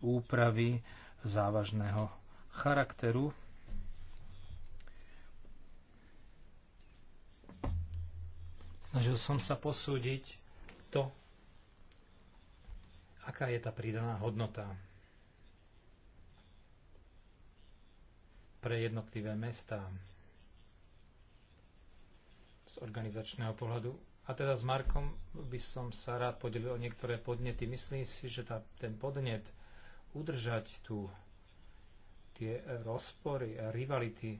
úpravy závažného charakteru. Snažil som sa posúdiť to, aká je tá pridaná hodnota pre jednotlivé mestá z organizačného pohľadu. A teda s Markom by som sa rád podelil o niektoré podnety. Myslím si, že tá, ten podnet udržať tu tie rozpory a rivality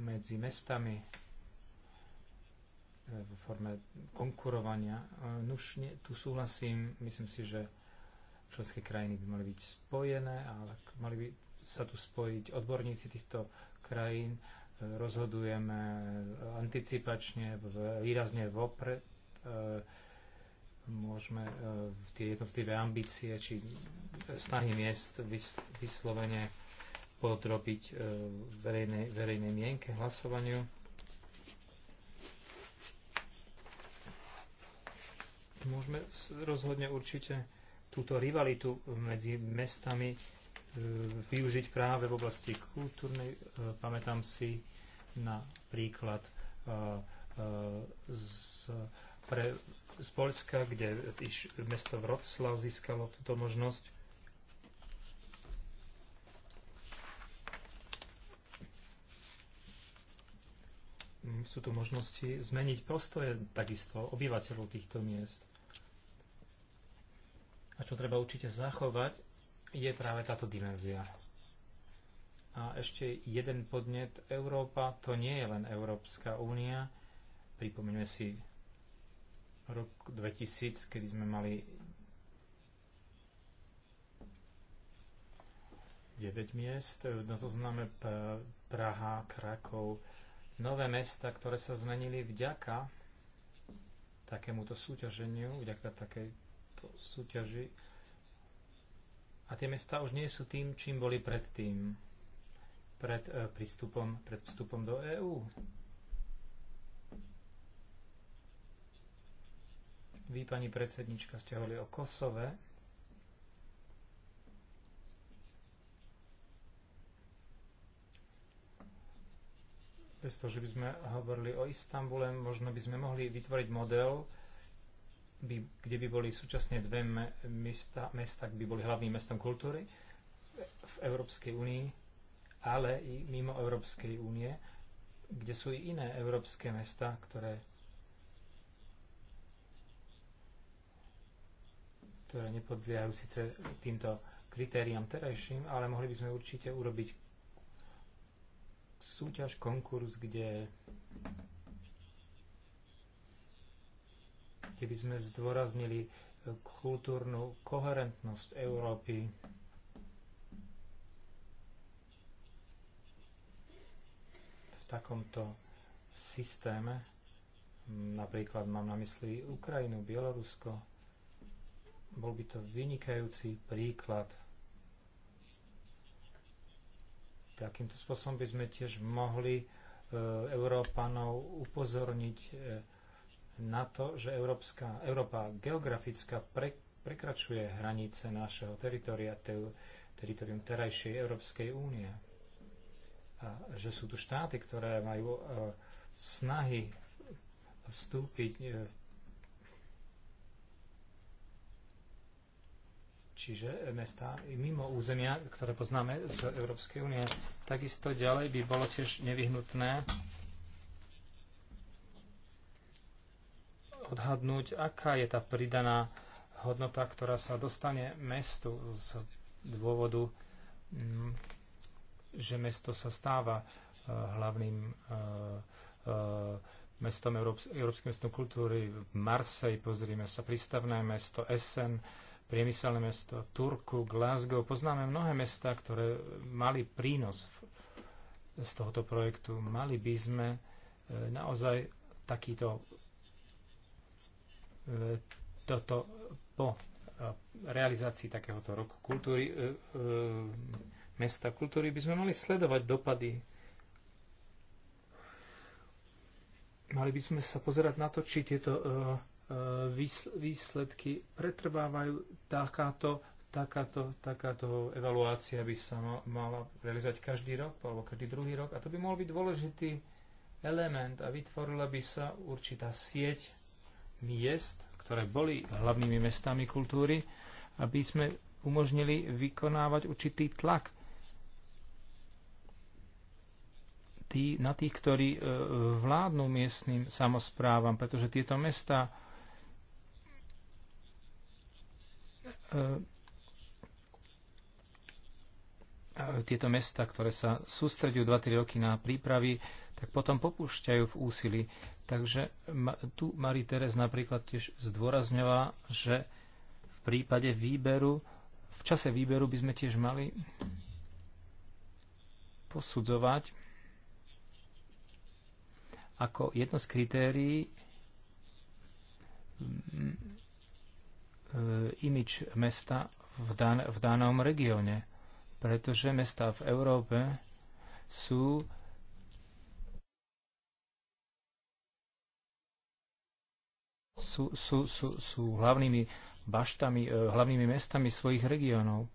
medzi mestami e, v forme konkurovania. E, nuž, nie, tu súhlasím, myslím si, že členské krajiny by mali byť spojené, ale mali by sa tu spojiť odborníci týchto krajín rozhodujeme anticipačne, výrazne vopred, e, môžeme e, tie jednotlivé ambície či snahy miest vyslovene podrobiť e, verejnej, verejnej mienke, hlasovaniu. Môžeme rozhodne určite túto rivalitu medzi mestami E, využiť práve v oblasti kultúrnej. E, pamätám si na príklad e, z, pre, z Polska, kde mesto Vroclav získalo túto možnosť. Sú tu možnosti zmeniť postoje takisto obyvateľov týchto miest. A čo treba určite zachovať, je práve táto dimenzia. A ešte jeden podnet. Európa to nie je len Európska únia. Pripomeňme si rok 2000, kedy sme mali 9 miest. Na zozname Praha, Krakov, nové mesta, ktoré sa zmenili vďaka takémuto súťaženiu, vďaka takéto súťaži a tie mesta už nie sú tým, čím boli predtým, pred e, prístupom, pred vstupom do EÚ. Vy, pani predsednička, ste hovorili o Kosove. Bez toho, že by sme hovorili o Istambule, možno by sme mohli vytvoriť model, by, kde by boli súčasne dve mesta, mesta, by boli hlavným mestom kultúry v Európskej únii, ale i mimo Európskej únie, kde sú i iné európske mesta, ktoré, ktoré nepodliehajú síce týmto kritériám terajším, ale mohli by sme určite urobiť súťaž, konkurs, kde keby sme zdôraznili e, kultúrnu koherentnosť Európy. V takomto systéme, napríklad mám na mysli Ukrajinu, Bielorusko, bol by to vynikajúci príklad. Takýmto spôsobom by sme tiež mohli e, Európanov upozorniť e, na to, že Európska, Európa geografická pre, prekračuje hranice našeho teritoria, teritorium terajšej Európskej únie. A že sú tu štáty, ktoré majú e, snahy vstúpiť e, čiže mesta mimo územia, ktoré poznáme z Európskej únie. Takisto ďalej by bolo tiež nevyhnutné odhadnúť, aká je tá pridaná hodnota, ktorá sa dostane mestu z dôvodu, mm, že mesto sa stáva e, hlavným e, e, mestom Európs- Európskym mestom kultúry. V Marseille pozrieme sa, prístavné mesto, Essen, priemyselné mesto, Turku, Glasgow. Poznáme mnohé mesta, ktoré mali prínos z tohoto projektu. Mali by sme naozaj takýto toto po realizácii takéhoto roku kultúry, e, e, mesta kultúry by sme mali sledovať dopady. Mali by sme sa pozerať na to, či tieto e, výsledky pretrvávajú. Takáto, takáto, takáto evaluácia by sa mala realizovať každý rok alebo každý druhý rok a to by mohol byť dôležitý element a vytvorila by sa určitá sieť miest, ktoré boli hlavnými mestami kultúry, aby sme umožnili vykonávať určitý tlak tí, na tých, ktorí e, vládnu miestnym samozprávam, pretože tieto mesta e, tieto mesta, ktoré sa sústredujú 2-3 roky na prípravy, tak potom popúšťajú v úsilí. Takže tu Marie Teres napríklad tiež zdôrazňovala, že v prípade výberu, v čase výberu by sme tiež mali posudzovať ako jedno z kritérií mm, e, imič mesta v, dan- v danom regióne pretože mestá v Európe sú sú, sú, sú, sú hlavnými baštami, e, hlavnými mestami svojich regiónov.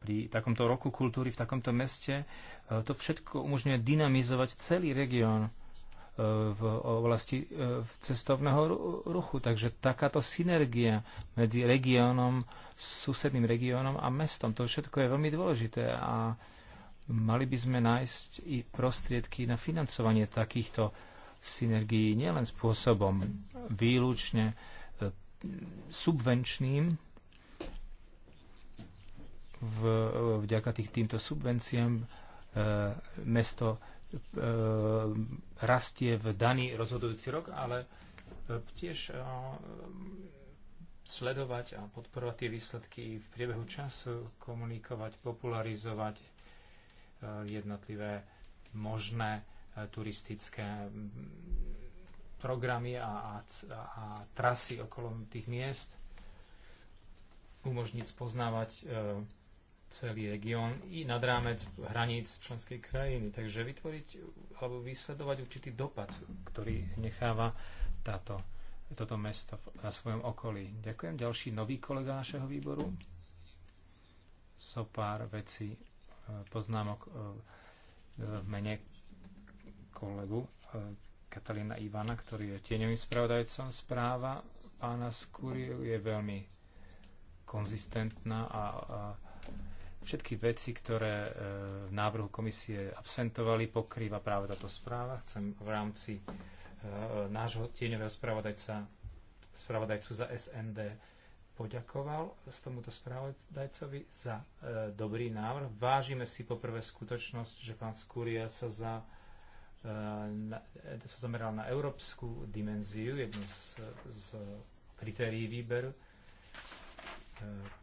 Pri takomto roku kultúry v takomto meste e, to všetko umožňuje dynamizovať celý región v oblasti e, cestovného ruchu. Takže takáto synergia medzi regiónom, susedným regiónom a mestom, to všetko je veľmi dôležité a mali by sme nájsť i prostriedky na financovanie takýchto synergií nielen spôsobom výlučne e, subvenčným, v, e, vďaka tých, týmto subvenciám e, mesto E, rastie v daný rozhodujúci rok, ale e, tiež e, sledovať a podporovať tie výsledky v priebehu času, komunikovať, popularizovať jednotlivé možné turistické mm, programy a, a, a trasy okolo tých miest, umožniť spoznávať celý región i nad rámec hraníc členskej krajiny. Takže vytvoriť alebo vysledovať určitý dopad, ktorý necháva táto, toto mesto na svojom okolí. Ďakujem. Ďalší nový kolega našeho výboru. So pár veci e, poznámok e, v mene kolegu e, Katalína Ivana, ktorý je tieňovým spravodajcom. Správa pána Skúriu je veľmi konzistentná a, a Všetky veci, ktoré e, v návrhu komisie absentovali, pokrýva práve táto správa. Chcem v rámci e, nášho tieňového spravodajca, spravodajcu za SND poďakoval s tomuto spravodajcovi za e, dobrý návrh. Vážime si poprvé skutočnosť, že pán Skúria sa, za, e, na, e, sa zameral na európsku dimenziu, jednu z, z kritérií výberu. E,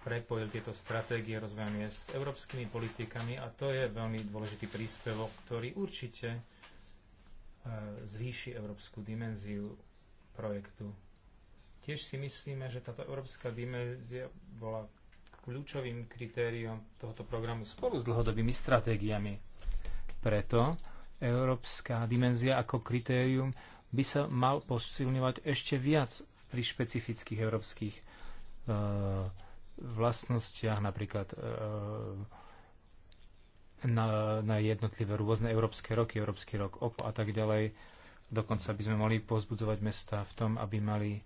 prepojil tieto stratégie rozvoja miest s európskymi politikami a to je veľmi dôležitý príspevok, ktorý určite e, zvýši európsku dimenziu projektu. Tiež si myslíme, že táto európska dimenzia bola kľúčovým kritériom tohoto programu spolu s dlhodobými stratégiami. Preto európska dimenzia ako kritérium by sa mal posilňovať ešte viac pri špecifických európskych e, vlastnostiach, napríklad e, na, na jednotlivé rôzne európske roky, Európsky rok OP a tak ďalej. Dokonca by sme mohli pozbudzovať mesta v tom, aby mali e,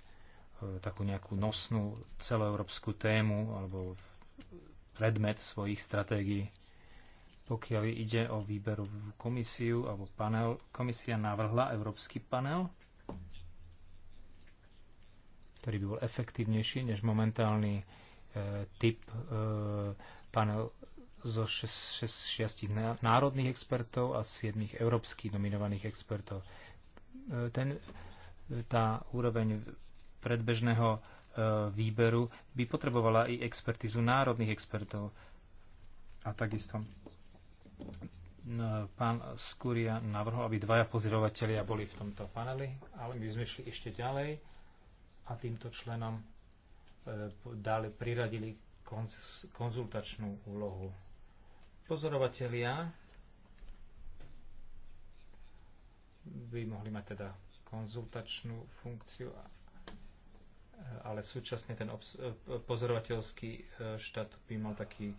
takú nejakú nosnú celoeurópsku tému alebo predmet svojich stratégií. Pokiaľ ide o výberovú komisiu alebo panel, komisia navrhla Európsky panel, ktorý by bol efektívnejší než momentálny E, typ e, panel zo 6 národných expertov a 7 európskych nominovaných expertov. E, ten, tá úroveň predbežného výberu by potrebovala i expertizu národných expertov. A takisto pán Skúria navrhol, aby dvaja pozorovateľia boli v tomto paneli, ale my sme šli ešte ďalej a týmto členom E, dali, priradili konzultačnú úlohu. Pozorovatelia by mohli mať teda konzultačnú funkciu, ale súčasne ten e, pozorovateľský e, štát by mal taký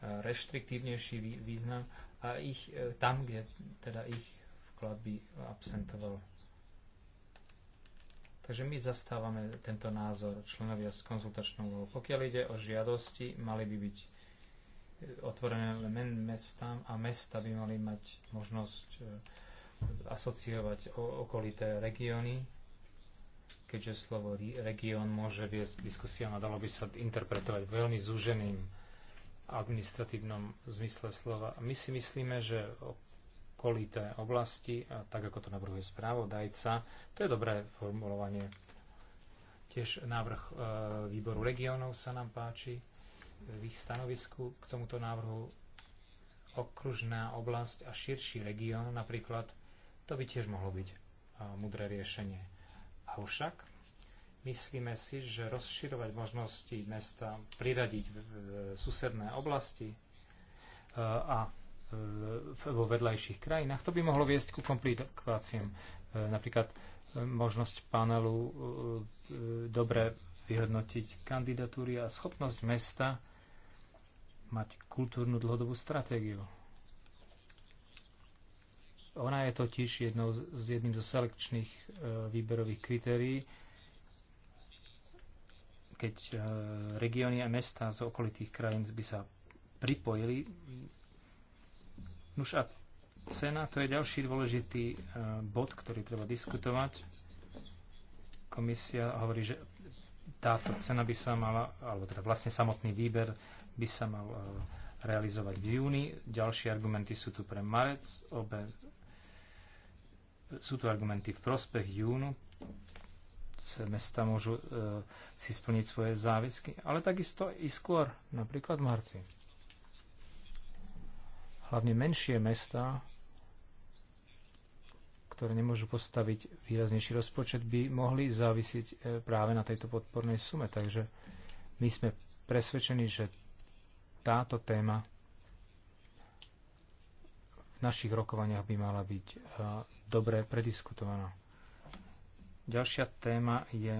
reštriktívnejší význam a ich tam, kde teda ich vklad by absentoval Takže my zastávame tento názor členovia z konzultačnou úlohou. Pokiaľ ide o žiadosti, mali by byť e, otvorené len mestám a mesta by mali mať možnosť e, asociovať okolité regióny, keďže slovo región môže viesť k a dalo by sa interpretovať veľmi zúženým administratívnom zmysle slova. my si myslíme, že kolité oblasti, a tak ako to navrhuje správodajca. To je dobré formulovanie. Tiež návrh e, výboru regiónov sa nám páči v ich stanovisku k tomuto návrhu okružná oblasť a širší región napríklad, to by tiež mohlo byť e, mudré riešenie. Avšak myslíme si, že rozširovať možnosti mesta, priradiť v, v, v susedné oblasti e, a vo vedľajších krajinách, to by mohlo viesť ku komplikáciám. E, napríklad e, možnosť panelu e, dobre vyhodnotiť kandidatúry a schopnosť mesta mať kultúrnu dlhodobú stratégiu. Ona je totiž jednou z jedným zo selekčných výberových kritérií, keď regióny a mesta z okolitých krajín by sa pripojili, Nuž a cena, to je ďalší dôležitý e, bod, ktorý treba diskutovať. Komisia hovorí, že táto cena by sa mala, alebo teda vlastne samotný výber by sa mal e, realizovať v júni. Ďalšie argumenty sú tu pre marec, obe sú tu argumenty v prospech júnu. Mesta môžu e, si splniť svoje záväzky, ale takisto i skôr, napríklad v marci hlavne menšie mesta, ktoré nemôžu postaviť výraznejší rozpočet, by mohli závisiť e, práve na tejto podpornej sume. Takže my sme presvedčení, že táto téma v našich rokovaniach by mala byť e, dobre prediskutovaná. Ďalšia téma je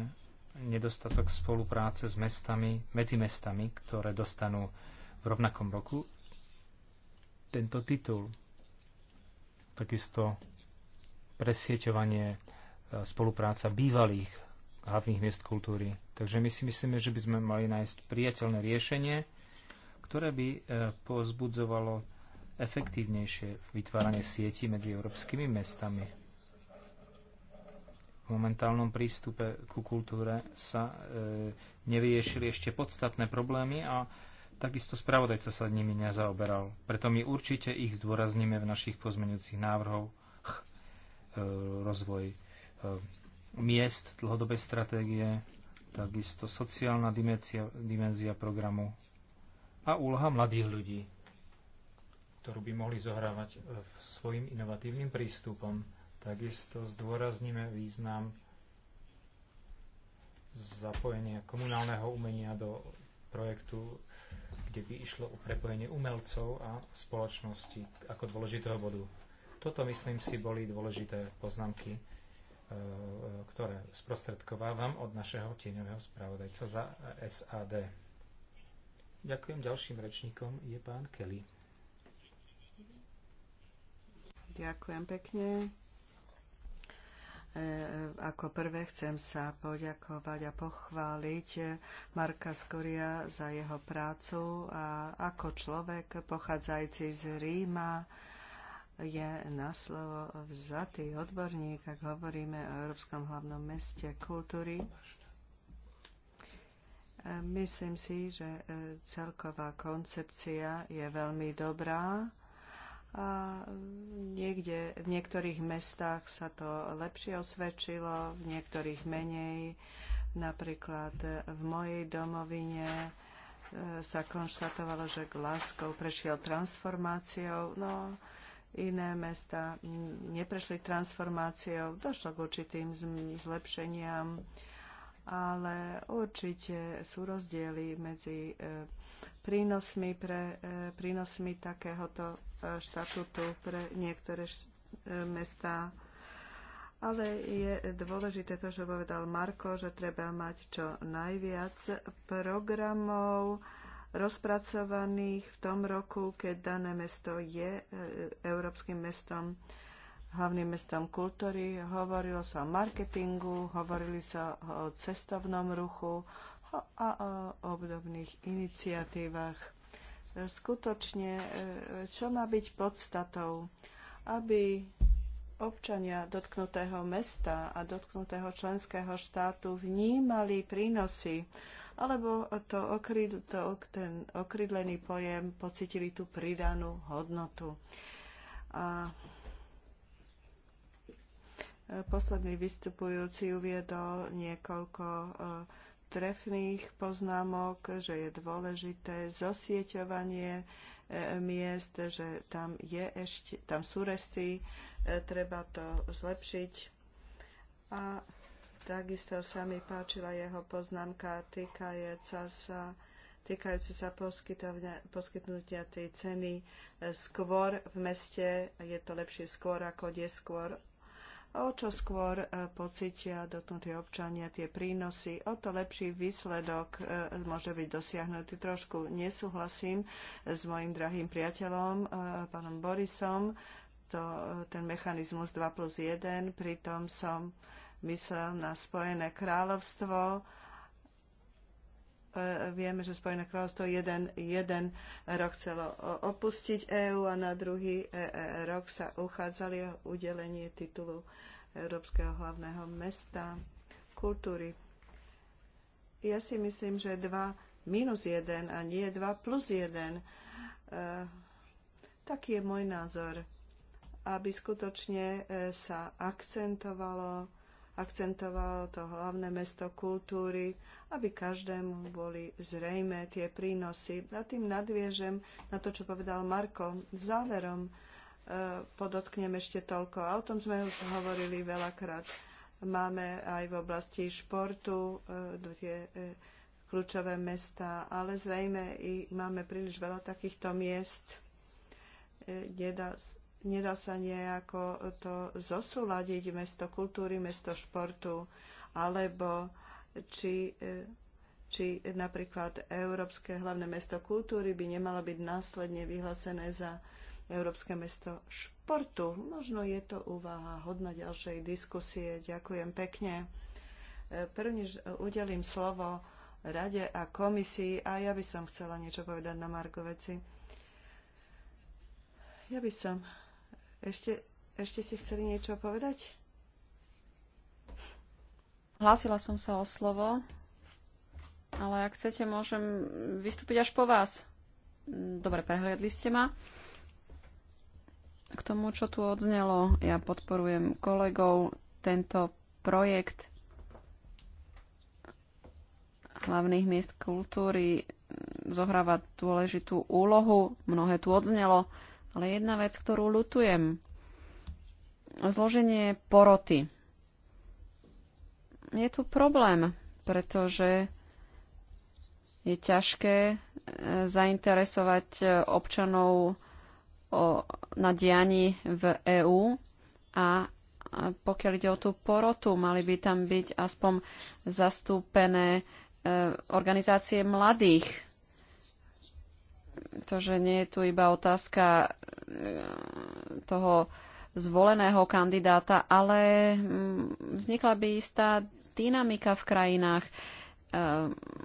nedostatok spolupráce s mestami, medzi mestami, ktoré dostanú v rovnakom roku tento titul. Takisto presieťovanie, e, spolupráca bývalých hlavných miest kultúry. Takže my si myslíme, že by sme mali nájsť priateľné riešenie, ktoré by e, pozbudzovalo efektívnejšie vytváranie sieti medzi európskymi mestami. V momentálnom prístupe ku kultúre sa e, nevyriešili ešte podstatné problémy a Takisto spravodajca sa nimi nezaoberal, preto my určite ich zdôrazníme v našich pozmeňujúcich návrhoch eh, rozvoj eh, miest, dlhodobej stratégie, takisto sociálna dimenzia, dimenzia programu a úloha mladých ľudí, ktorú by mohli zohrávať eh, svojim inovatívnym prístupom. Takisto zdôrazníme význam zapojenia komunálneho umenia do projektu kde by išlo o prepojenie umelcov a spoločnosti ako dôležitého bodu. Toto, myslím si, boli dôležité poznámky, e, e, ktoré sprostredkovávam od našeho tieňového spravodajca za SAD. Ďakujem. Ďalším rečníkom je pán Kelly. Ďakujem pekne. E, ako prvé chcem sa poďakovať a pochváliť Marka Skoria za jeho prácu a ako človek pochádzajúci z Ríma je na slovo vzatý odborník, ak hovoríme o Európskom hlavnom meste kultúry. E, myslím si, že e, celková koncepcia je veľmi dobrá a mm, niekde, v niektorých mestách sa to lepšie osvedčilo, v niektorých menej. Napríklad e, v mojej domovine e, sa konštatovalo, že Glasgow prešiel transformáciou, no iné mesta mm, neprešli transformáciou, došlo k určitým zlepšeniam, ale určite sú rozdiely medzi e, prínosmi, pre, prínosmi takéhoto štatútu pre niektoré mestá. Ale je dôležité to, čo povedal Marko, že treba mať čo najviac programov rozpracovaných v tom roku, keď dané mesto je e, európskym mestom, hlavným mestom kultúry. Hovorilo sa o marketingu, hovorili sa o cestovnom ruchu a o obdobných iniciatívach skutočne, e, čo má byť podstatou, aby občania dotknutého mesta a dotknutého členského štátu vnímali prínosy, alebo to, okryd, to ten okrydlený pojem pocitili tú pridanú hodnotu. A posledný vystupujúci uviedol niekoľko uh, trefných poznámok, že je dôležité zosieťovanie e, miest, že tam, je ešte, tam sú resty, e, treba to zlepšiť. A takisto sa mi páčila jeho poznámka týkajúca sa týkajúce sa poskytnutia tej ceny e, skôr v meste. Je to lepšie skôr ako neskôr o čo skôr e, pocitia dotknutí občania tie prínosy, o to lepší výsledok e, môže byť dosiahnutý. Trošku nesúhlasím s mojim drahým priateľom, e, pánom Borisom, to, ten mechanizmus 2 plus 1, pritom som myslel na Spojené kráľovstvo, vieme, že Spojené kráľovstvo jeden, jeden rok chcelo opustiť EÚ a na druhý e, e, rok sa uchádzali o udelenie titulu Európskeho hlavného mesta kultúry. Ja si myslím, že 2 minus 1 a nie 2 plus 1. E, taký je môj názor, aby skutočne e, sa akcentovalo akcentoval to hlavné mesto kultúry, aby každému boli zrejme tie prínosy. A tým nadviežem na to, čo povedal Marko. Záverom e, podotknem ešte toľko. A o tom sme už hovorili veľakrát. Máme aj v oblasti športu tie e, kľúčové mesta, ale zrejme i máme príliš veľa takýchto miest, kde e, nedá sa nejako to zosúľadiť mesto kultúry, mesto športu, alebo či, e, či napríklad Európske hlavné mesto kultúry by nemalo byť následne vyhlásené za Európske mesto športu. Možno je to úvaha hodna ďalšej diskusie. Ďakujem pekne. E, prvne udelím slovo rade a komisii a ja by som chcela niečo povedať na Margo veci. Ja by som ešte, ešte ste chceli niečo povedať? Hlásila som sa o slovo, ale ak chcete, môžem vystúpiť až po vás. Dobre, prehliadli ste ma. K tomu, čo tu odznelo, ja podporujem kolegov. Tento projekt hlavných miest kultúry zohráva dôležitú úlohu. Mnohé tu odznelo. Ale jedna vec, ktorú lutujem, zloženie poroty. Je tu problém, pretože je ťažké e, zainteresovať e, občanov o, na dianí v EÚ a pokiaľ ide o tú porotu, mali by tam byť aspoň zastúpené e, organizácie mladých to, že nie je tu iba otázka e, toho zvoleného kandidáta, ale mm, vznikla by istá dynamika v krajinách. E,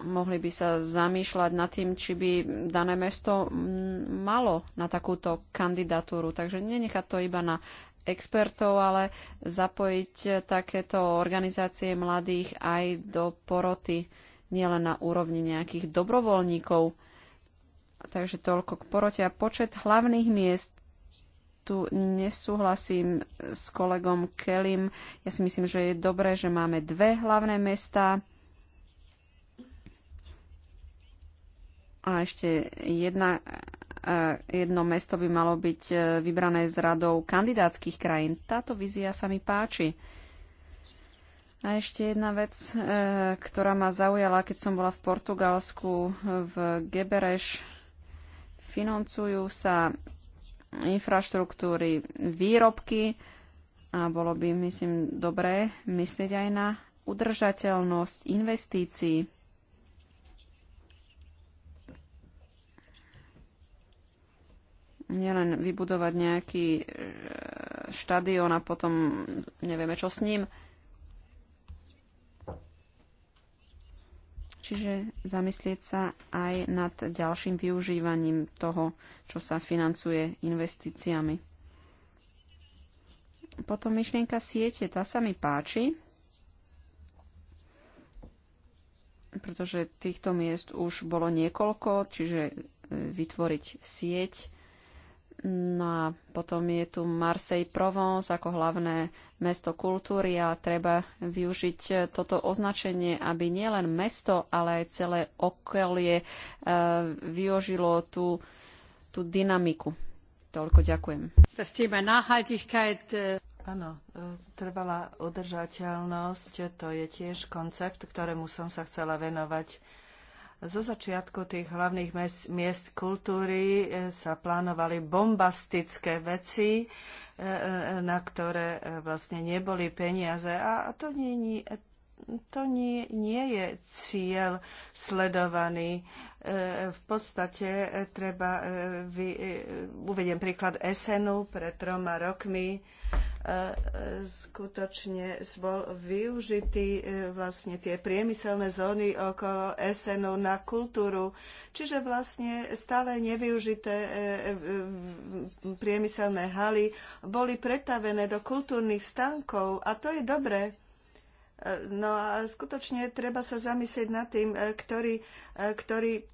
mohli by sa zamýšľať nad tým, či by dané mesto mm, malo na takúto kandidatúru. Takže nenechať to iba na expertov, ale zapojiť takéto organizácie mladých aj do poroty, nielen na úrovni nejakých dobrovoľníkov Takže toľko k porote. A počet hlavných miest tu nesúhlasím s kolegom Kelim. Ja si myslím, že je dobré, že máme dve hlavné mesta. A ešte jedna, eh, jedno mesto by malo byť eh, vybrané z radou kandidátskych krajín. Táto vízia sa mi páči. A ešte jedna vec, eh, ktorá ma zaujala, keď som bola v Portugalsku v Gebereš Financujú sa infraštruktúry, výrobky a bolo by, myslím, dobré myslieť aj na udržateľnosť investícií. Nielen vybudovať nejaký e, štadión a potom nevieme, čo s ním. Čiže zamyslieť sa aj nad ďalším využívaním toho, čo sa financuje investíciami. Potom myšlienka siete, tá sa mi páči, pretože týchto miest už bolo niekoľko, čiže e, vytvoriť sieť No a potom je tu Marseille Provence ako hlavné mesto kultúry a treba využiť toto označenie, aby nielen mesto, ale aj celé okolie eh, využilo tú, tú dynamiku. Toľko ďakujem. Eh, Áno, eh, trvalá udržateľnosť, to je tiež koncept, ktorému som sa chcela venovať zo začiatku tých hlavných miest kultúry e, sa plánovali bombastické veci, e, e, na ktoré vlastne neboli peniaze. A to nie, to nie, nie je cieľ sledovaný. V podstate treba, uvediem príklad Esenu pred troma rokmi, skutočne bol využitý e, vlastne tie priemyselné zóny okolo SNU na kultúru. Čiže vlastne stále nevyužité e, e, priemyselné haly boli pretavené do kultúrnych stánkov a to je dobré. No a skutočne treba sa zamyslieť nad tým, ktorý, ktorý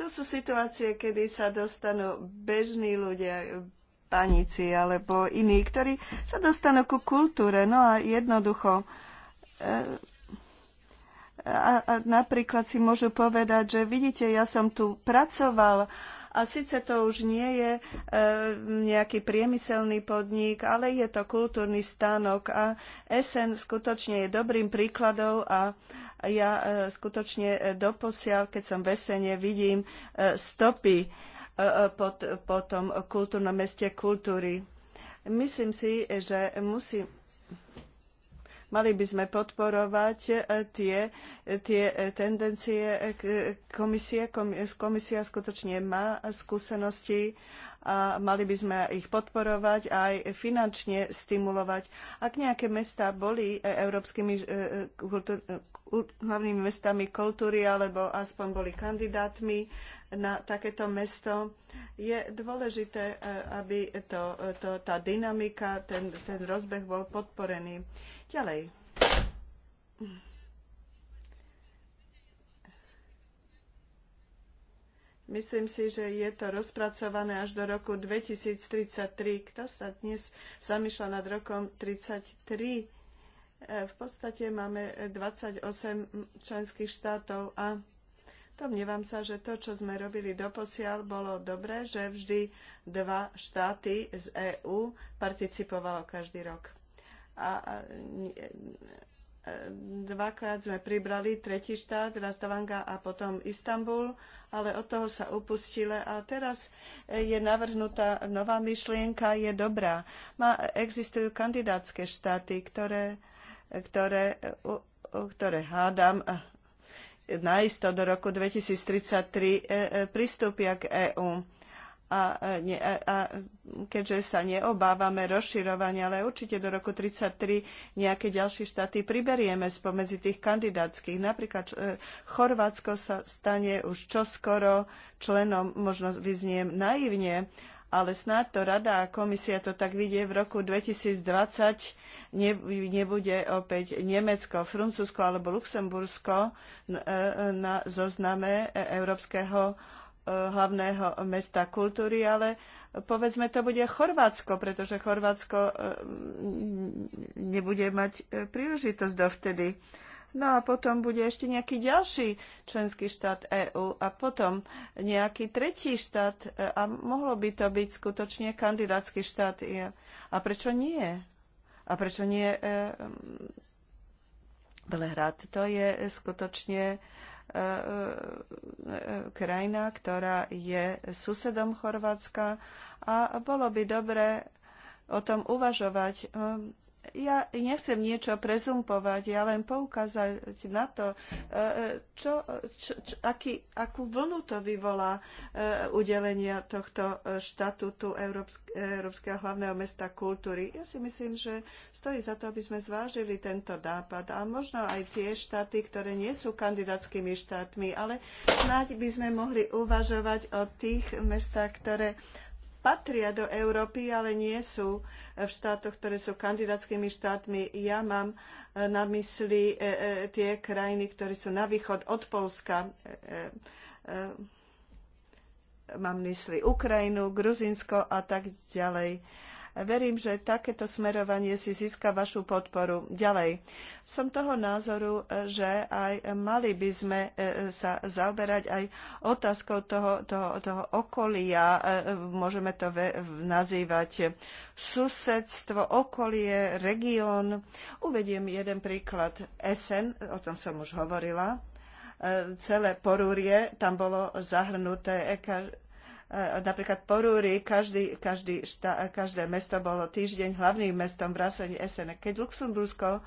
To sú situácie, kedy sa dostanú bežní ľudia, panici alebo iní, ktorí sa dostanú ku kultúre. No a jednoducho e, a, a napríklad si môžu povedať, že vidíte, ja som tu pracoval a síce to už nie je e, nejaký priemyselný podnik, ale je to kultúrny stánok a SN skutočne je dobrým príkladom a, ja e, skutočne e, doposiaľ, keď som v Esene, vidím e, stopy po, po tom kultúrnom meste kultúry. Myslím si, že musím Mali by sme podporovať e, tie, e, tie e, tendencie. Komisie, komisia skutočne má skúsenosti a mali by sme ich podporovať a aj finančne stimulovať. Ak nejaké mestá boli európskymi kultúr, hlavnými mestami kultúry alebo aspoň boli kandidátmi na takéto mesto. Je dôležité, e, aby to, to, tá dynamika, ten, ten rozbeh bol podporený. Ďalej. Myslím si, že je to rozpracované až do roku 2033. Kto sa dnes zamýšľa nad rokom 33? E, v podstate máme 28 členských štátov a Domnievam sa, že to, čo sme robili doposiaľ, bolo dobré, že vždy dva štáty z EÚ participovalo každý rok. A e, dvakrát sme pribrali tretí štát, raz a potom Istanbul, ale od toho sa upustile a teraz je navrhnutá nová myšlienka, je dobrá. Má, existujú kandidátske štáty, ktoré, ktoré, ktoré hádam naisto do roku 2033 e, e, pristúpia k EÚ. E, a, a keďže sa neobávame rozširovania, ale určite do roku 1933 nejaké ďalšie štáty priberieme spomedzi tých kandidátskych. Napríklad Chorvátsko sa stane už čoskoro členom, možno vyzniem naivne, ale snáď to rada a komisia to tak vidie v roku 2020 nebude opäť Nemecko, Francúzsko alebo Luxembursko e, e, na zozname e, Európskeho hlavného mesta kultúry, ale povedzme to bude Chorvátsko, pretože Chorvátsko nebude mať príležitosť dovtedy. vtedy No a potom bude ešte nejaký ďalší členský štát EÚ a potom nejaký tretí štát e, a mohlo by to byť skutočne kandidátsky štát. A prečo nie? A prečo nie e, mm, Belehrad? To je skutočne e, krajina, ktorá je susedom Chorvátska a bolo by dobre o tom uvažovať ja nechcem niečo prezumpovať, ja len poukázať na to, e, e, čo, čo, čo, aký, akú vlnu to vyvolá e, udelenia tohto štatútu Európske, Európskeho hlavného mesta kultúry. Ja si myslím, že stojí za to, aby sme zvážili tento nápad a možno aj tie štáty, ktoré nie sú kandidátskymi štátmi, ale snáď by sme mohli uvažovať o tých mestách, ktoré patria do Európy, ale nie sú v štátoch, ktoré sú kandidátskymi štátmi. Ja mám e, na mysli e, e, tie krajiny, ktoré sú na východ od Polska. Mám mysli Ukrajinu, Gruzinsko a tak ďalej Verím, že takéto smerovanie si získa vašu podporu. Ďalej, som toho názoru, že aj mali by sme e, sa zaoberať aj otázkou toho, toho, toho okolia, e, môžeme to nazývať susedstvo, okolie, región. Uvediem jeden príklad. Esen, o tom som už hovorila, e, celé porúrie, tam bolo zahrnuté napríklad Porúry, každý, každý šta, každé mesto bolo týždeň hlavným mestom vrásení SN. Keď Luxembursko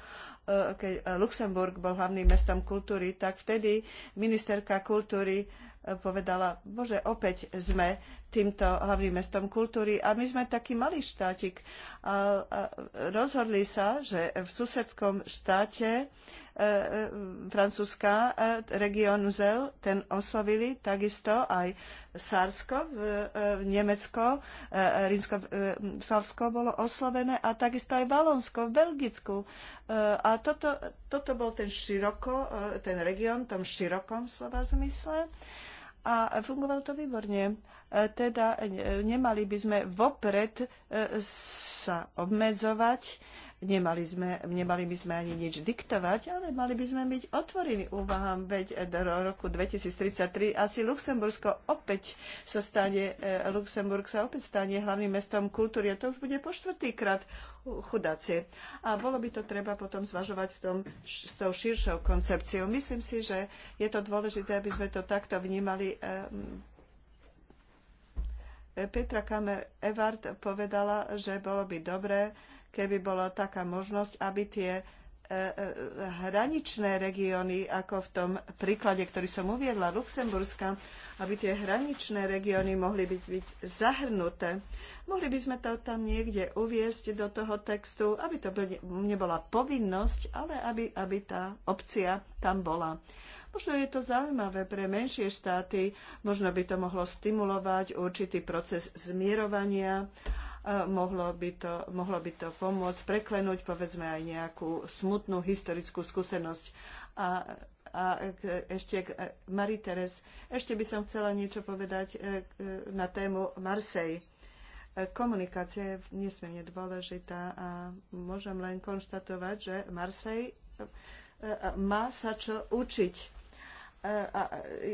eh, keď eh, Luxemburg bol hlavným mestom kultúry, tak vtedy ministerka kultúry eh, povedala, bože, opäť sme týmto hlavným mestom kultúry a my sme taký malý štátik. A, a rozhodli sa, že v susedskom štáte francúzska e, region Zel, ten oslovili takisto aj Sarsko v, e, v Nemecko, e, Rínsko, Sarsko bolo oslovené a takisto aj Valonsko v Belgicku. A toto, toto bol ten široko, ten region v tom širokom slova zmysle a fungovalo to výborne. Teda nemali by sme vopred sa obmedzovať Nemali, sme, nemali by sme ani nič diktovať, ale mali by sme byť otvorení úvahám, veď do roku 2033 asi Luxembursko opäť sa stane, e, Luxemburg sa opäť stane hlavným mestom kultúry a to už bude po štvrtýkrát chudáci. A bolo by to treba potom zvažovať v tom, s tou širšou koncepciou. Myslím si, že je to dôležité, aby sme to takto vnímali ehm, Petra Kamer Evart povedala, že bolo by dobré keby bola taká možnosť, aby tie e, e, hraničné regióny, ako v tom príklade, ktorý som uviedla, Luxemburska, aby tie hraničné regióny mohli byť, byť zahrnuté. Mohli by sme to tam niekde uviesť do toho textu, aby to nebola povinnosť, ale aby, aby tá opcia tam bola. Možno je to zaujímavé pre menšie štáty, možno by to mohlo stimulovať určitý proces zmierovania mohlo by to, mohlo by to pomôcť preklenúť povedzme aj nejakú smutnú historickú skúsenosť. A, a ešte k Marie Teres, ešte by som chcela niečo povedať e, e, na tému Marsej. E, komunikácia je nesmierne dôležitá a môžem len konštatovať, že Marsej má sa čo učiť a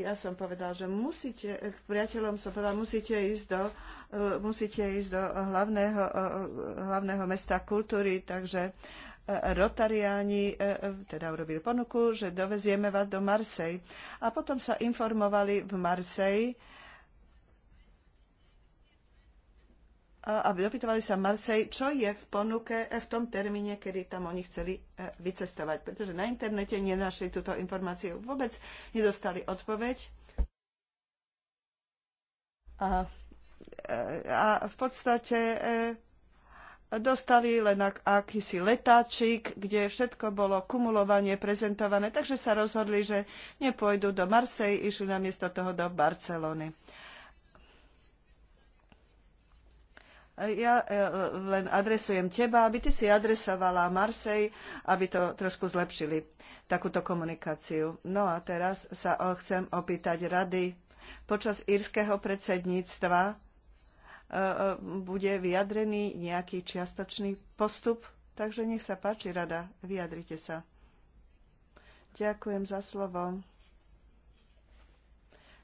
ja som povedal, že musíte, priateľom som povedal, musíte ísť do, e, musíte ísť do hlavného, e, e, hlavného mesta kultúry, takže Rotariáni teda urobili ponuku, že dovezieme vás do Marsej. A potom sa informovali v Marsej, a dopytovali sa Marsej, čo je v ponuke e, v tom termíne, kedy tam oni chceli e, vycestovať, pretože na internete nenašli túto informáciu. Vôbec nedostali odpoveď. A, e, a v podstate dostali len akýsi letáčik, kde všetko bolo kumulovanie prezentované, takže sa rozhodli, že nepôjdu do Marsej, išli namiesto toho do Barcelony. Ja e, e, len adresujem teba, aby ty si adresovala Marsej, aby to trošku zlepšili, takúto komunikáciu. No a teraz sa chcem opýtať rady. Počas írskeho predsedníctva e, bude vyjadrený nejaký čiastočný postup, takže nech sa páči rada, vyjadrite sa. Ďakujem za slovo.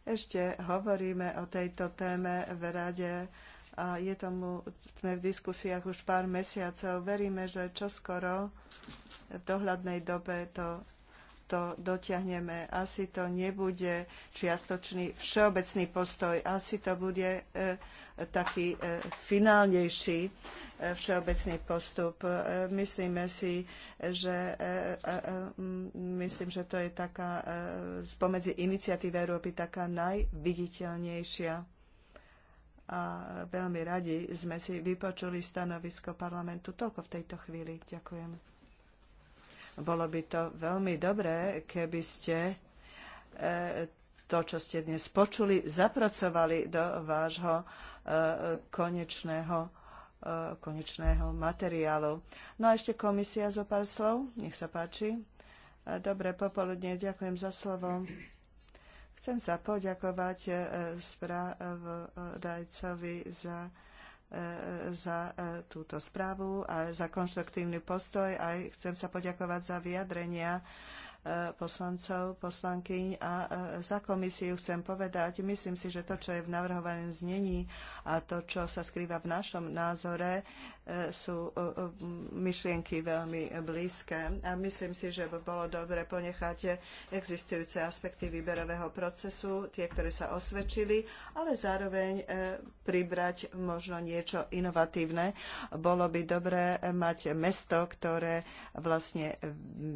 Ešte hovoríme o tejto téme v rade a je tomu, sme v diskusiách už pár mesiacov. Veríme, že čoskoro v dohľadnej dobe to, to dotiahneme. Asi to nebude čiastočný všeobecný postoj, asi to bude e, taký e, finálnejší e, všeobecný postup. E, myslíme si, že, e, e, e myslím, že to je taká e, spomedzi iniciatívy Európy taká najviditeľnejšia a veľmi radi sme si vypočuli stanovisko parlamentu. Toľko v tejto chvíli. Ďakujem. Bolo by to veľmi dobré, keby ste e, to, čo ste dnes počuli, zapracovali do vášho e, konečného, e, konečného materiálu. No a ešte komisia zo pár slov. Nech sa páči. Dobre popoludne. Ďakujem za slovo. Chcem sa poďakovať e, spravodajcovi za e, za e, túto správu a za konštruktívny postoj. a chcem sa poďakovať za vyjadrenia poslancov, poslankyň a za komisiu chcem povedať, myslím si, že to, čo je v navrhovanom znení a to, čo sa skrýva v našom názore, sú e, e, myšlienky veľmi blízke. A myslím si, že by bolo dobre ponechať existujúce aspekty výberového procesu, tie, ktoré sa osvedčili, ale zároveň e, pribrať možno niečo inovatívne. Bolo by dobré mať mesto, ktoré vlastne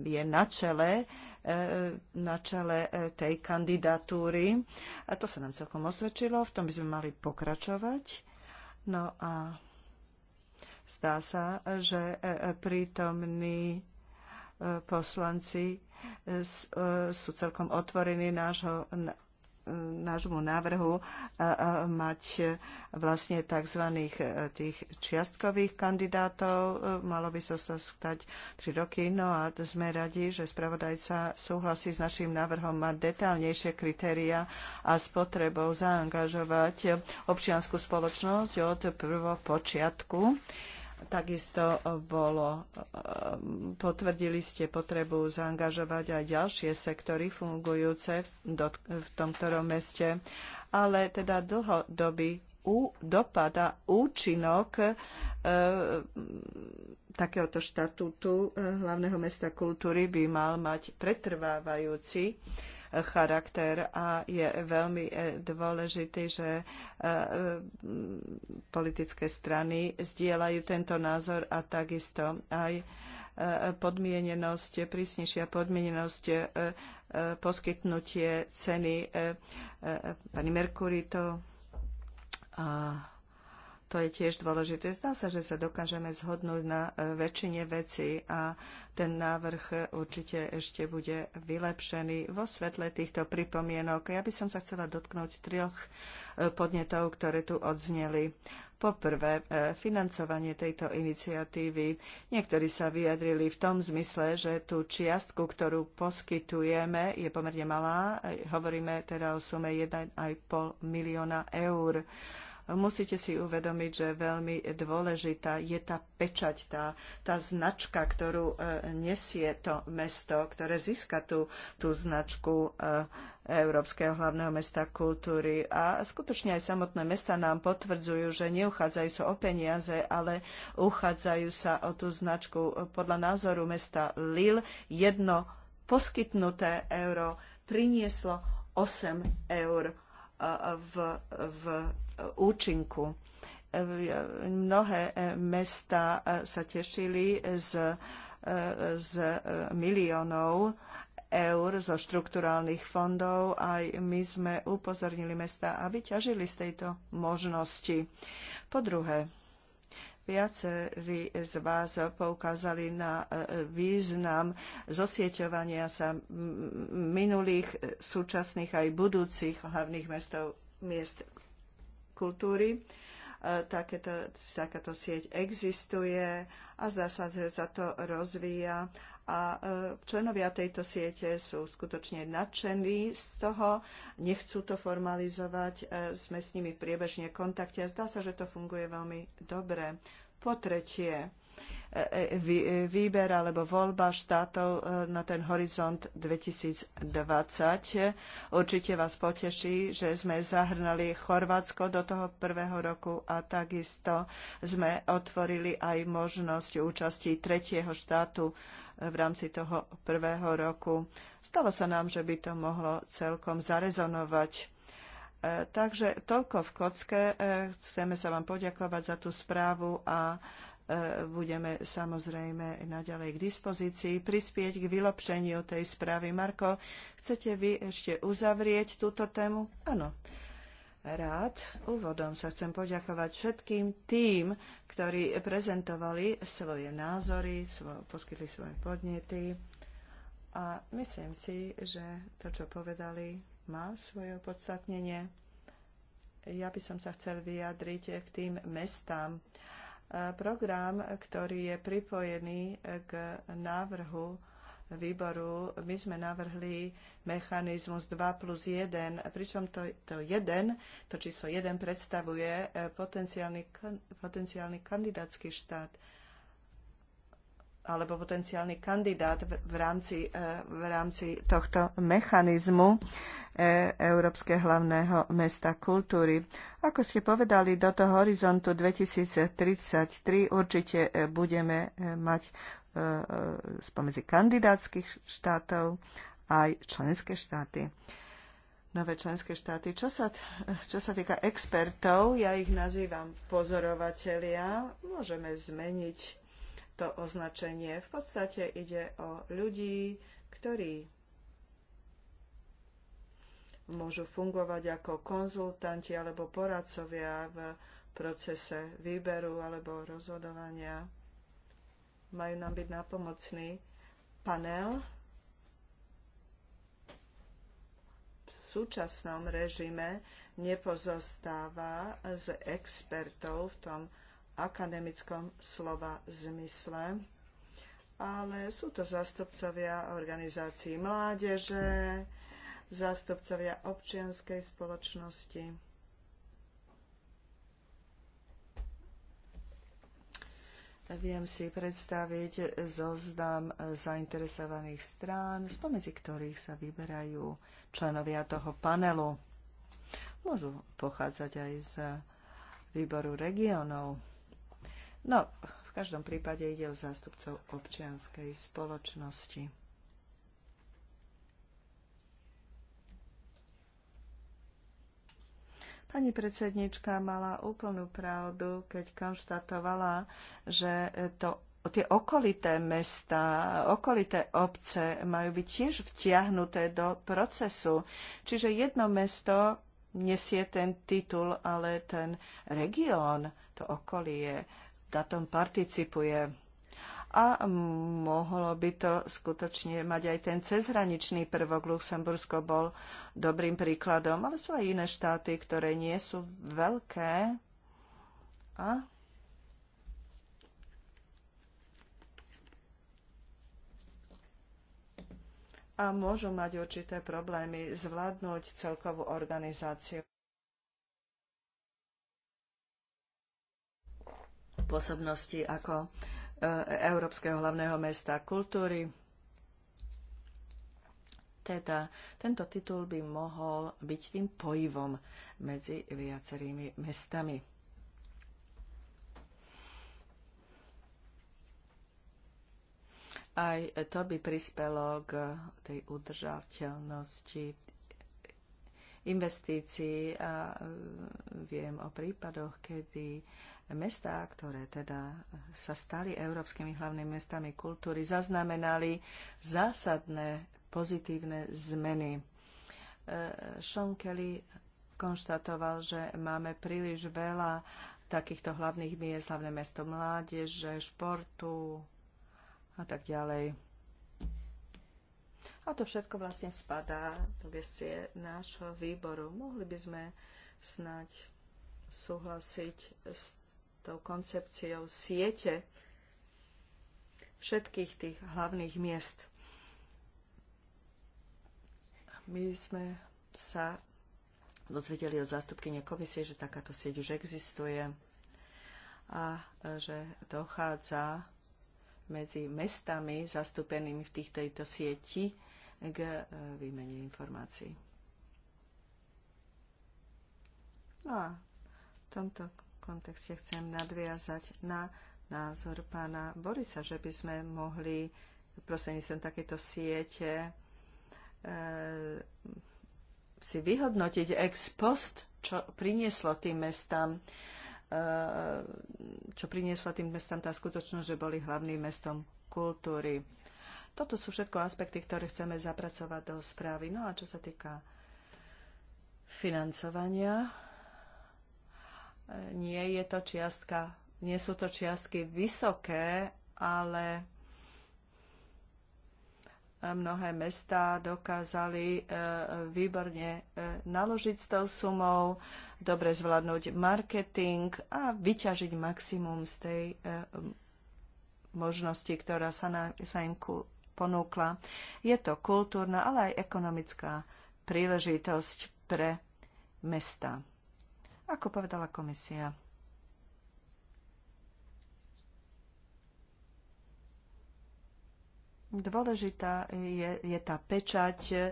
je na čele na čele tej kandidatúry. A to sa nám celkom osvedčilo, v tom by sme mali pokračovať. No a Zdá sa, že e, e, prítomní e, poslanci sú celkom otvorení nášho, nášmu návrhu mať vlastne tzv. tých čiastkových kandidátov. Malo by sa so stať 3 roky, no a sme radi, že spravodajca súhlasí s našim návrhom mať detálnejšie kritéria a s potrebou zaangažovať občianskú spoločnosť od prvopočiatku počiatku Takisto eh, bolo, eh, potvrdili ste potrebu zaangažovať aj ďalšie sektory fungujúce v tom ktorom meste, ale teda dlhodobý dopad a účinok eh, takéhoto štatútu hlavného mesta kultúry by mal mať pretrvávajúci charakter a je veľmi e, dôležitý, že e, e, politické strany zdieľajú tento názor a takisto aj podmienenosť, prísnejšia podmienenosť poskytnutie ceny pani Merkurito a to je tiež dôležité. Zdá sa, že sa dokážeme zhodnúť na e, väčšine veci a ten návrh určite ešte bude vylepšený vo svetle týchto pripomienok. Ja by som sa chcela dotknúť troch e, podnetov, ktoré tu odzneli. Poprvé, e, financovanie tejto iniciatívy. Niektorí sa vyjadrili v tom zmysle, že tú čiastku, ktorú poskytujeme, je pomerne malá. Hovoríme teda o sume 1,5 milióna eur musíte si uvedomiť, že veľmi dôležitá je tá pečať, tá, tá značka, ktorú e, nesie to mesto, ktoré získa tú, tú značku e, Európskeho hlavného mesta kultúry. A skutočne aj samotné mesta nám potvrdzujú, že neuchádzajú sa o peniaze, ale uchádzajú sa o tú značku. Podľa názoru mesta Lille jedno poskytnuté euro prinieslo 8 eur e, v, v účinku. Mnohé mesta sa tešili z, z miliónov eur zo štrukturálnych fondov. Aj my sme upozornili mesta, aby ťažili z tejto možnosti. Po druhé, viacerí z vás poukázali na e, význam zosieťovania sa minulých, súčasných aj budúcich hlavných mestov miest kultúry. E, takéto, takáto sieť existuje a zdá sa, že sa to rozvíja. A e, členovia tejto siete sú skutočne nadšení z toho, nechcú to formalizovať, e, sme s nimi priebežne v kontakte a zdá sa, že to funguje veľmi dobre. Po tretie, výber alebo voľba štátov e, na ten horizont 2020. Určite vás poteší, že sme zahrnali Chorvátsko do toho prvého roku a takisto sme otvorili aj možnosť účasti tretieho štátu e, v rámci toho prvého roku. Stalo sa nám, že by to mohlo celkom zarezonovať. E, takže toľko v kocke. Chceme sa vám poďakovať za tú správu a E, budeme samozrejme naďalej k dispozícii prispieť k vylepšeniu tej správy. Marko, chcete vy ešte uzavrieť túto tému? Áno. Rád úvodom sa chcem poďakovať všetkým tým, ktorí prezentovali svoje názory, svo, poskytli svoje podnety. A myslím si, že to, čo povedali, má svoje opodstatnenie. Ja by som sa chcel vyjadriť k tým mestám, program, ktorý je pripojený k návrhu výboru. My sme navrhli mechanizmus 2 plus 1, pričom to, to 1, to číslo 1 predstavuje eh, potenciálny, potenciálny kandidátsky štát alebo potenciálny kandidát v rámci, e, v rámci tohto mechanizmu e, Európske hlavného mesta kultúry. Ako ste povedali, do toho horizontu 2033 určite e, budeme mať spomedzi kandidátskych štátov aj členské štáty nové členské štáty. Čo sa, čo sa týka expertov, ja ich nazývam pozorovatelia, môžeme zmeniť to označenie. V podstate ide o ľudí, ktorí môžu fungovať ako konzultanti alebo poradcovia v procese výberu alebo rozhodovania. Majú nám byť napomocný panel v súčasnom režime nepozostáva z expertov v tom akademickom slova zmysle, ale sú to zástupcovia organizácií mládeže, zástupcovia občianskej spoločnosti. viem si predstaviť zoznam zainteresovaných strán, spomedzi ktorých sa vyberajú členovia toho panelu. Môžu pochádzať aj z výboru regionov. No, v každom prípade ide o zástupcov občianskej spoločnosti. Pani predsednička mala úplnú pravdu, keď konštatovala, že to tie okolité mesta, okolité obce majú byť tiež vtiahnuté do procesu. Čiže jedno mesto nesie ten titul, ale ten región, to okolie na tom participuje. A mohlo by to skutočne mať aj ten cezhraničný prvok. Luxembursko bol dobrým príkladom, ale sú aj iné štáty, ktoré nie sú veľké. A a môžu mať určité problémy zvládnuť celkovú organizáciu. pôsobnosti ako e, Európskeho hlavného mesta kultúry. Teda tento titul by mohol byť tým pojivom medzi viacerými mestami. Aj to by prispelo k tej udržateľnosti investícií a e, viem o prípadoch, kedy mestá, ktoré teda sa stali európskymi hlavnými mestami kultúry, zaznamenali zásadné pozitívne zmeny. E, Sean Kelly konštatoval, že máme príliš veľa takýchto hlavných miest, hlavné mesto mládeže, športu a tak ďalej. A to všetko vlastne spadá do gestie nášho výboru. Mohli by sme snať súhlasiť s tou koncepciou siete všetkých tých hlavných miest. My sme sa dozvedeli od zástupkyne komisie, že takáto sieť už existuje a že dochádza medzi mestami zastúpenými v tých, tejto sieti k e, výmene informácií. No a v tomto kontexte chcem nadviazať na názor pána Borisa, že by sme mohli prostredníctvom takéto siete e, si vyhodnotiť ex post, čo prinieslo tým mestám e, čo priniesla tým mestám tá skutočnosť, že boli hlavným mestom kultúry. Toto sú všetko aspekty, ktoré chceme zapracovať do správy. No a čo sa týka financovania, nie je to čiastka, nie sú to čiastky vysoké, ale e, mnohé mestá dokázali e, výborne e, naložiť s tou sumou, dobre zvládnuť marketing a vyťažiť maximum z tej možnosti, ktorá sa, na, sa im ponúkla. Je to kultúrna, ale aj ekonomická príležitosť pre mesta ako povedala komisia. Dôležitá je, je tá pečať e,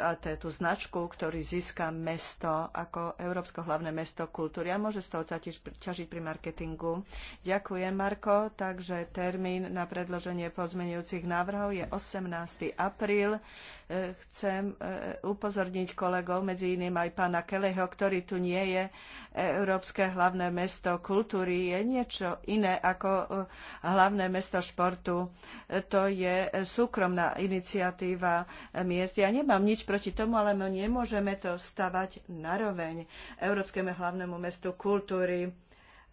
a tú značku, ktorý získa mesto ako Európsko hlavné mesto kultúry a môže z toho tiež ťažiť pri marketingu. Ďakujem, Marko. Takže termín na predloženie pozmenujúcich návrhov je 18. apríl chcem e, upozorniť kolegov, medzi iným aj pána Keleho, ktorý tu nie je. E, Európske hlavné mesto kultúry je niečo iné ako e, hlavné mesto športu. To je súkromná iniciatíva miest. Ja nemám nič proti tomu, ale my nemôžeme to stavať naroveň Európskemu hlavnému mestu kultúry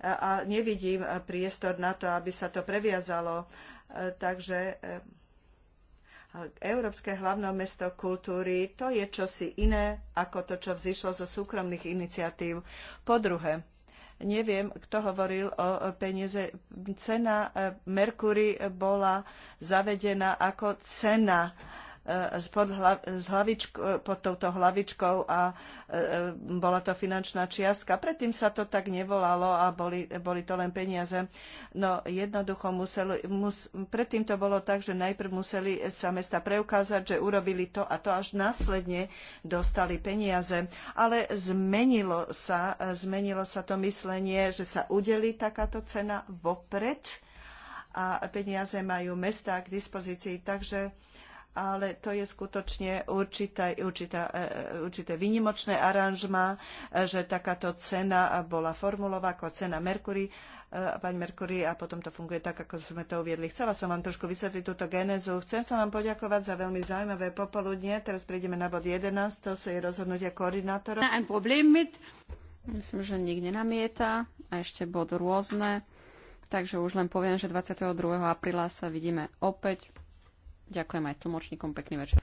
a nevidím priestor na to, aby sa to previazalo. Takže Európske hlavné mesto kultúry, to je čosi iné ako to, čo vzýšlo zo súkromných iniciatív. Po druhé, neviem, kto hovoril o peniaze. Cena eh, Merkury bola zavedená ako cena pod, hlav, hlavičk, pod touto hlavičkou a e, e, bola to finančná čiastka. Predtým sa to tak nevolalo a boli, boli to len peniaze. No jednoducho museli, mus, predtým to bolo tak, že najprv museli sa mesta preukázať, že urobili to a to až následne dostali peniaze. Ale zmenilo sa, zmenilo sa to myslenie, že sa udeli takáto cena vopred a peniaze majú mesta k dispozícii. Takže ale to je skutočne určité, určité, e, e, určité výnimočné aranžma, e, že takáto cena bola formulovaná ako cena Mercury, pani Mercury a potom to funguje tak, ako sme to uviedli. Chcela som vám trošku vysvetliť túto genézu. Chcem sa vám poďakovať za veľmi zaujímavé popoludnie. Teraz prejdeme na bod 11, to sú je rozhodnutia koordinátorov. Myslím, že nik nenamieta a ešte bod rôzne. Takže už len poviem, že 22. apríla sa vidíme opäť Ďakujem aj tlmočníkom. Pekný večer.